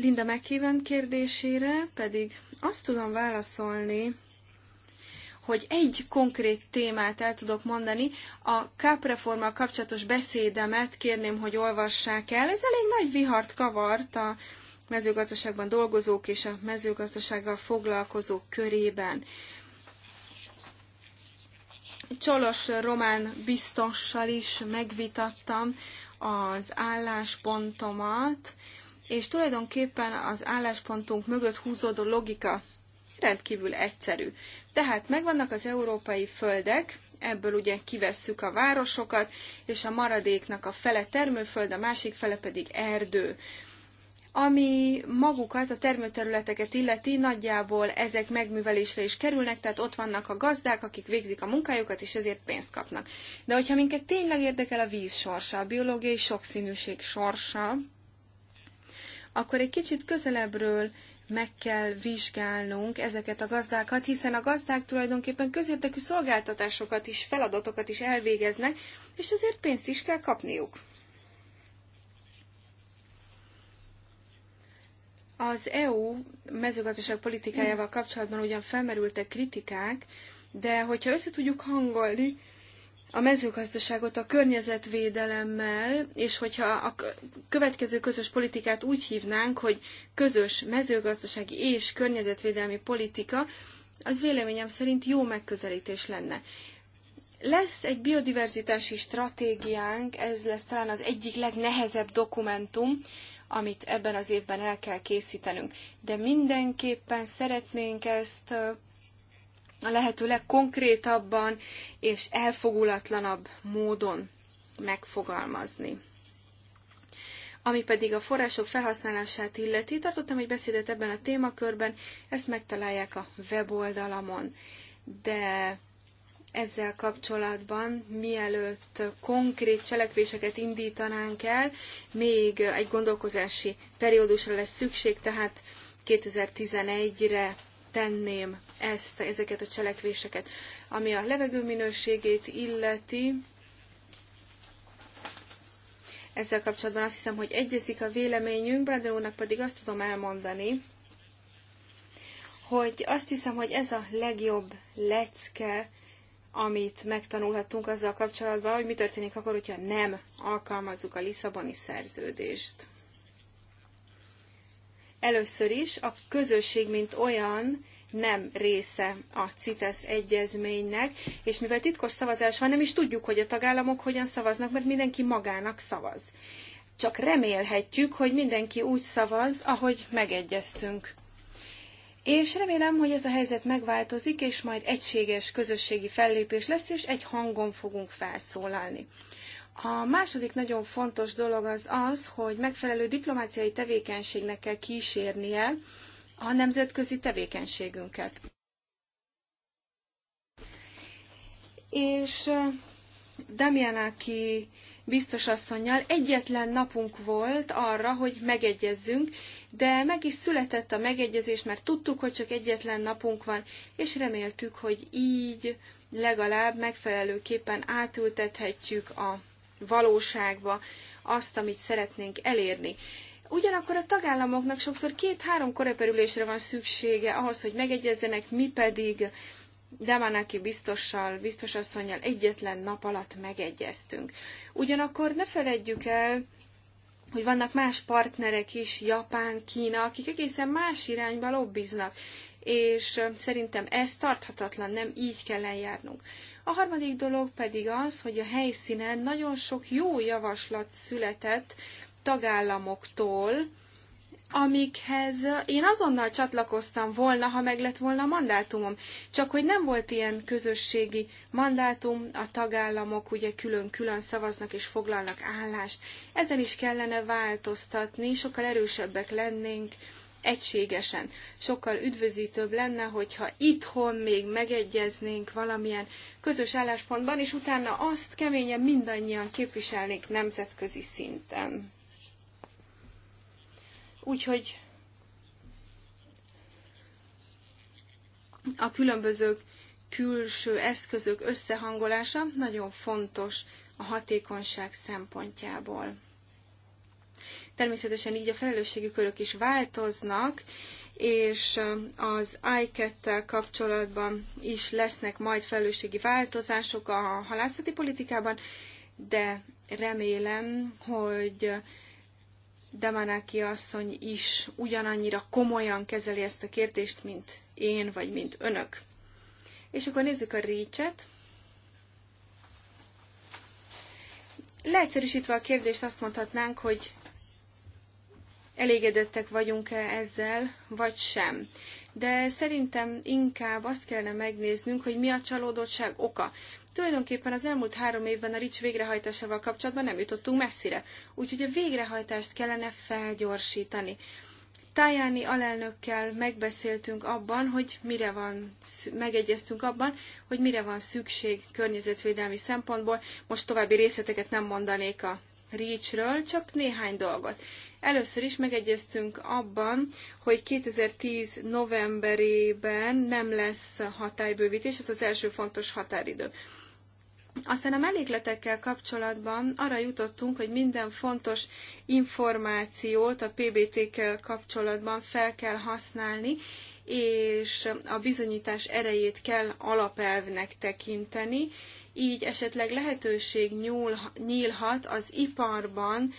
Linda McKeven kérdésére pedig azt tudom válaszolni, hogy egy konkrét témát el tudok mondani. A kápreforma kapcsolatos beszédemet kérném, hogy olvassák el. Ez elég nagy vihart kavart a mezőgazdaságban dolgozók és a mezőgazdasággal foglalkozók körében. Csolos román biztossal is megvitattam az álláspontomat, és tulajdonképpen az álláspontunk mögött húzódó logika rendkívül egyszerű. Tehát megvannak az európai földek, ebből ugye kivesszük a városokat, és a maradéknak a fele termőföld, a másik fele pedig erdő. Ami magukat, a termőterületeket illeti, nagyjából ezek megművelésre is kerülnek, tehát ott vannak a gazdák, akik végzik a munkájukat, és ezért pénzt kapnak. De hogyha minket tényleg érdekel a víz sorsa, a biológiai sokszínűség sorsa, akkor egy kicsit közelebbről meg kell vizsgálnunk ezeket a gazdákat, hiszen a gazdák tulajdonképpen közérdekű szolgáltatásokat is, feladatokat is elvégeznek, és azért pénzt is kell kapniuk. Az EU mezőgazdaság politikájával kapcsolatban ugyan felmerültek kritikák, de hogyha össze tudjuk hangolni a mezőgazdaságot a környezetvédelemmel, és hogyha a következő közös politikát úgy hívnánk, hogy közös mezőgazdasági és környezetvédelmi politika, az véleményem szerint jó megközelítés lenne. Lesz egy biodiverzitási stratégiánk, ez lesz talán az egyik legnehezebb dokumentum, amit ebben az évben el kell készítenünk. De mindenképpen szeretnénk ezt a lehető legkonkrétabban és elfogulatlanabb módon megfogalmazni. Ami pedig a források felhasználását illeti, tartottam egy beszédet ebben a témakörben, ezt megtalálják a weboldalamon. De ezzel kapcsolatban, mielőtt konkrét cselekvéseket indítanánk el, még egy gondolkozási periódusra lesz szükség, tehát 2011-re tenném ezt, ezeket a cselekvéseket. Ami a levegő minőségét illeti, ezzel kapcsolatban azt hiszem, hogy egyezik a véleményünk, Brandon úrnak pedig azt tudom elmondani, hogy azt hiszem, hogy ez a legjobb lecke, amit megtanulhattunk azzal kapcsolatban, hogy mi történik akkor, hogyha nem alkalmazzuk a Lisszaboni szerződést. Először is a közösség, mint olyan, nem része a CITES egyezménynek, és mivel titkos szavazás van, nem is tudjuk, hogy a tagállamok hogyan szavaznak, mert mindenki magának szavaz. Csak remélhetjük, hogy mindenki úgy szavaz, ahogy megegyeztünk. És remélem, hogy ez a helyzet megváltozik, és majd egységes közösségi fellépés lesz, és egy hangon fogunk felszólalni. A második nagyon fontos dolog az az, hogy megfelelő diplomáciai tevékenységnek kell kísérnie a nemzetközi tevékenységünket. És Damianaki asszonynal egyetlen napunk volt arra, hogy megegyezzünk, de meg is született a megegyezés, mert tudtuk, hogy csak egyetlen napunk van, és reméltük, hogy így legalább megfelelőképpen átültethetjük a valóságba azt, amit szeretnénk elérni. Ugyanakkor a tagállamoknak sokszor két-három koreperülésre van szüksége ahhoz, hogy megegyezzenek, mi pedig Damanaki biztossal, biztosasszonyjal egyetlen nap alatt megegyeztünk. Ugyanakkor ne feledjük el, hogy vannak más partnerek is, Japán, Kína, akik egészen más irányba lobbiznak, és szerintem ez tarthatatlan, nem így kell eljárnunk. A harmadik dolog pedig az, hogy a helyszínen nagyon sok jó javaslat született tagállamoktól, amikhez én azonnal csatlakoztam volna, ha meg lett volna a mandátumom. Csak hogy nem volt ilyen közösségi mandátum, a tagállamok ugye külön-külön szavaznak és foglalnak állást. Ezen is kellene változtatni, sokkal erősebbek lennénk egységesen. Sokkal üdvözítőbb lenne, hogyha itthon még megegyeznénk valamilyen közös álláspontban, és utána azt keményen mindannyian képviselnék nemzetközi szinten. Úgyhogy a különböző külső eszközök összehangolása nagyon fontos a hatékonyság szempontjából. Természetesen így a felelősségi körök is változnak, és az i kapcsolatban is lesznek majd felelősségi változások a halászati politikában, de remélem, hogy Demanáki asszony is ugyanannyira komolyan kezeli ezt a kérdést, mint én, vagy mint önök. És akkor nézzük a rícset. Leegyszerűsítve a kérdést azt mondhatnánk, hogy elégedettek vagyunk-e ezzel, vagy sem. De szerintem inkább azt kellene megnéznünk, hogy mi a csalódottság oka. Tulajdonképpen az elmúlt három évben a rics végrehajtásával kapcsolatban nem jutottunk messzire, úgyhogy a végrehajtást kellene felgyorsítani. Tájáni alelnökkel megbeszéltünk abban, hogy mire van, megegyeztünk abban, hogy mire van szükség környezetvédelmi szempontból. Most további részleteket nem mondanék a reach csak néhány dolgot. Először is megegyeztünk abban, hogy 2010 novemberében nem lesz hatálybővítés, ez az első fontos határidő. Aztán a mellékletekkel kapcsolatban arra jutottunk, hogy minden fontos információt a PBT-kkel kapcsolatban fel kell használni, és a bizonyítás erejét kell alapelvnek tekinteni, így esetleg lehetőség nyúl, nyílhat az iparban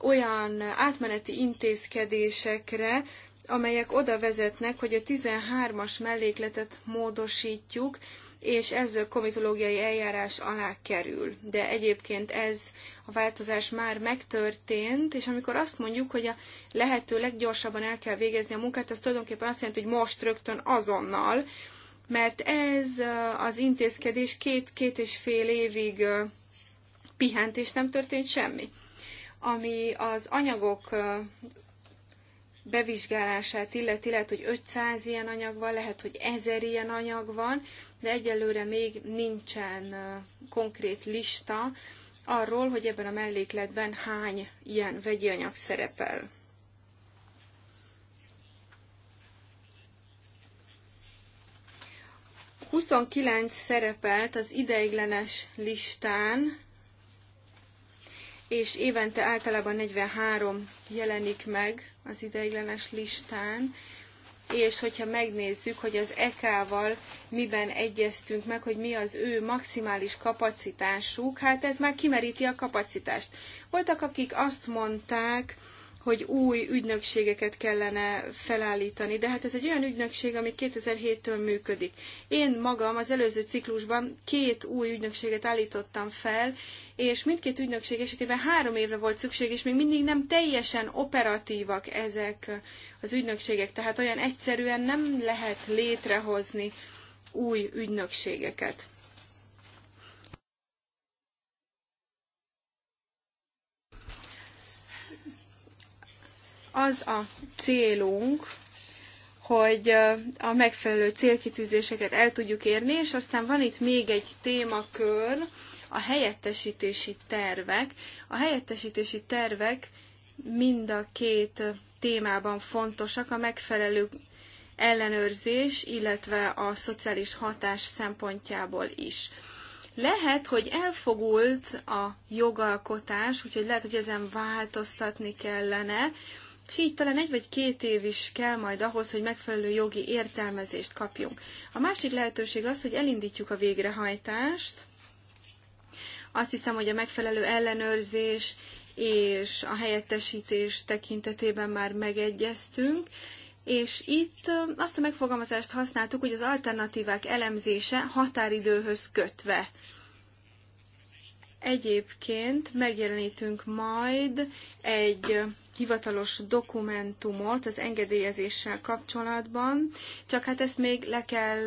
olyan átmeneti intézkedésekre, amelyek oda vezetnek, hogy a 13-as mellékletet módosítjuk, és ez komitológiai eljárás alá kerül. De egyébként ez a változás már megtörtént, és amikor azt mondjuk, hogy a lehető leggyorsabban el kell végezni a munkát, az tulajdonképpen azt jelenti, hogy most rögtön azonnal, mert ez az intézkedés két-két és fél évig pihent, és nem történt semmi ami az anyagok bevizsgálását illeti, lehet, hogy 500 ilyen anyag van, lehet, hogy 1000 ilyen anyag van, de egyelőre még nincsen konkrét lista arról, hogy ebben a mellékletben hány ilyen vegyi anyag szerepel. Huszonkilenc szerepelt az ideiglenes listán, és évente általában 43 jelenik meg az ideiglenes listán, és hogyha megnézzük, hogy az EK-val miben egyeztünk meg, hogy mi az ő maximális kapacitásuk, hát ez már kimeríti a kapacitást. Voltak, akik azt mondták, hogy új ügynökségeket kellene felállítani, de hát ez egy olyan ügynökség, ami 2007-től működik. Én magam az előző ciklusban két új ügynökséget állítottam fel, és mindkét ügynökség esetében három évre volt szükség, és még mindig nem teljesen operatívak ezek az ügynökségek, tehát olyan egyszerűen nem lehet létrehozni új ügynökségeket. az a célunk, hogy a megfelelő célkitűzéseket el tudjuk érni, és aztán van itt még egy témakör, a helyettesítési tervek. A helyettesítési tervek mind a két témában fontosak, a megfelelő ellenőrzés, illetve a szociális hatás szempontjából is. Lehet, hogy elfogult a jogalkotás, úgyhogy lehet, hogy ezen változtatni kellene, és így talán egy vagy két év is kell majd ahhoz, hogy megfelelő jogi értelmezést kapjunk. A másik lehetőség az, hogy elindítjuk a végrehajtást. Azt hiszem, hogy a megfelelő ellenőrzés és a helyettesítés tekintetében már megegyeztünk, és itt azt a megfogalmazást használtuk, hogy az alternatívák elemzése határidőhöz kötve. Egyébként megjelenítünk majd egy hivatalos dokumentumot az engedélyezéssel kapcsolatban, csak hát ezt még le kell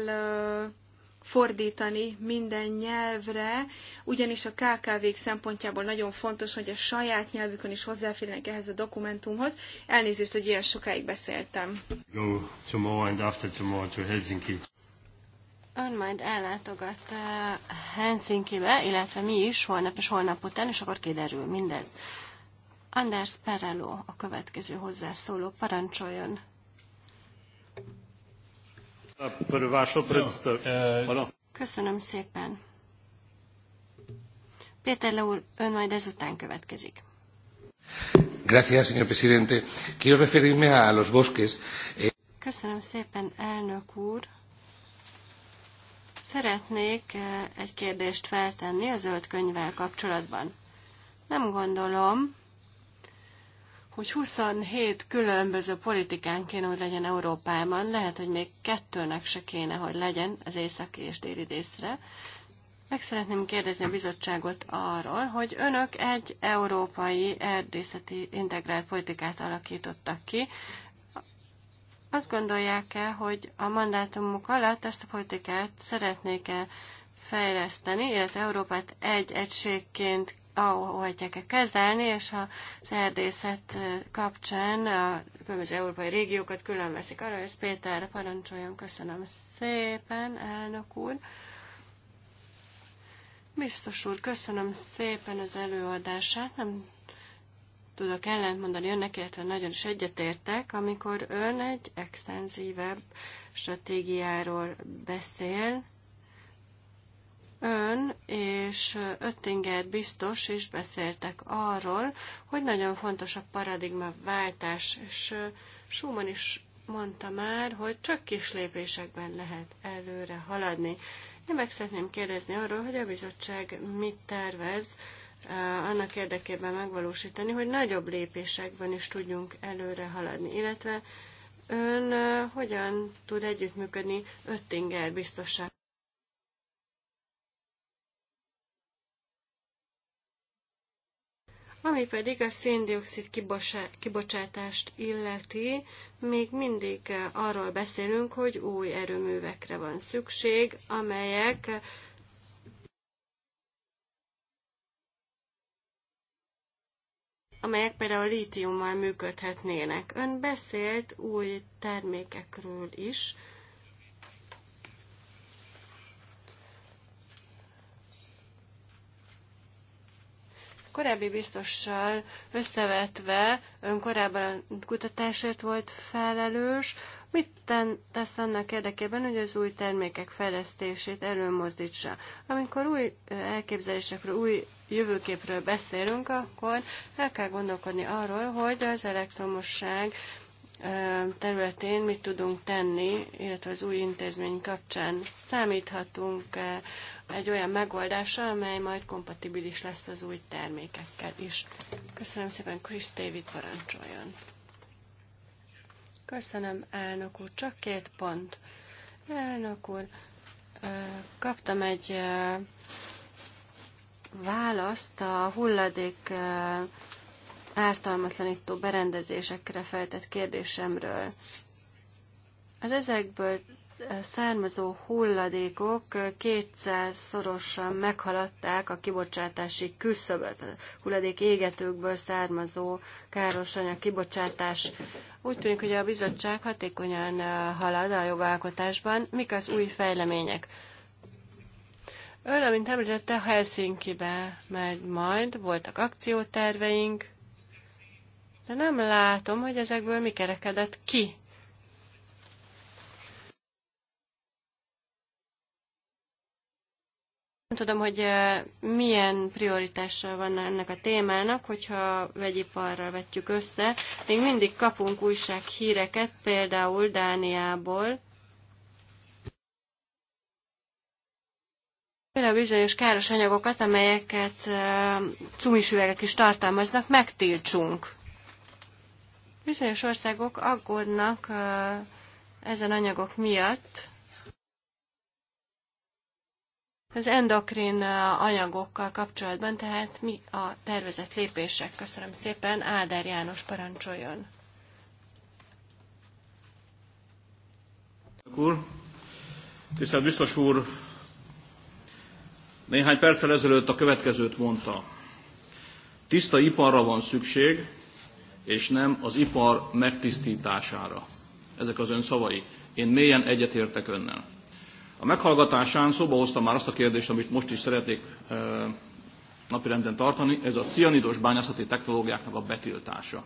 fordítani minden nyelvre, ugyanis a KKV-k szempontjából nagyon fontos, hogy a saját nyelvükön is hozzáférjenek ehhez a dokumentumhoz. Elnézést, hogy ilyen sokáig beszéltem. Go tomorrow and after tomorrow to Helsinki. Ön majd ellátogat Helsinki-be, illetve mi is holnap és holnap után, és akkor kiderül mindez. Anders Pereló a következő hozzászóló. Parancsoljon! Köszönöm szépen! Péter Le úr, ön majd ezután következik. Gracias, señor presidente. Quiero referirme a los bosques. Eh, Köszönöm szépen, elnök úr. Szeretnék eh, egy kérdést feltenni a zöld könyvvel kapcsolatban. Nem gondolom, hogy 27 különböző politikán kéne, hogy legyen Európában, lehet, hogy még kettőnek se kéne, hogy legyen az északi és déli részre. Meg szeretném kérdezni a bizottságot arról, hogy önök egy európai erdészeti integrált politikát alakítottak ki. Azt gondolják-e, hogy a mandátumuk alatt ezt a politikát szeretnék-e fejleszteni, illetve Európát egy egységként ahogják-e kezelni, és az erdészet kapcsán a különböző európai régiókat külön veszik arra, és Péterre parancsoljon, köszönöm szépen, elnök úr. Biztos úr, köszönöm szépen az előadását. Nem tudok mondani önnek, illetve nagyon is egyetértek, amikor ön egy extenzívebb stratégiáról beszél, Ön és Öttinger biztos is beszéltek arról, hogy nagyon fontos a paradigmaváltás, és Schumann is mondta már, hogy csak kis lépésekben lehet előre haladni. Én meg szeretném kérdezni arról, hogy a bizottság mit tervez annak érdekében megvalósítani, hogy nagyobb lépésekben is tudjunk előre haladni, illetve ön hogyan tud együttműködni Öttinger biztossá Ami pedig a széndiokszid kibocsátást illeti, még mindig eh, arról beszélünk, hogy új erőművekre van szükség, amelyek eh, amelyek például lítiummal működhetnének. Ön beszélt új termékekről is, korábbi biztossal összevetve ön korábban a kutatásért volt felelős. Mit tesz annak érdekében, hogy az új termékek fejlesztését előmozdítsa? Amikor új elképzelésekről, új jövőképről beszélünk, akkor el kell gondolkodni arról, hogy az elektromosság területén mit tudunk tenni, illetve az új intézmény kapcsán számíthatunk egy olyan megoldása, amely majd kompatibilis lesz az új termékekkel is. Köszönöm szépen, Chris David parancsoljon. Köszönöm, elnök úr. Csak két pont. Elnök úr, kaptam egy választ a hulladék ártalmatlanító berendezésekre feltett kérdésemről. Az ezekből származó hulladékok 200 meghaladták a kibocsátási küszöböt, hulladék égetőkből származó káros anyag kibocsátás. Úgy tűnik, hogy a bizottság hatékonyan halad a jogalkotásban. Mik az új fejlemények? Ön, amint említette, Helsinki-be megy majd, voltak akcióterveink, de nem látom, hogy ezekből mi kerekedett ki. Nem tudom, hogy milyen prioritással van ennek a témának, hogyha vegyiparral vetjük össze. Még mindig kapunk újsághíreket, például Dániából. Például bizonyos káros anyagokat, amelyeket cumisüvegek is tartalmaznak, megtiltsunk. Bizonyos országok aggódnak ezen anyagok miatt, az endokrin uh, anyagokkal kapcsolatban, tehát mi a tervezett lépések? Köszönöm szépen, Áder János parancsoljon. Úr, tisztelt biztos úr, néhány perccel ezelőtt a következőt mondta. Tiszta iparra van szükség, és nem az ipar megtisztítására. Ezek az ön szavai. Én mélyen egyetértek önnel. A meghallgatásán szóba hoztam már azt a kérdést, amit most is szeretnék napirenden tartani, ez a cianidos bányászati technológiáknak a betiltása.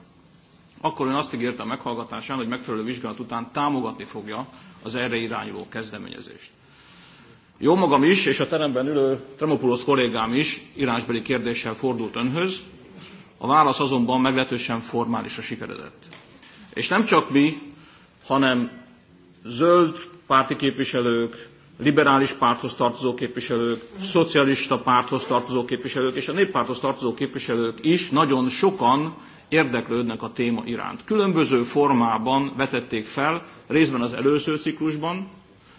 Akkor ön azt ígérte a meghallgatásán, hogy megfelelő vizsgálat után támogatni fogja az erre irányuló kezdeményezést. Jó magam is, és a teremben ülő Tremopulos kollégám is írásbeli kérdéssel fordult önhöz, a válasz azonban meglehetősen formálisra sikeredett. És nem csak mi, hanem zöld párti képviselők, liberális párthoz tartozó képviselők, szocialista párthoz tartozó képviselők és a néppárthoz tartozó képviselők is nagyon sokan érdeklődnek a téma iránt. Különböző formában vetették fel, részben az előző ciklusban,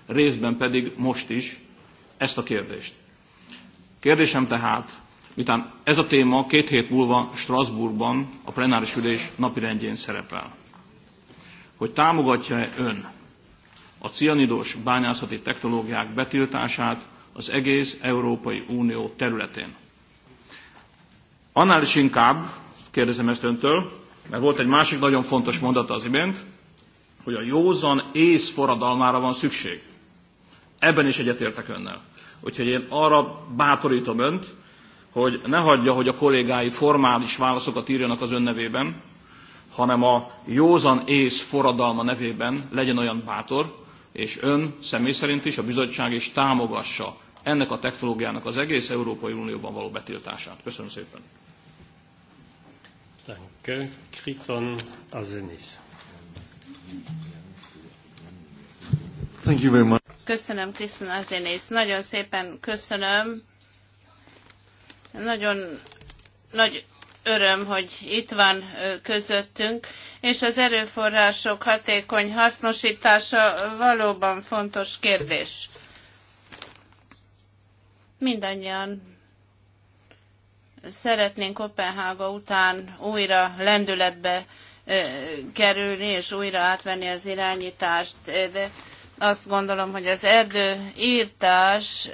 részben pedig most is ezt a kérdést. Kérdésem tehát, miután ez a téma két hét múlva Strasbourgban a plenáris ülés napirendjén szerepel, hogy támogatja-e ön a cianidos bányászati technológiák betiltását az egész Európai Unió területén. Annál is inkább, kérdezem ezt öntől, mert volt egy másik nagyon fontos mondat az imént, hogy a józan ész forradalmára van szükség. Ebben is egyetértek önnel. Úgyhogy én arra bátorítom önt, hogy ne hagyja, hogy a kollégái formális válaszokat írjanak az ön nevében, hanem a józan ész forradalma nevében legyen olyan bátor, és ön személy szerint is a bizottság is támogassa ennek a technológiának az egész Európai Unióban való betiltását. Köszönöm szépen. Danke. Kriton Azenis. Thank you very much. Köszönöm, Kriton Azenis. Nagyon szépen köszönöm. Nagyon nagy öröm, hogy itt van közöttünk, és az erőforrások hatékony hasznosítása valóban fontos kérdés. Mindannyian szeretnénk Kopenhága után újra lendületbe kerülni, és újra átvenni az irányítást, de azt gondolom, hogy az erdőírtás,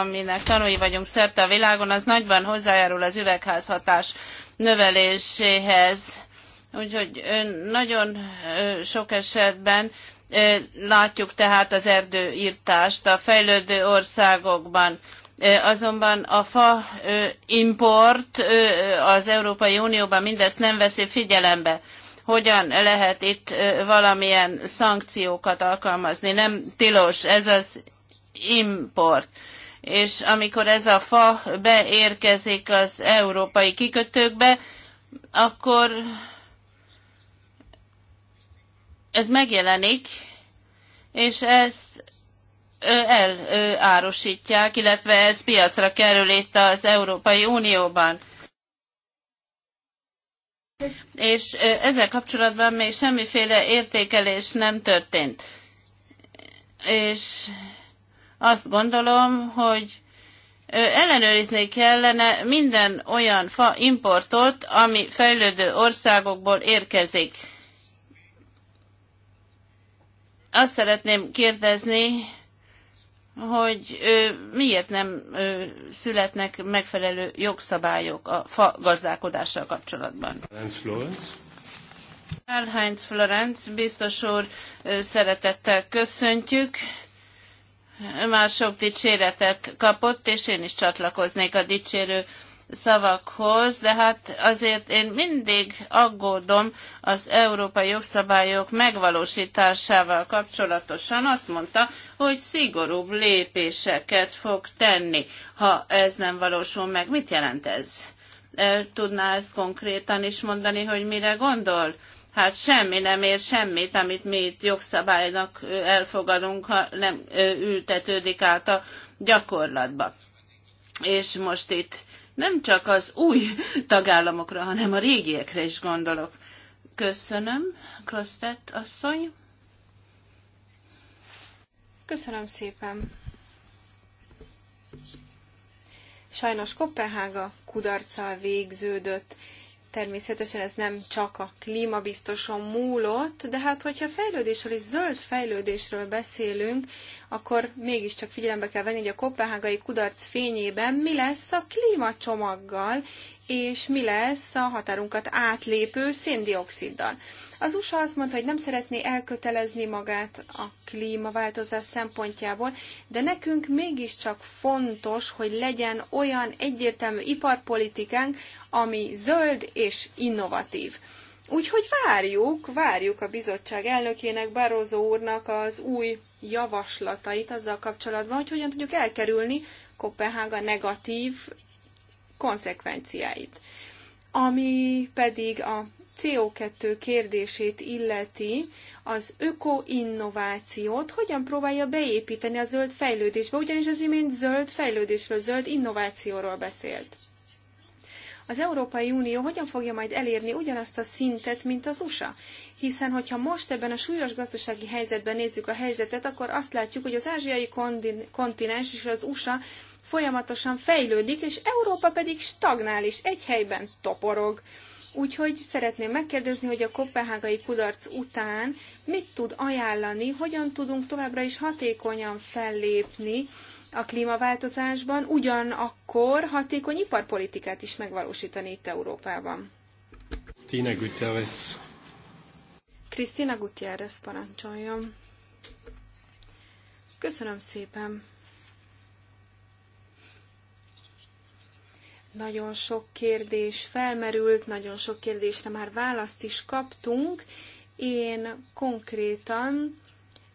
aminek tanúi vagyunk szerte a világon, az nagyban hozzájárul az üvegházhatás növeléséhez. Úgyhogy nagyon sok esetben látjuk tehát az erdőírtást a fejlődő országokban. Azonban a fa import az Európai Unióban mindezt nem veszi figyelembe hogyan lehet itt valamilyen szankciókat alkalmazni. Nem tilos, ez az import és amikor ez a fa beérkezik az európai kikötőkbe, akkor ez megjelenik, és ezt elárusítják, illetve ez piacra kerül itt az Európai Unióban és ezzel kapcsolatban még semmiféle értékelés nem történt. És azt gondolom, hogy ellenőrizni kellene minden olyan fa importot, ami fejlődő országokból érkezik. Azt szeretném kérdezni, hogy ö, miért nem ö, születnek megfelelő jogszabályok a fa gazdálkodással kapcsolatban. Karl-Heinz Florenz biztos úr ö, szeretettel köszöntjük. Már sok dicséretet kapott, és én is csatlakoznék a dicsérő szavakhoz, de hát azért én mindig aggódom az európai jogszabályok megvalósításával kapcsolatosan. Azt mondta, hogy szigorúbb lépéseket fog tenni, ha ez nem valósul meg. Mit jelent ez? El tudná ezt konkrétan is mondani, hogy mire gondol? hát semmi nem ér semmit, amit mi itt jogszabálynak elfogadunk, ha nem ültetődik át a gyakorlatba. És most itt nem csak az új tagállamokra, hanem a régiekre is gondolok. Köszönöm, Krosztett asszony. Köszönöm szépen. Sajnos Kopenhága kudarccal végződött, Természetesen ez nem csak a klímabiztoson múlott, de hát hogyha fejlődésről és zöld fejlődésről beszélünk, akkor mégiscsak figyelembe kell venni, hogy a kopenhágai kudarc fényében mi lesz a klímacsomaggal, és mi lesz a határunkat átlépő széndioksziddal. Az USA azt mondta, hogy nem szeretné elkötelezni magát a klímaváltozás szempontjából, de nekünk mégiscsak fontos, hogy legyen olyan egyértelmű iparpolitikánk, ami zöld és innovatív. Úgyhogy várjuk, várjuk a bizottság elnökének, Barroso úrnak az új javaslatait azzal kapcsolatban, hogy hogyan tudjuk elkerülni Kopenhága negatív konszekvenciáit. Ami pedig a CO2 kérdését illeti, az ökoinnovációt hogyan próbálja beépíteni a zöld fejlődésbe, ugyanis az imént zöld fejlődésről, zöld innovációról beszélt. Az Európai Unió hogyan fogja majd elérni ugyanazt a szintet, mint az USA? Hiszen, hogyha most ebben a súlyos gazdasági helyzetben nézzük a helyzetet, akkor azt látjuk, hogy az ázsiai kontinens és az USA folyamatosan fejlődik, és Európa pedig stagnál, és egy helyben toporog. Úgyhogy szeretném megkérdezni, hogy a kopenhágai kudarc után mit tud ajánlani, hogyan tudunk továbbra is hatékonyan fellépni a klímaváltozásban, ugyanakkor hatékony iparpolitikát is megvalósítani itt Európában. Krisztina Gutierrez. Krisztina Gutierrez parancsoljon. Köszönöm szépen. Nagyon sok kérdés felmerült, nagyon sok kérdésre már választ is kaptunk. Én konkrétan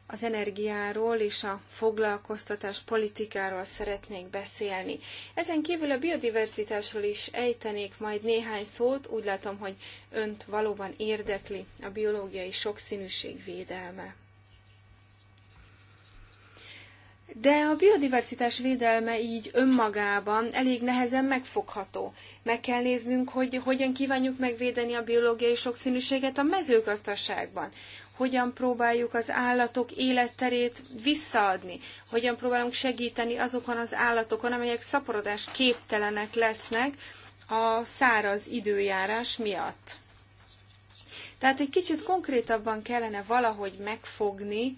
az energiáról és a foglalkoztatás politikáról szeretnék beszélni. Ezen kívül a biodiverzitásról is ejtenék majd néhány szót, úgy látom, hogy önt valóban érdekli a biológiai sokszínűség védelme. De a biodiversitás védelme így önmagában elég nehezen megfogható. Meg kell néznünk, hogy hogyan kívánjuk megvédeni a biológiai sokszínűséget a mezőgazdaságban, hogyan próbáljuk az állatok életterét visszaadni, hogyan próbálunk segíteni azokon az állatokon, amelyek szaporodás képtelenek lesznek a száraz időjárás miatt. Tehát egy kicsit konkrétabban kellene valahogy megfogni,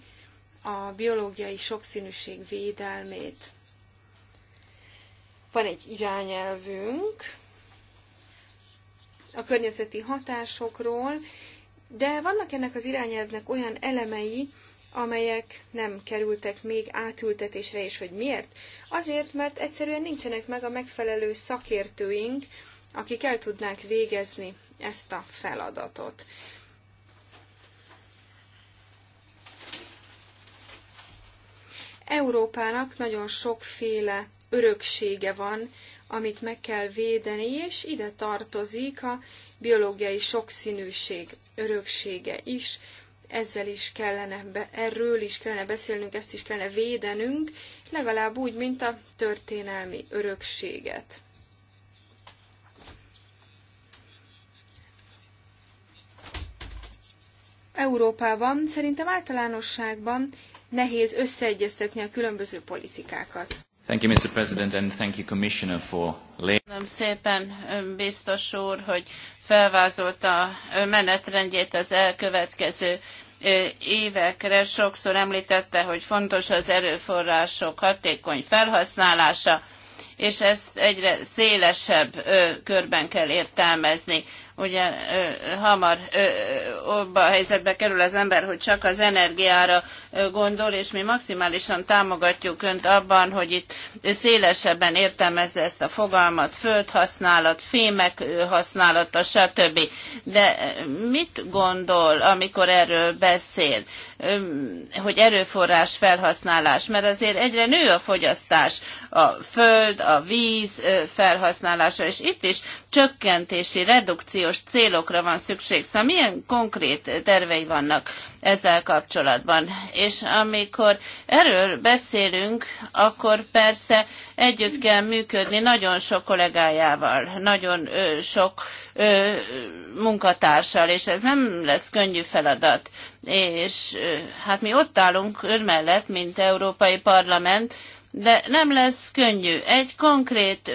a biológiai sokszínűség védelmét. Van egy irányelvünk a környezeti hatásokról, de vannak ennek az irányelvnek olyan elemei, amelyek nem kerültek még átültetésre, és hogy miért? Azért, mert egyszerűen nincsenek meg a megfelelő szakértőink, akik el tudnák végezni ezt a feladatot. Európának nagyon sokféle öröksége van, amit meg kell védeni, és ide tartozik a biológiai sokszínűség öröksége is. Ezzel is kellene, erről is kellene beszélnünk, ezt is kellene védenünk, legalább úgy, mint a történelmi örökséget. Európában szerintem általánosságban nehéz összeegyeztetni a különböző politikákat. Thank you, Mr. President, and thank you, Commissioner, for Köszönöm szépen, biztos úr, hogy felvázolta a menetrendjét az elkövetkező évekre. Sokszor említette, hogy fontos az erőforrások hatékony felhasználása, és ezt egyre szélesebb körben kell értelmezni ugye hamar abba a helyzetbe kerül az ember, hogy csak az energiára gondol, és mi maximálisan támogatjuk Önt abban, hogy itt szélesebben értelmezze ezt a fogalmat, földhasználat, fémek használata, stb. De mit gondol, amikor erről beszél? hogy erőforrás felhasználás, mert azért egyre nő a fogyasztás, a föld, a víz felhasználása, és itt is csökkentési, redukciós célokra van szükség. Szóval milyen konkrét tervei vannak ezzel kapcsolatban. És amikor erről beszélünk, akkor persze együtt kell működni nagyon sok kollégájával, nagyon ö, sok ö, munkatársal, és ez nem lesz könnyű feladat. És ö, hát mi ott állunk ön mellett, mint Európai Parlament, de nem lesz könnyű. Egy konkrét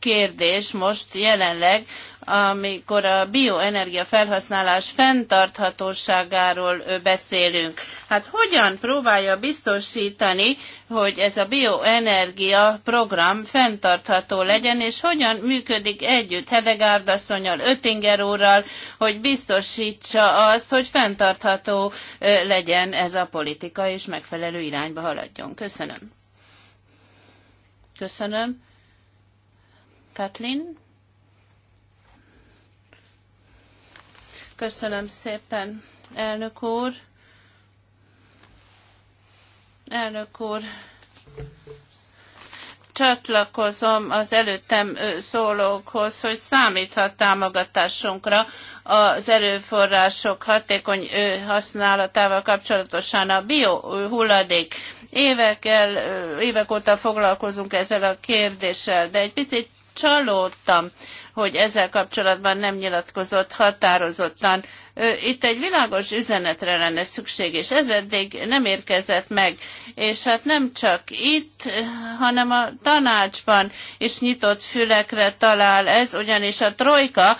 kérdés most jelenleg amikor a bioenergia felhasználás fenntarthatóságáról beszélünk. Hát hogyan próbálja biztosítani, hogy ez a bioenergia program fenntartható legyen, és hogyan működik együtt Hedegárd asszonyal, Öttinger úrral, hogy biztosítsa azt, hogy fenntartható legyen ez a politika, és megfelelő irányba haladjon. Köszönöm. Köszönöm. Kathleen? Köszönöm szépen, elnök úr. Elnök úr, csatlakozom az előttem szólókhoz, hogy számíthat támogatásunkra az erőforrások hatékony használatával kapcsolatosan a biohulladék. Évekkel, évek óta foglalkozunk ezzel a kérdéssel, de egy picit csalódtam hogy ezzel kapcsolatban nem nyilatkozott határozottan. Itt egy világos üzenetre lenne szükség, és ez eddig nem érkezett meg. És hát nem csak itt, hanem a tanácsban is nyitott fülekre talál ez, ugyanis a trojka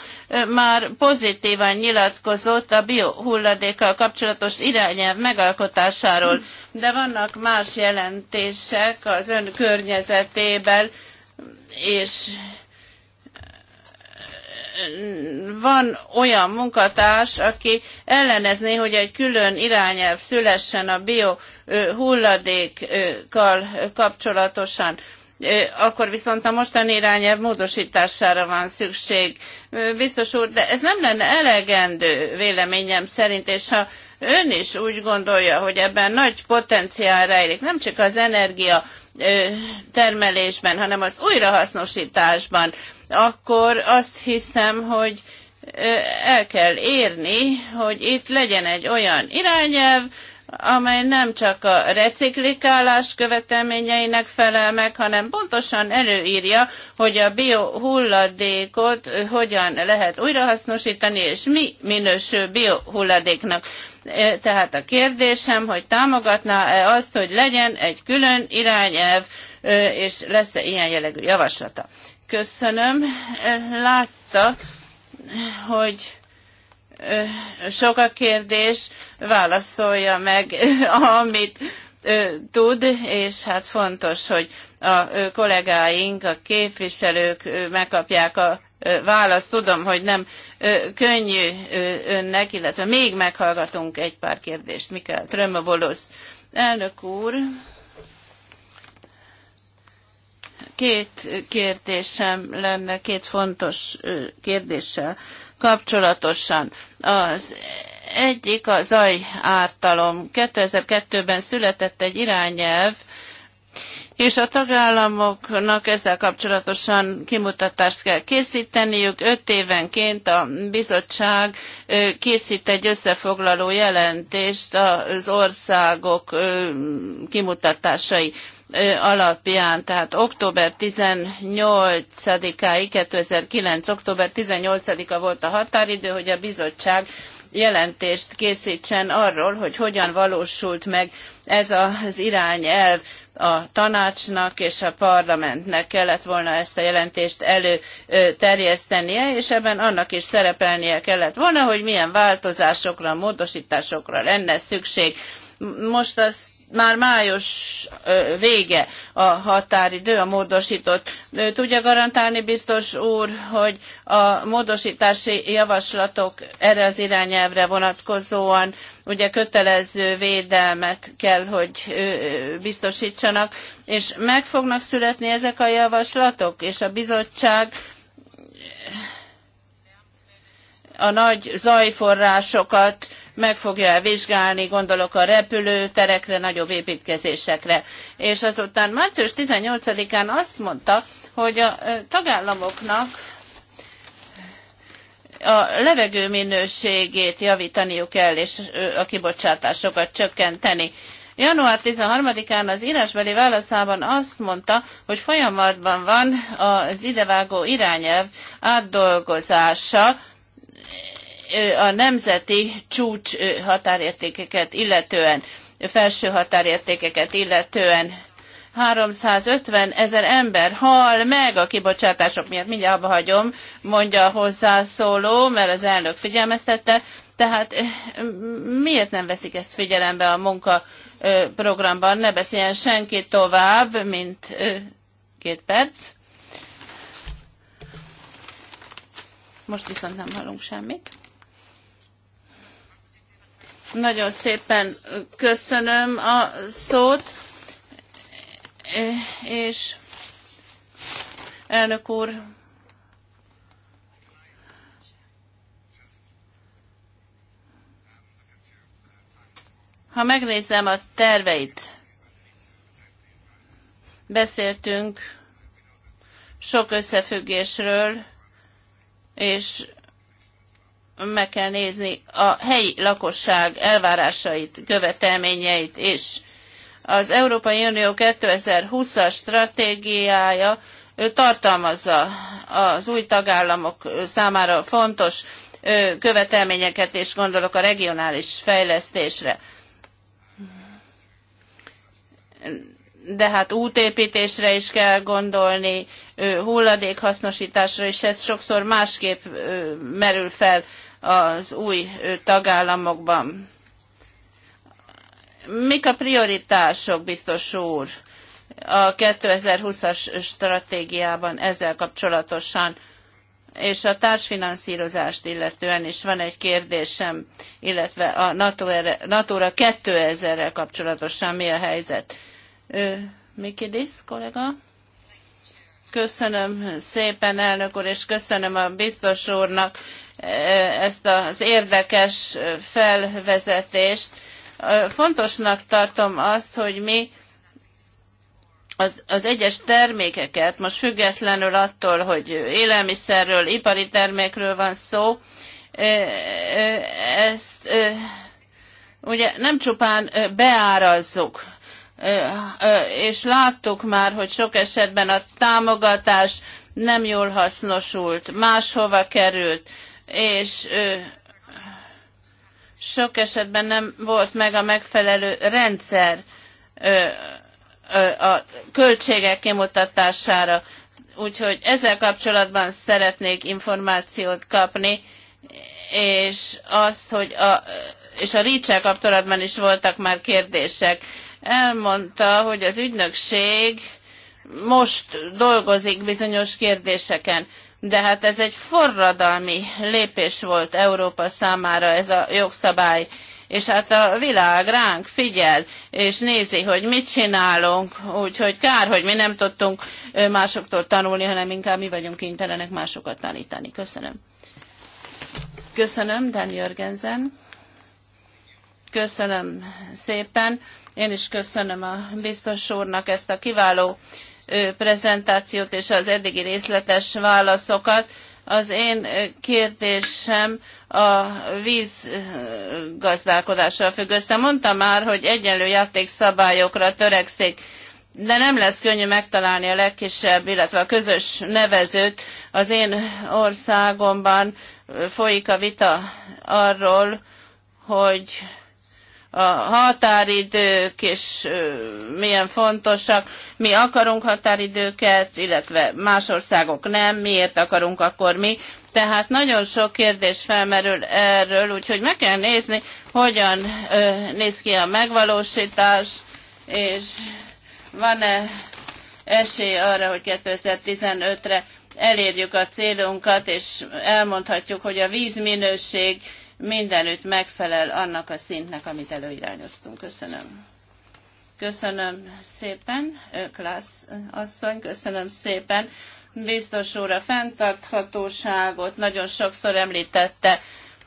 már pozitívan nyilatkozott a biohulladékkal kapcsolatos irányelv megalkotásáról, de vannak más jelentések az ön környezetében, és van olyan munkatárs, aki ellenezné, hogy egy külön irányelv szülessen a bio hulladékkal kapcsolatosan akkor viszont a mostani irányelv módosítására van szükség. Biztos úr, de ez nem lenne elegendő véleményem szerint, és ha ön is úgy gondolja, hogy ebben nagy potenciál rejlik, nem csak az energia termelésben, hanem az újrahasznosításban, akkor azt hiszem, hogy el kell érni, hogy itt legyen egy olyan irányelv, amely nem csak a reciklikálás követelményeinek felel meg, hanem pontosan előírja, hogy a biohulladékot hogyan lehet újrahasznosítani, és mi minősül biohulladéknak. Tehát a kérdésem, hogy támogatná-e azt, hogy legyen egy külön irányelv, és lesz-e ilyen jellegű javaslata. Köszönöm. Látta, hogy sok a kérdés, válaszolja meg, amit tud, és hát fontos, hogy a kollégáink, a képviselők megkapják a választ. Tudom, hogy nem könnyű önnek, illetve még meghallgatunk egy pár kérdést. Mikael Trömmabolosz. Elnök úr, Két kérdésem lenne, két fontos kérdéssel kapcsolatosan. Az egyik a zaj ártalom. 2002-ben született egy irányelv, és a tagállamoknak ezzel kapcsolatosan kimutatást kell készíteniük. Öt évenként a bizottság készít egy összefoglaló jelentést az országok kimutatásai alapján, tehát október 18-áig, 2009. október 18-a volt a határidő, hogy a bizottság jelentést készítsen arról, hogy hogyan valósult meg ez az irányelv a tanácsnak és a parlamentnek kellett volna ezt a jelentést előterjesztenie, és ebben annak is szerepelnie kellett volna, hogy milyen változásokra, módosításokra lenne szükség. Most azt már május vége a határidő, a módosított. Tudja garantálni biztos úr, hogy a módosítási javaslatok erre az irányelvre vonatkozóan ugye kötelező védelmet kell, hogy biztosítsanak, és meg fognak születni ezek a javaslatok, és a bizottság a nagy zajforrásokat meg fogja vizsgálni, gondolok a repülőterekre, nagyobb építkezésekre. És azután március 18-án azt mondta, hogy a tagállamoknak a levegő minőségét javítaniuk kell, és a kibocsátásokat csökkenteni. Január 13-án az írásbeli válaszában azt mondta, hogy folyamatban van az idevágó irányelv átdolgozása, a nemzeti csúcs határértékeket illetően, felső határértékeket illetően 350 ezer ember hal meg a kibocsátások miatt, mindjárt abba hagyom, mondja a hozzászóló, mert az elnök figyelmeztette, tehát miért nem veszik ezt figyelembe a munkaprogramban? Ne beszéljen senki tovább, mint két perc. Most viszont nem hallunk semmit. Nagyon szépen köszönöm a szót, és elnök úr, ha megnézem a terveit, beszéltünk sok összefüggésről, és meg kell nézni a helyi lakosság elvárásait, követelményeit is. Az Európai Unió 2020-as stratégiája tartalmazza az új tagállamok számára fontos követelményeket, és gondolok a regionális fejlesztésre de hát útépítésre is kell gondolni, hulladékhasznosításra, és ez sokszor másképp merül fel az új tagállamokban. Mik a prioritások, biztos úr, a 2020-as stratégiában ezzel kapcsolatosan? És a társfinanszírozást illetően is van egy kérdésem, illetve a Natura 2000-rel kapcsolatosan mi a helyzet? Mikidis kollega. Köszönöm szépen, elnök úr, és köszönöm a biztos úrnak ezt az érdekes felvezetést. Fontosnak tartom azt, hogy mi az, az egyes termékeket, most függetlenül attól, hogy élelmiszerről, ipari termékről van szó, ezt ugye nem csupán beárazzuk, és láttuk már, hogy sok esetben a támogatás nem jól hasznosult, máshova került, és sok esetben nem volt meg a megfelelő rendszer a költségek kimutatására. Úgyhogy ezzel kapcsolatban szeretnék információt kapni, és azt, hogy a, és a ricsel kapcsolatban is voltak már kérdések elmondta, hogy az ügynökség most dolgozik bizonyos kérdéseken. De hát ez egy forradalmi lépés volt Európa számára ez a jogszabály, és hát a világ ránk figyel, és nézi, hogy mit csinálunk, úgyhogy kár, hogy mi nem tudtunk másoktól tanulni, hanem inkább mi vagyunk kénytelenek másokat tanítani. Köszönöm. Köszönöm, Dan Jörgensen. Köszönöm szépen. Én is köszönöm a biztos úrnak ezt a kiváló prezentációt és az eddigi részletes válaszokat. Az én kérdésem a vízgazdálkodással függ össze. Mondta már, hogy egyenlő játékszabályokra törekszik, de nem lesz könnyű megtalálni a legkisebb, illetve a közös nevezőt. Az én országomban folyik a vita arról, hogy a határidők, és milyen fontosak. Mi akarunk határidőket, illetve más országok nem, miért akarunk akkor mi. Tehát nagyon sok kérdés felmerül erről, úgyhogy meg kell nézni, hogyan néz ki a megvalósítás, és van-e esély arra, hogy 2015-re elérjük a célunkat, és elmondhatjuk, hogy a vízminőség mindenütt megfelel annak a szintnek, amit előirányoztunk. Köszönöm. Köszönöm szépen, Klász asszony, köszönöm szépen. Biztos úr a fenntarthatóságot nagyon sokszor említette,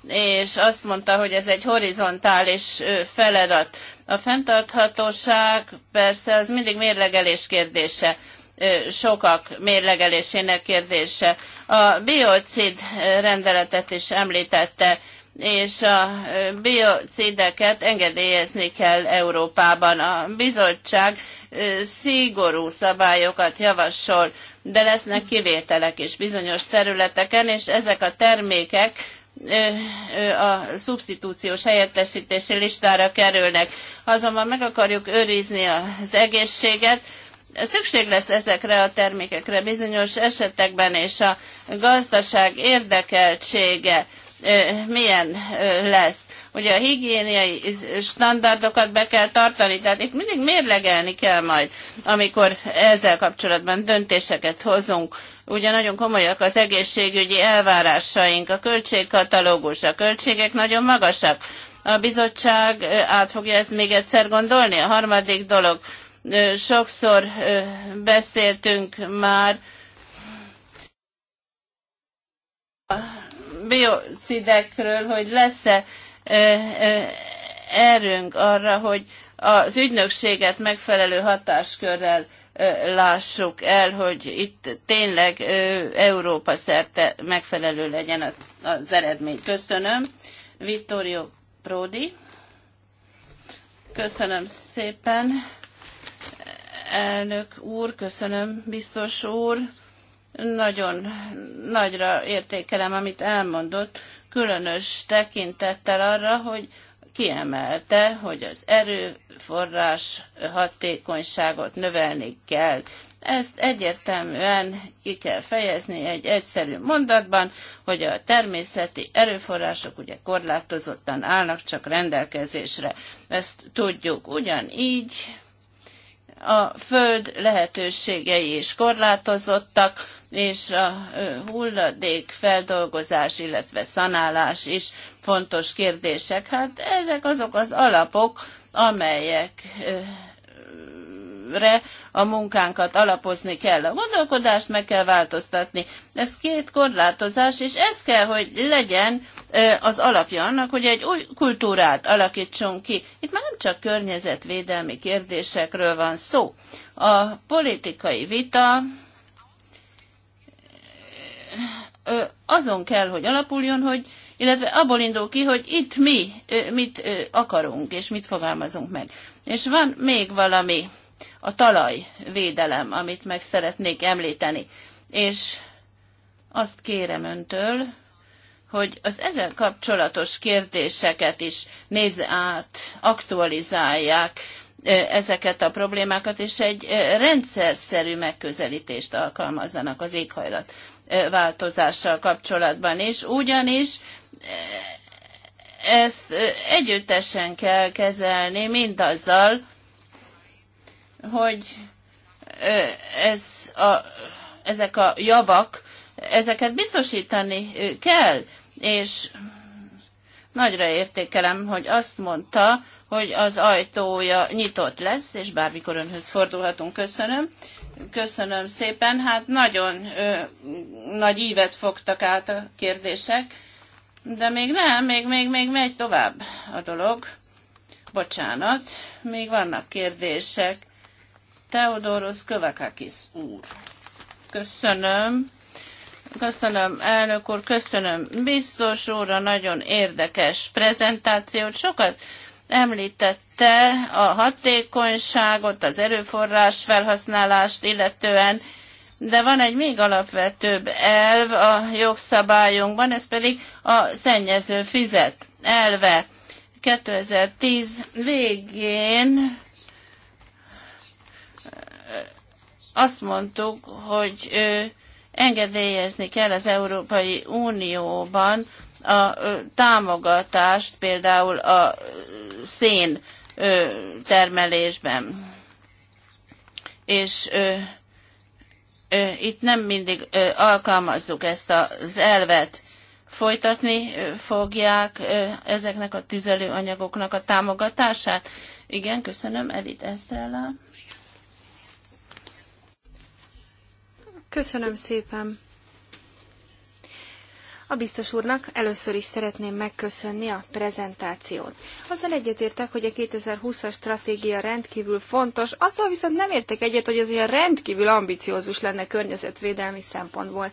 és azt mondta, hogy ez egy horizontális feladat. A fenntarthatóság persze az mindig mérlegelés kérdése sokak mérlegelésének kérdése. A biocid rendeletet is említette, és a biocideket engedélyezni kell Európában. A bizottság szigorú szabályokat javasol, de lesznek kivételek is bizonyos területeken, és ezek a termékek a szubstitúciós helyettesítési listára kerülnek. Azonban meg akarjuk őrizni az egészséget, Szükség lesz ezekre a termékekre bizonyos esetekben, és a gazdaság érdekeltsége milyen lesz. Ugye a higiéniai standardokat be kell tartani, tehát itt mindig mérlegelni kell majd, amikor ezzel kapcsolatban döntéseket hozunk. Ugye nagyon komolyak az egészségügyi elvárásaink, a költségkatalógus, a költségek nagyon magasak. A bizottság át fogja ezt még egyszer gondolni. A harmadik dolog, sokszor beszéltünk már biocidekről, hogy lesz-e erőnk arra, hogy az ügynökséget megfelelő hatáskörrel lássuk el, hogy itt tényleg Európa szerte megfelelő legyen az eredmény. Köszönöm. Vittorio Prodi. Köszönöm szépen. Elnök úr, köszönöm biztos úr nagyon nagyra értékelem, amit elmondott, különös tekintettel arra, hogy kiemelte, hogy az erőforrás hatékonyságot növelni kell. Ezt egyértelműen ki kell fejezni egy egyszerű mondatban, hogy a természeti erőforrások ugye korlátozottan állnak csak rendelkezésre. Ezt tudjuk ugyanígy, a föld lehetőségei is korlátozottak, és a hulladék feldolgozás, illetve szanálás is fontos kérdések. Hát ezek azok az alapok, amelyek re a munkánkat alapozni kell. A gondolkodást meg kell változtatni. Ez két korlátozás, és ez kell, hogy legyen az alapja annak, hogy egy új kultúrát alakítsunk ki. Itt már nem csak környezetvédelmi kérdésekről van szó. A politikai vita azon kell, hogy alapuljon, hogy illetve abból indul ki, hogy itt mi mit akarunk, és mit fogalmazunk meg. És van még valami, a talajvédelem, amit meg szeretnék említeni. És azt kérem öntől, hogy az ezzel kapcsolatos kérdéseket is nézze át, aktualizálják e, ezeket a problémákat, és egy e, rendszerszerű megközelítést alkalmazzanak az éghajlat e, változással kapcsolatban is, ugyanis ezt együttesen kell kezelni mindazzal, hogy ez a, ezek a javak, ezeket biztosítani kell, és nagyra értékelem, hogy azt mondta, hogy az ajtója nyitott lesz, és bármikor önhöz fordulhatunk. Köszönöm. Köszönöm szépen. Hát nagyon ö, nagy ívet fogtak át a kérdések, de még nem, még, még, még megy tovább a dolog. Bocsánat, még vannak kérdések. Teodoros Kövekakis úr. Köszönöm. Köszönöm, elnök úr, köszönöm biztos úr a nagyon érdekes prezentációt. Sokat említette a hatékonyságot, az erőforrás felhasználást illetően, de van egy még alapvetőbb elv a jogszabályunkban, ez pedig a szennyező fizet elve. 2010 végén azt mondtuk, hogy engedélyezni kell az Európai Unióban a támogatást például a szén termelésben. És itt nem mindig alkalmazzuk ezt az elvet. Folytatni fogják ezeknek a tüzelőanyagoknak a támogatását. Igen, köszönöm, Edith Estrella. Köszönöm szépen. A biztos úrnak először is szeretném megköszönni a prezentációt. Azzal egyetértek, hogy a 2020-as stratégia rendkívül fontos, azzal viszont nem értek egyet, hogy ez olyan rendkívül ambiciózus lenne környezetvédelmi szempontból.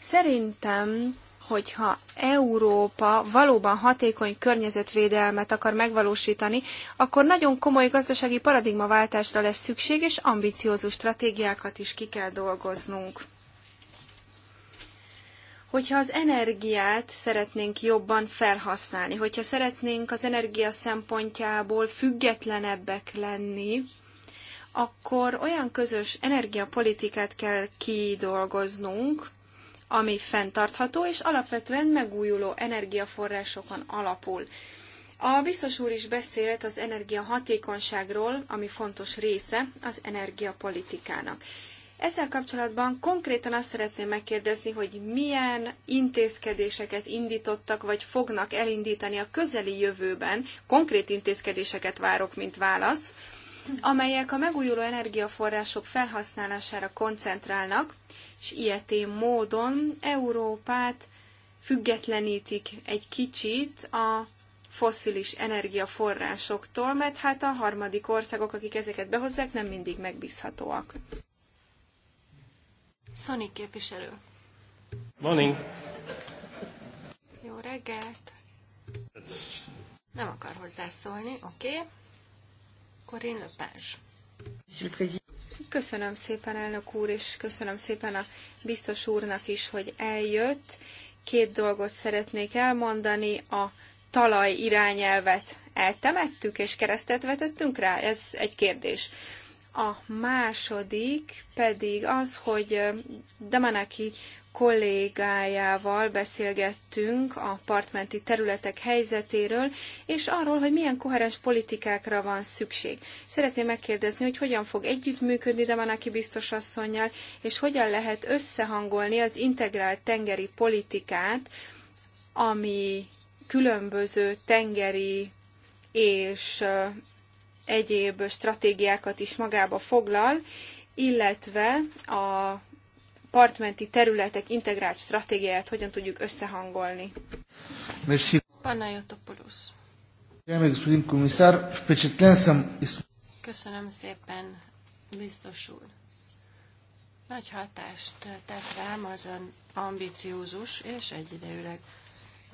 Szerintem hogyha Európa valóban hatékony környezetvédelmet akar megvalósítani, akkor nagyon komoly gazdasági paradigmaváltásra lesz szükség, és ambiciózus stratégiákat is ki kell dolgoznunk. Hogyha az energiát szeretnénk jobban felhasználni, hogyha szeretnénk az energia szempontjából függetlenebbek lenni, akkor olyan közös energiapolitikát kell kidolgoznunk, ami fenntartható és alapvetően megújuló energiaforrásokon alapul. A biztos úr is beszélt az energiahatékonyságról, ami fontos része az energiapolitikának. Ezzel kapcsolatban konkrétan azt szeretném megkérdezni, hogy milyen intézkedéseket indítottak, vagy fognak elindítani a közeli jövőben, konkrét intézkedéseket várok, mint válasz, amelyek a megújuló energiaforrások felhasználására koncentrálnak, és ilyetén módon Európát függetlenítik egy kicsit a foszilis energiaforrásoktól, mert hát a harmadik országok, akik ezeket behozzák, nem mindig megbízhatóak. Szoni képviselő. Morning. Jó reggelt. It's... Nem akar hozzászólni, oké. Okay. Corinne Lepage. Köszönöm szépen, elnök úr, és köszönöm szépen a biztos úrnak is, hogy eljött. Két dolgot szeretnék elmondani. A talaj irányelvet eltemettük és keresztet vetettünk rá? Ez egy kérdés. A második pedig az, hogy Damanaki kollégájával beszélgettünk a partmenti területek helyzetéről, és arról, hogy milyen koherens politikákra van szükség. Szeretném megkérdezni, hogy hogyan fog együttműködni Damanaki biztos asszonynal, és hogyan lehet összehangolni az integrált tengeri politikát, ami különböző tengeri és egyéb stratégiákat is magába foglal, illetve a partmenti területek integrált stratégiáját hogyan tudjuk összehangolni. Merci. Panayotopoulos. Köszönöm szépen, biztos úr. Nagy hatást tett rám az ön ambiciózus és egyidejűleg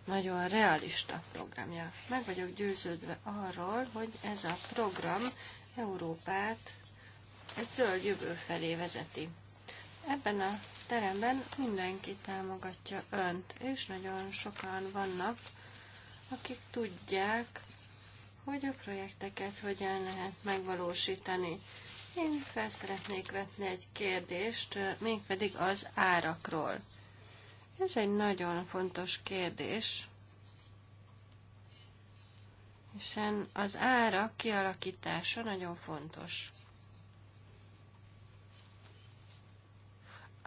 nagyon realista programja. Meg vagyok győződve arról, hogy ez a program Európát egy zöld jövő felé vezeti. Ebben a teremben mindenki támogatja önt, és nagyon sokan vannak, akik tudják, hogy a projekteket hogyan lehet megvalósítani. Én fel szeretnék vetni egy kérdést, mégpedig az árakról. Ez egy nagyon fontos kérdés, hiszen az árak kialakítása nagyon fontos.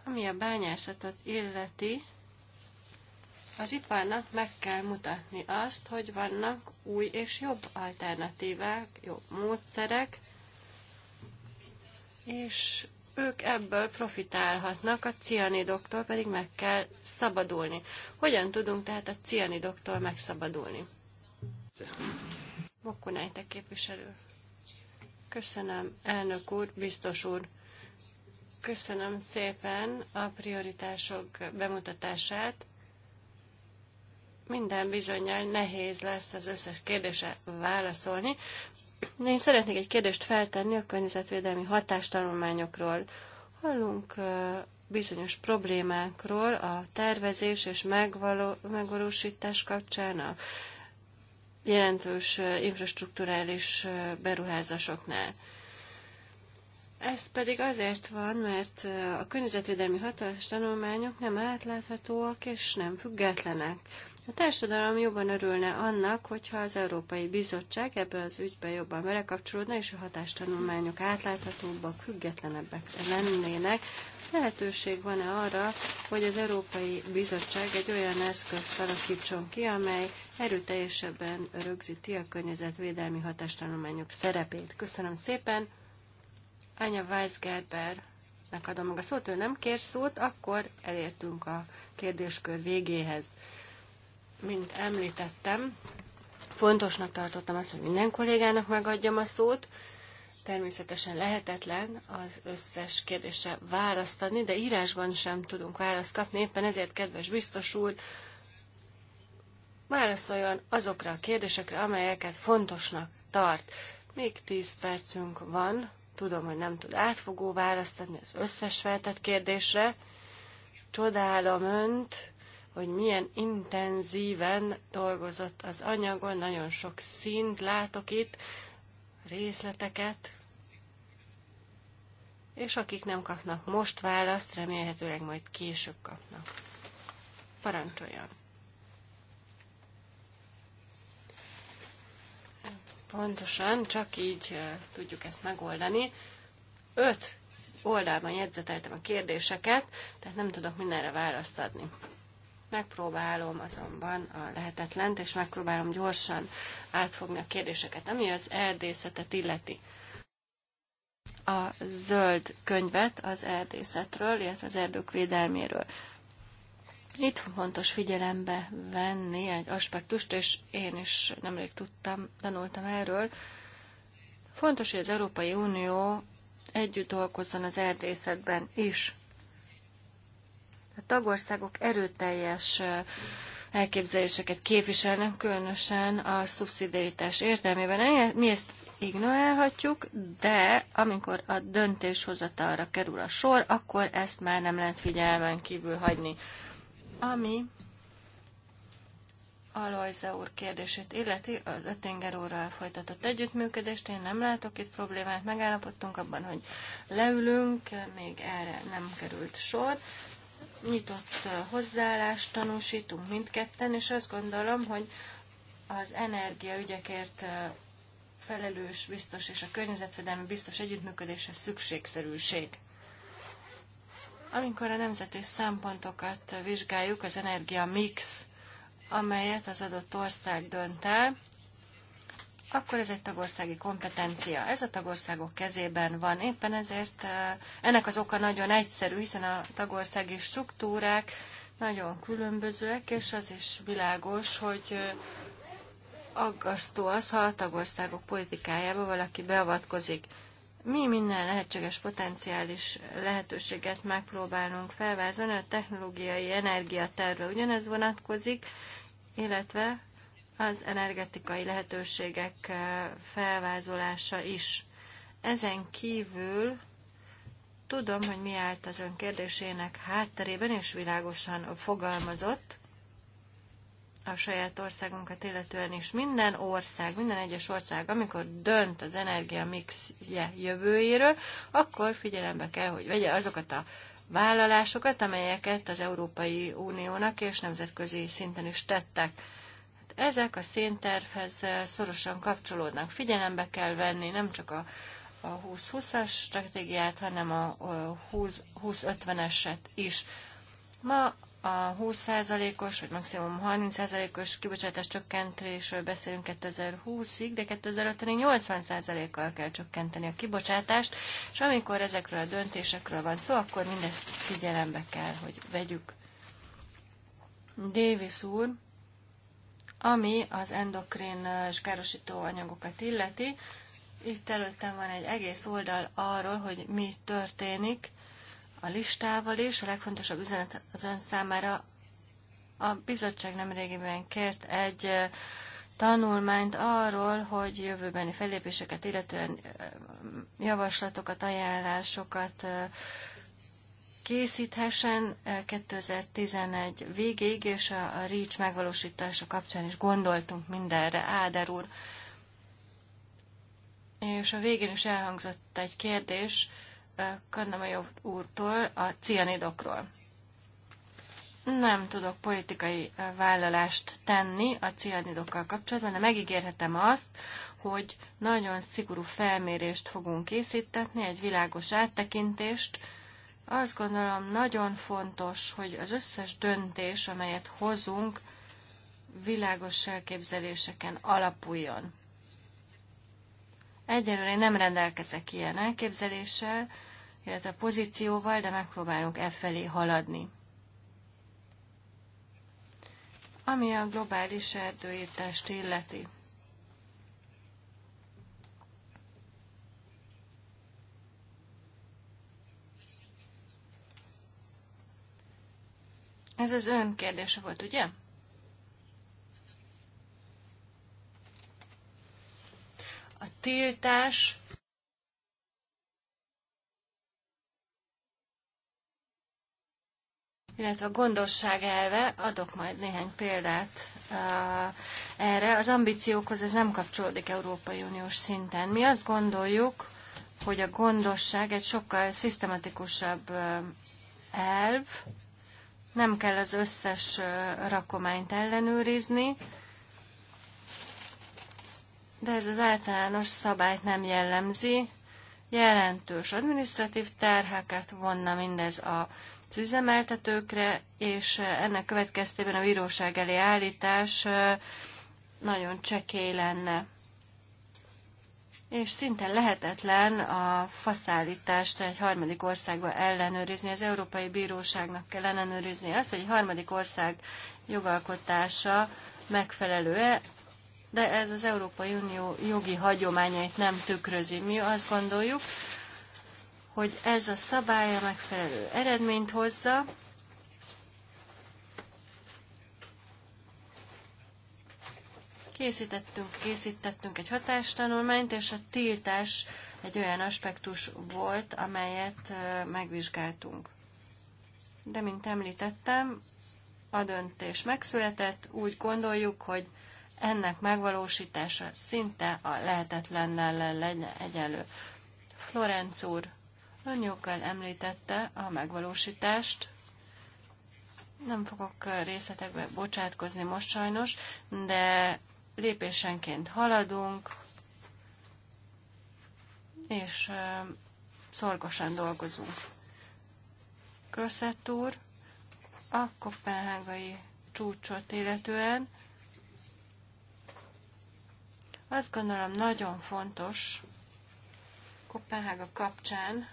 Ami a bányászatot illeti, az iparnak meg kell mutatni azt, hogy vannak új és jobb alternatívák, jobb módszerek, és ők ebből profitálhatnak, a cianidoktól pedig meg kell szabadulni. Hogyan tudunk tehát a cianidoktól megszabadulni? Mokkunájte képviselő. Köszönöm, elnök úr, biztos úr. Köszönöm szépen a prioritások bemutatását. Minden bizonyal nehéz lesz az összes kérdése válaszolni. én szeretnék egy kérdést feltenni a környezetvédelmi hatástanulmányokról. Hallunk bizonyos problémákról a tervezés és megvaló, megvalósítás kapcsán a jelentős infrastruktúrális beruházásoknál. Ez pedig azért van, mert a környezetvédelmi hatalmas tanulmányok nem átláthatóak és nem függetlenek. A társadalom jobban örülne annak, hogyha az Európai Bizottság ebbe az ügybe jobban belekapcsolódna, és a hatástanulmányok átláthatóbbak, függetlenebbek lennének. Lehetőség van-e arra, hogy az Európai Bizottság egy olyan eszközt alakítson ki, amely erőteljesebben rögzíti a környezetvédelmi hatástanulmányok szerepét? Köszönöm szépen! Anya Weisgerbernek adom meg a szót, ő nem kér szót, akkor elértünk a kérdéskör végéhez. Mint említettem, fontosnak tartottam azt, hogy minden kollégának megadjam a szót. Természetesen lehetetlen az összes kérdésre választ adni, de írásban sem tudunk választ kapni. Éppen ezért, kedves biztos úr, válaszoljon azokra a kérdésekre, amelyeket fontosnak tart. Még tíz percünk van Tudom, hogy nem tud átfogó választ adni az összes feltett kérdésre. Csodálom önt, hogy milyen intenzíven dolgozott az anyagon, nagyon sok szint látok itt, részleteket, és akik nem kapnak most választ, remélhetőleg majd később kapnak. Parancsoljon! Pontosan, csak így tudjuk ezt megoldani. Öt oldalban jegyzeteltem a kérdéseket, tehát nem tudok mindenre választ adni. Megpróbálom azonban a lehetetlent, és megpróbálom gyorsan átfogni a kérdéseket, ami az erdészetet illeti. A zöld könyvet az erdészetről, illetve az erdők védelméről. Itt fontos figyelembe venni egy aspektust, és én is nemrég tudtam, tanultam erről. Fontos, hogy az Európai Unió együtt dolgozzon az erdészetben is. A tagországok erőteljes elképzeléseket képviselnek, különösen a szubszidiaritás értelmében. Mi ezt ignorálhatjuk, de amikor a döntéshozatalra kerül a sor, akkor ezt már nem lehet figyelmen kívül hagyni. Ami Alojza úr kérdését illeti, az Öttinger úrral folytatott együttműködést, én nem látok itt problémát, megállapodtunk abban, hogy leülünk, még erre nem került sor. Nyitott hozzáállást tanúsítunk mindketten, és azt gondolom, hogy az energiaügyekért felelős biztos és a környezetvédelmi biztos együttműködése szükségszerűség. Amikor a nemzeti szempontokat vizsgáljuk, az energia mix, amelyet az adott ország dönt el, akkor ez egy tagországi kompetencia. Ez a tagországok kezében van. Éppen ezért eh, ennek az oka nagyon egyszerű, hiszen a tagországi struktúrák nagyon különbözőek, és az is világos, hogy eh, aggasztó az, ha a tagországok politikájába valaki beavatkozik. Mi minden lehetséges potenciális lehetőséget megpróbálunk felvázolni, a technológiai energiatervre ugyanez vonatkozik, illetve az energetikai lehetőségek eh, felvázolása is. Ezen kívül tudom, hogy mi állt az ön kérdésének hátterében, és világosan fogalmazott a saját országunkat illetően is. Minden ország, minden egyes ország, amikor dönt az energia mixje jövőjéről, akkor figyelembe kell, hogy vegye azokat a vállalásokat, amelyeket az Európai Uniónak és nemzetközi szinten is tettek. Hát ezek a széntervhez eh, szorosan kapcsolódnak. Figyelembe kell venni nem csak a, a 20-20-as stratégiát, hanem a 20-50-eset is. Ma a 20%-os, vagy maximum 30%-os kibocsátás csökkentésről beszélünk 2020-ig, de 2050-ig 80%-kal kell csökkenteni a kibocsátást, és amikor ezekről a döntésekről van szó, akkor mindezt figyelembe kell, hogy vegyük. Davis úr, ami az endokrin és károsító anyagokat illeti, itt előttem van egy egész oldal arról, hogy mi történik, a listával is. A legfontosabb üzenet az ön számára. A bizottság nemrégiben kért egy tanulmányt arról, hogy jövőbeni fellépéseket, illetően javaslatokat, ajánlásokat készíthessen 2011 végéig, és a REACH megvalósítása kapcsán is gondoltunk mindenre. Áder úr, és a végén is elhangzott egy kérdés, Kannamajov úrtól a cianidokról. Nem tudok politikai eh, vállalást tenni a cianidokkal kapcsolatban, de megígérhetem azt, hogy nagyon szigorú felmérést fogunk készítetni, egy világos áttekintést. Azt gondolom nagyon fontos, hogy az összes döntés, amelyet hozunk, világos elképzeléseken alapuljon. Egyelőre én nem rendelkezek ilyen elképzeléssel, illetve pozícióval, de megpróbálunk e felé haladni. Ami a globális erdőítást illeti. Ez az ön kérdése volt, ugye? a tiltás illetve a gondosság elve, adok majd néhány példát erre. Az ambíciókhoz ez nem kapcsolódik Európai Uniós szinten. Mi azt gondoljuk, hogy a gondosság egy sokkal szisztematikusabb elv, nem kell az összes rakományt ellenőrizni, de ez az általános szabályt nem jellemzi. Jelentős administratív terheket vonna mindez a üzemeltetőkre, és ennek következtében a bíróság elé állítás nagyon csekély lenne. És szinte lehetetlen a faszállítást egy harmadik országba ellenőrizni. Az Európai Bíróságnak kell ellenőrizni azt, hogy egy harmadik ország jogalkotása megfelelő-e, de ez az Európai Unió jogi hagyományait nem tükrözi. Mi azt gondoljuk, hogy ez a szabálya megfelelő eredményt hozza, készítettünk, készítettünk egy hatástanulmányt, és a tiltás egy olyan aspektus volt, amelyet megvizsgáltunk. De, mint említettem, a döntés megszületett, úgy gondoljuk, hogy ennek megvalósítása szinte a lehetetlennel legyen egyelő. Florenc úr ön említette a megvalósítást, nem fogok részletekbe bocsátkozni most sajnos, de lépésenként haladunk, és szorgosan dolgozunk. Köszett úr, a kopenhágai csúcsot illetően azt gondolom nagyon fontos Kopenhága kapcsán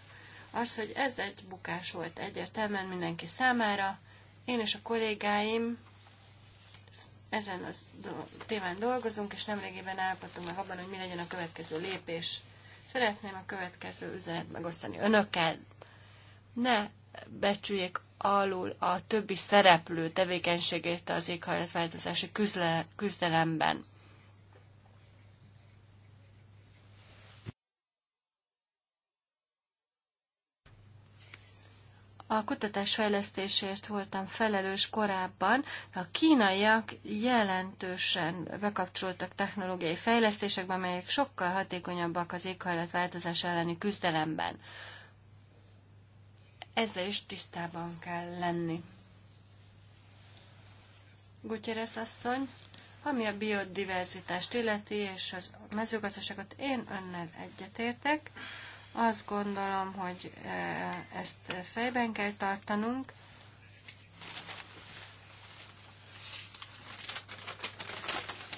az, hogy ez egy bukás volt egyértelműen mindenki számára. Én és a kollégáim ezen a témán dolgozunk, és nemrégében állapodtunk meg abban, hogy mi legyen a következő lépés. Szeretném a következő üzenet megosztani önökkel. Ne becsüljék alul a többi szereplő tevékenységét az éghajlatváltozási küzdelemben. A kutatás fejlesztésért voltam felelős korábban. A kínaiak jelentősen bekapcsoltak technológiai fejlesztésekbe, amelyek sokkal hatékonyabbak az éghajlatváltozás elleni küzdelemben. Ezzel is tisztában kell lenni. Gutyeres asszony, ami a biodiverzitást illeti, és a mezőgazdaságot én önnel egyetértek. Azt gondolom, hogy e, ezt fejben kell tartanunk.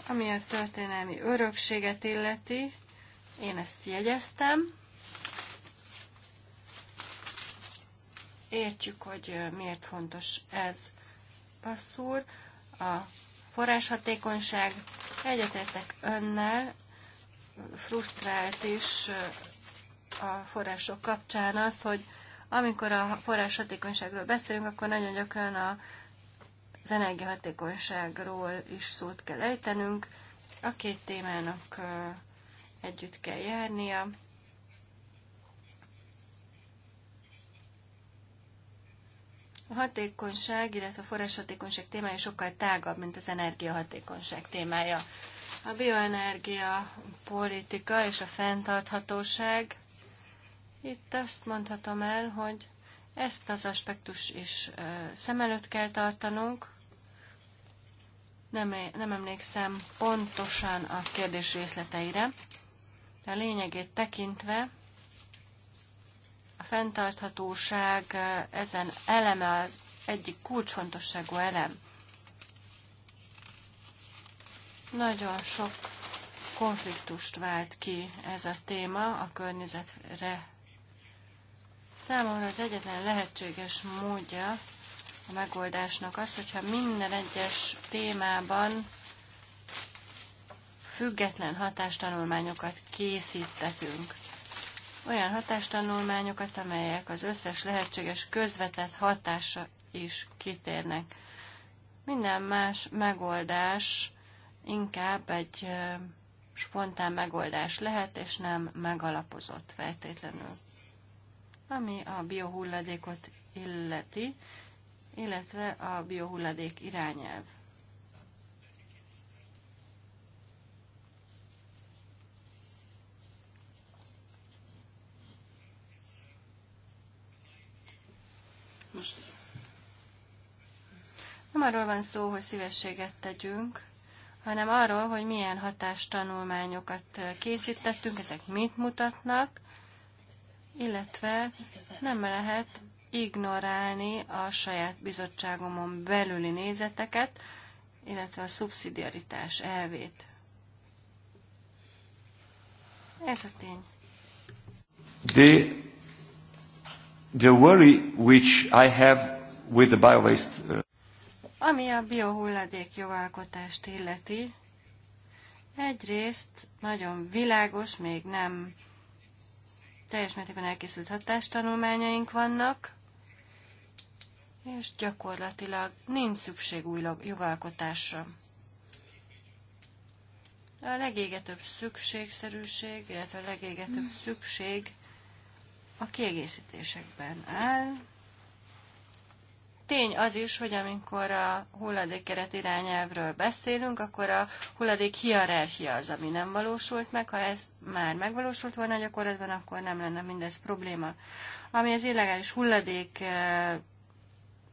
Ami a történelmi örökséget illeti, én ezt jegyeztem. Értjük, hogy e, miért fontos ez passzúr. A forráshatékonyság egyetértek önnel, frusztrált is e, a források kapcsán az, hogy amikor a forrás hatékonyságról beszélünk, akkor nagyon gyakran a, az energiahatékonyságról is szót kell ejtenünk. A két témának együtt kell járnia. A hatékonyság, illetve a forráshatékonyság témája sokkal tágabb, mint az energiahatékonyság témája. A bioenergia politika és a fenntarthatóság itt azt mondhatom el, hogy ezt az aspektus is szem előtt kell tartanunk. Nem, nem emlékszem pontosan a kérdés részleteire, de a lényegét tekintve a fenntarthatóság ezen eleme az egyik kulcsfontosságú elem. Nagyon sok konfliktust vált ki ez a téma a környezetre Számomra az egyetlen lehetséges módja a megoldásnak az, hogyha minden egyes témában független hatástanulmányokat készítetünk. Olyan hatástanulmányokat, amelyek az összes lehetséges közvetett hatása is kitérnek. Minden más megoldás inkább egy spontán megoldás lehet, és nem megalapozott feltétlenül ami a biohulladékot illeti, illetve a biohulladék irányelv. Most. Nem arról van szó, hogy szívességet tegyünk, hanem arról, hogy milyen hatástanulmányokat készítettünk, ezek mit mutatnak, illetve nem lehet ignorálni a saját bizottságomon belüli nézeteket, illetve a szubszidiaritás elvét. Ez a tény. The, the worry which I have with the biowaste... Uh, Ami a biohulladék jogalkotást illeti, egyrészt nagyon világos, még nem teljes mértékben elkészült hatástanulmányaink vannak, és gyakorlatilag nincs szükség új jogalkotásra. A legégetőbb szükségszerűség, illetve a legégetőbb szükség a kiegészítésekben áll, Tény az is, hogy amikor a hulladékkeret irányelvről beszélünk, akkor a hulladék hierarchia az, ami nem valósult meg. Ha ez már megvalósult volna gyakorlatban, akkor nem lenne mindez probléma. Ami az illegális hulladék eh,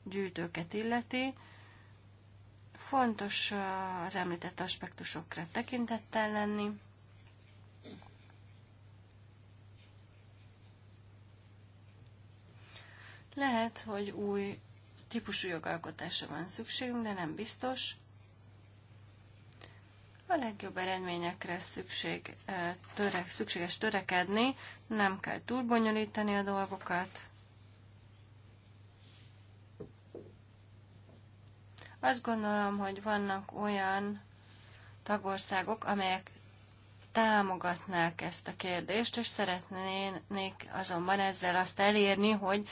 gyűjtőket illeti, fontos eh, az említett aspektusokra tekintettel lenni. Lehet, hogy új típusú jogalkotásra van szükségünk, de nem biztos. A legjobb eredményekre szükség, töre, szükséges törekedni, nem kell túlbonyolítani a dolgokat. Azt gondolom, hogy vannak olyan tagországok, amelyek támogatnák ezt a kérdést, és szeretnék azonban ezzel azt elérni, hogy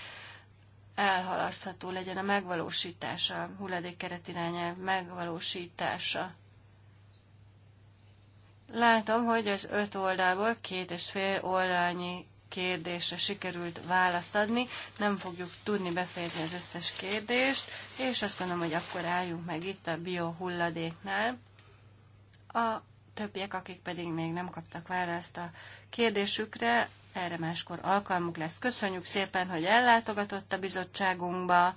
elhalasztható legyen a megvalósítása, a hulladék irányelv megvalósítása. Látom, hogy az öt oldalból két és fél oldalnyi kérdésre sikerült választ adni. Nem fogjuk tudni befejezni az összes kérdést, és azt gondolom, hogy akkor álljunk meg itt a biohulladéknál. A többiek, akik pedig még nem kaptak választ a kérdésükre, erre máskor alkalmuk lesz. Köszönjük szépen, hogy ellátogatott a bizottságunkba,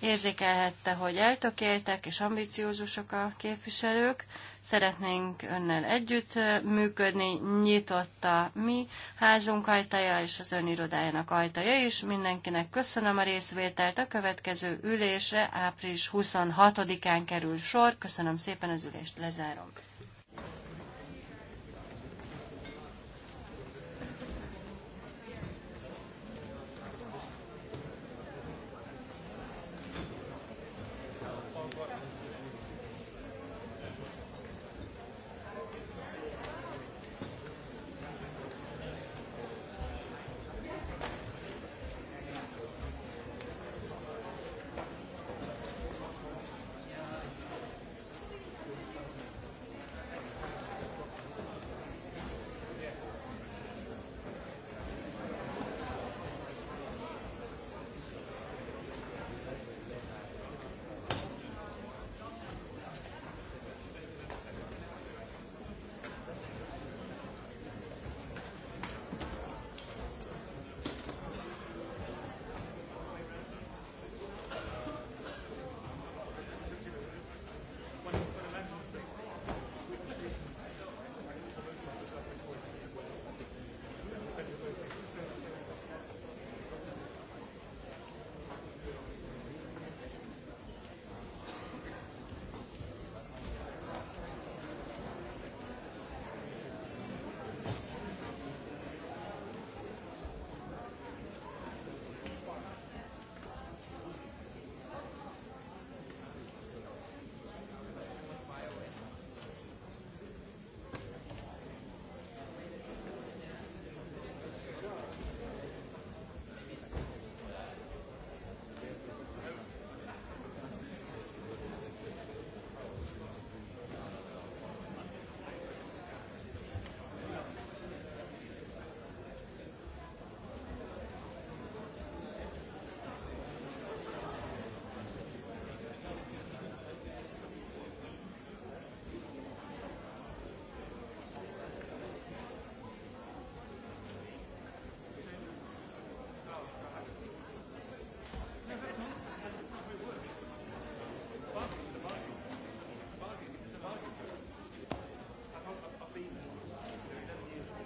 érzékelhette, hogy eltökéltek és ambiciózusok a képviselők. Szeretnénk önnel együtt működni, nyitott a mi házunk ajtaja és az ön irodájának ajtaja is. Mindenkinek köszönöm a részvételt. A következő ülésre április 26-án kerül sor. Köszönöm szépen az ülést, lezárom.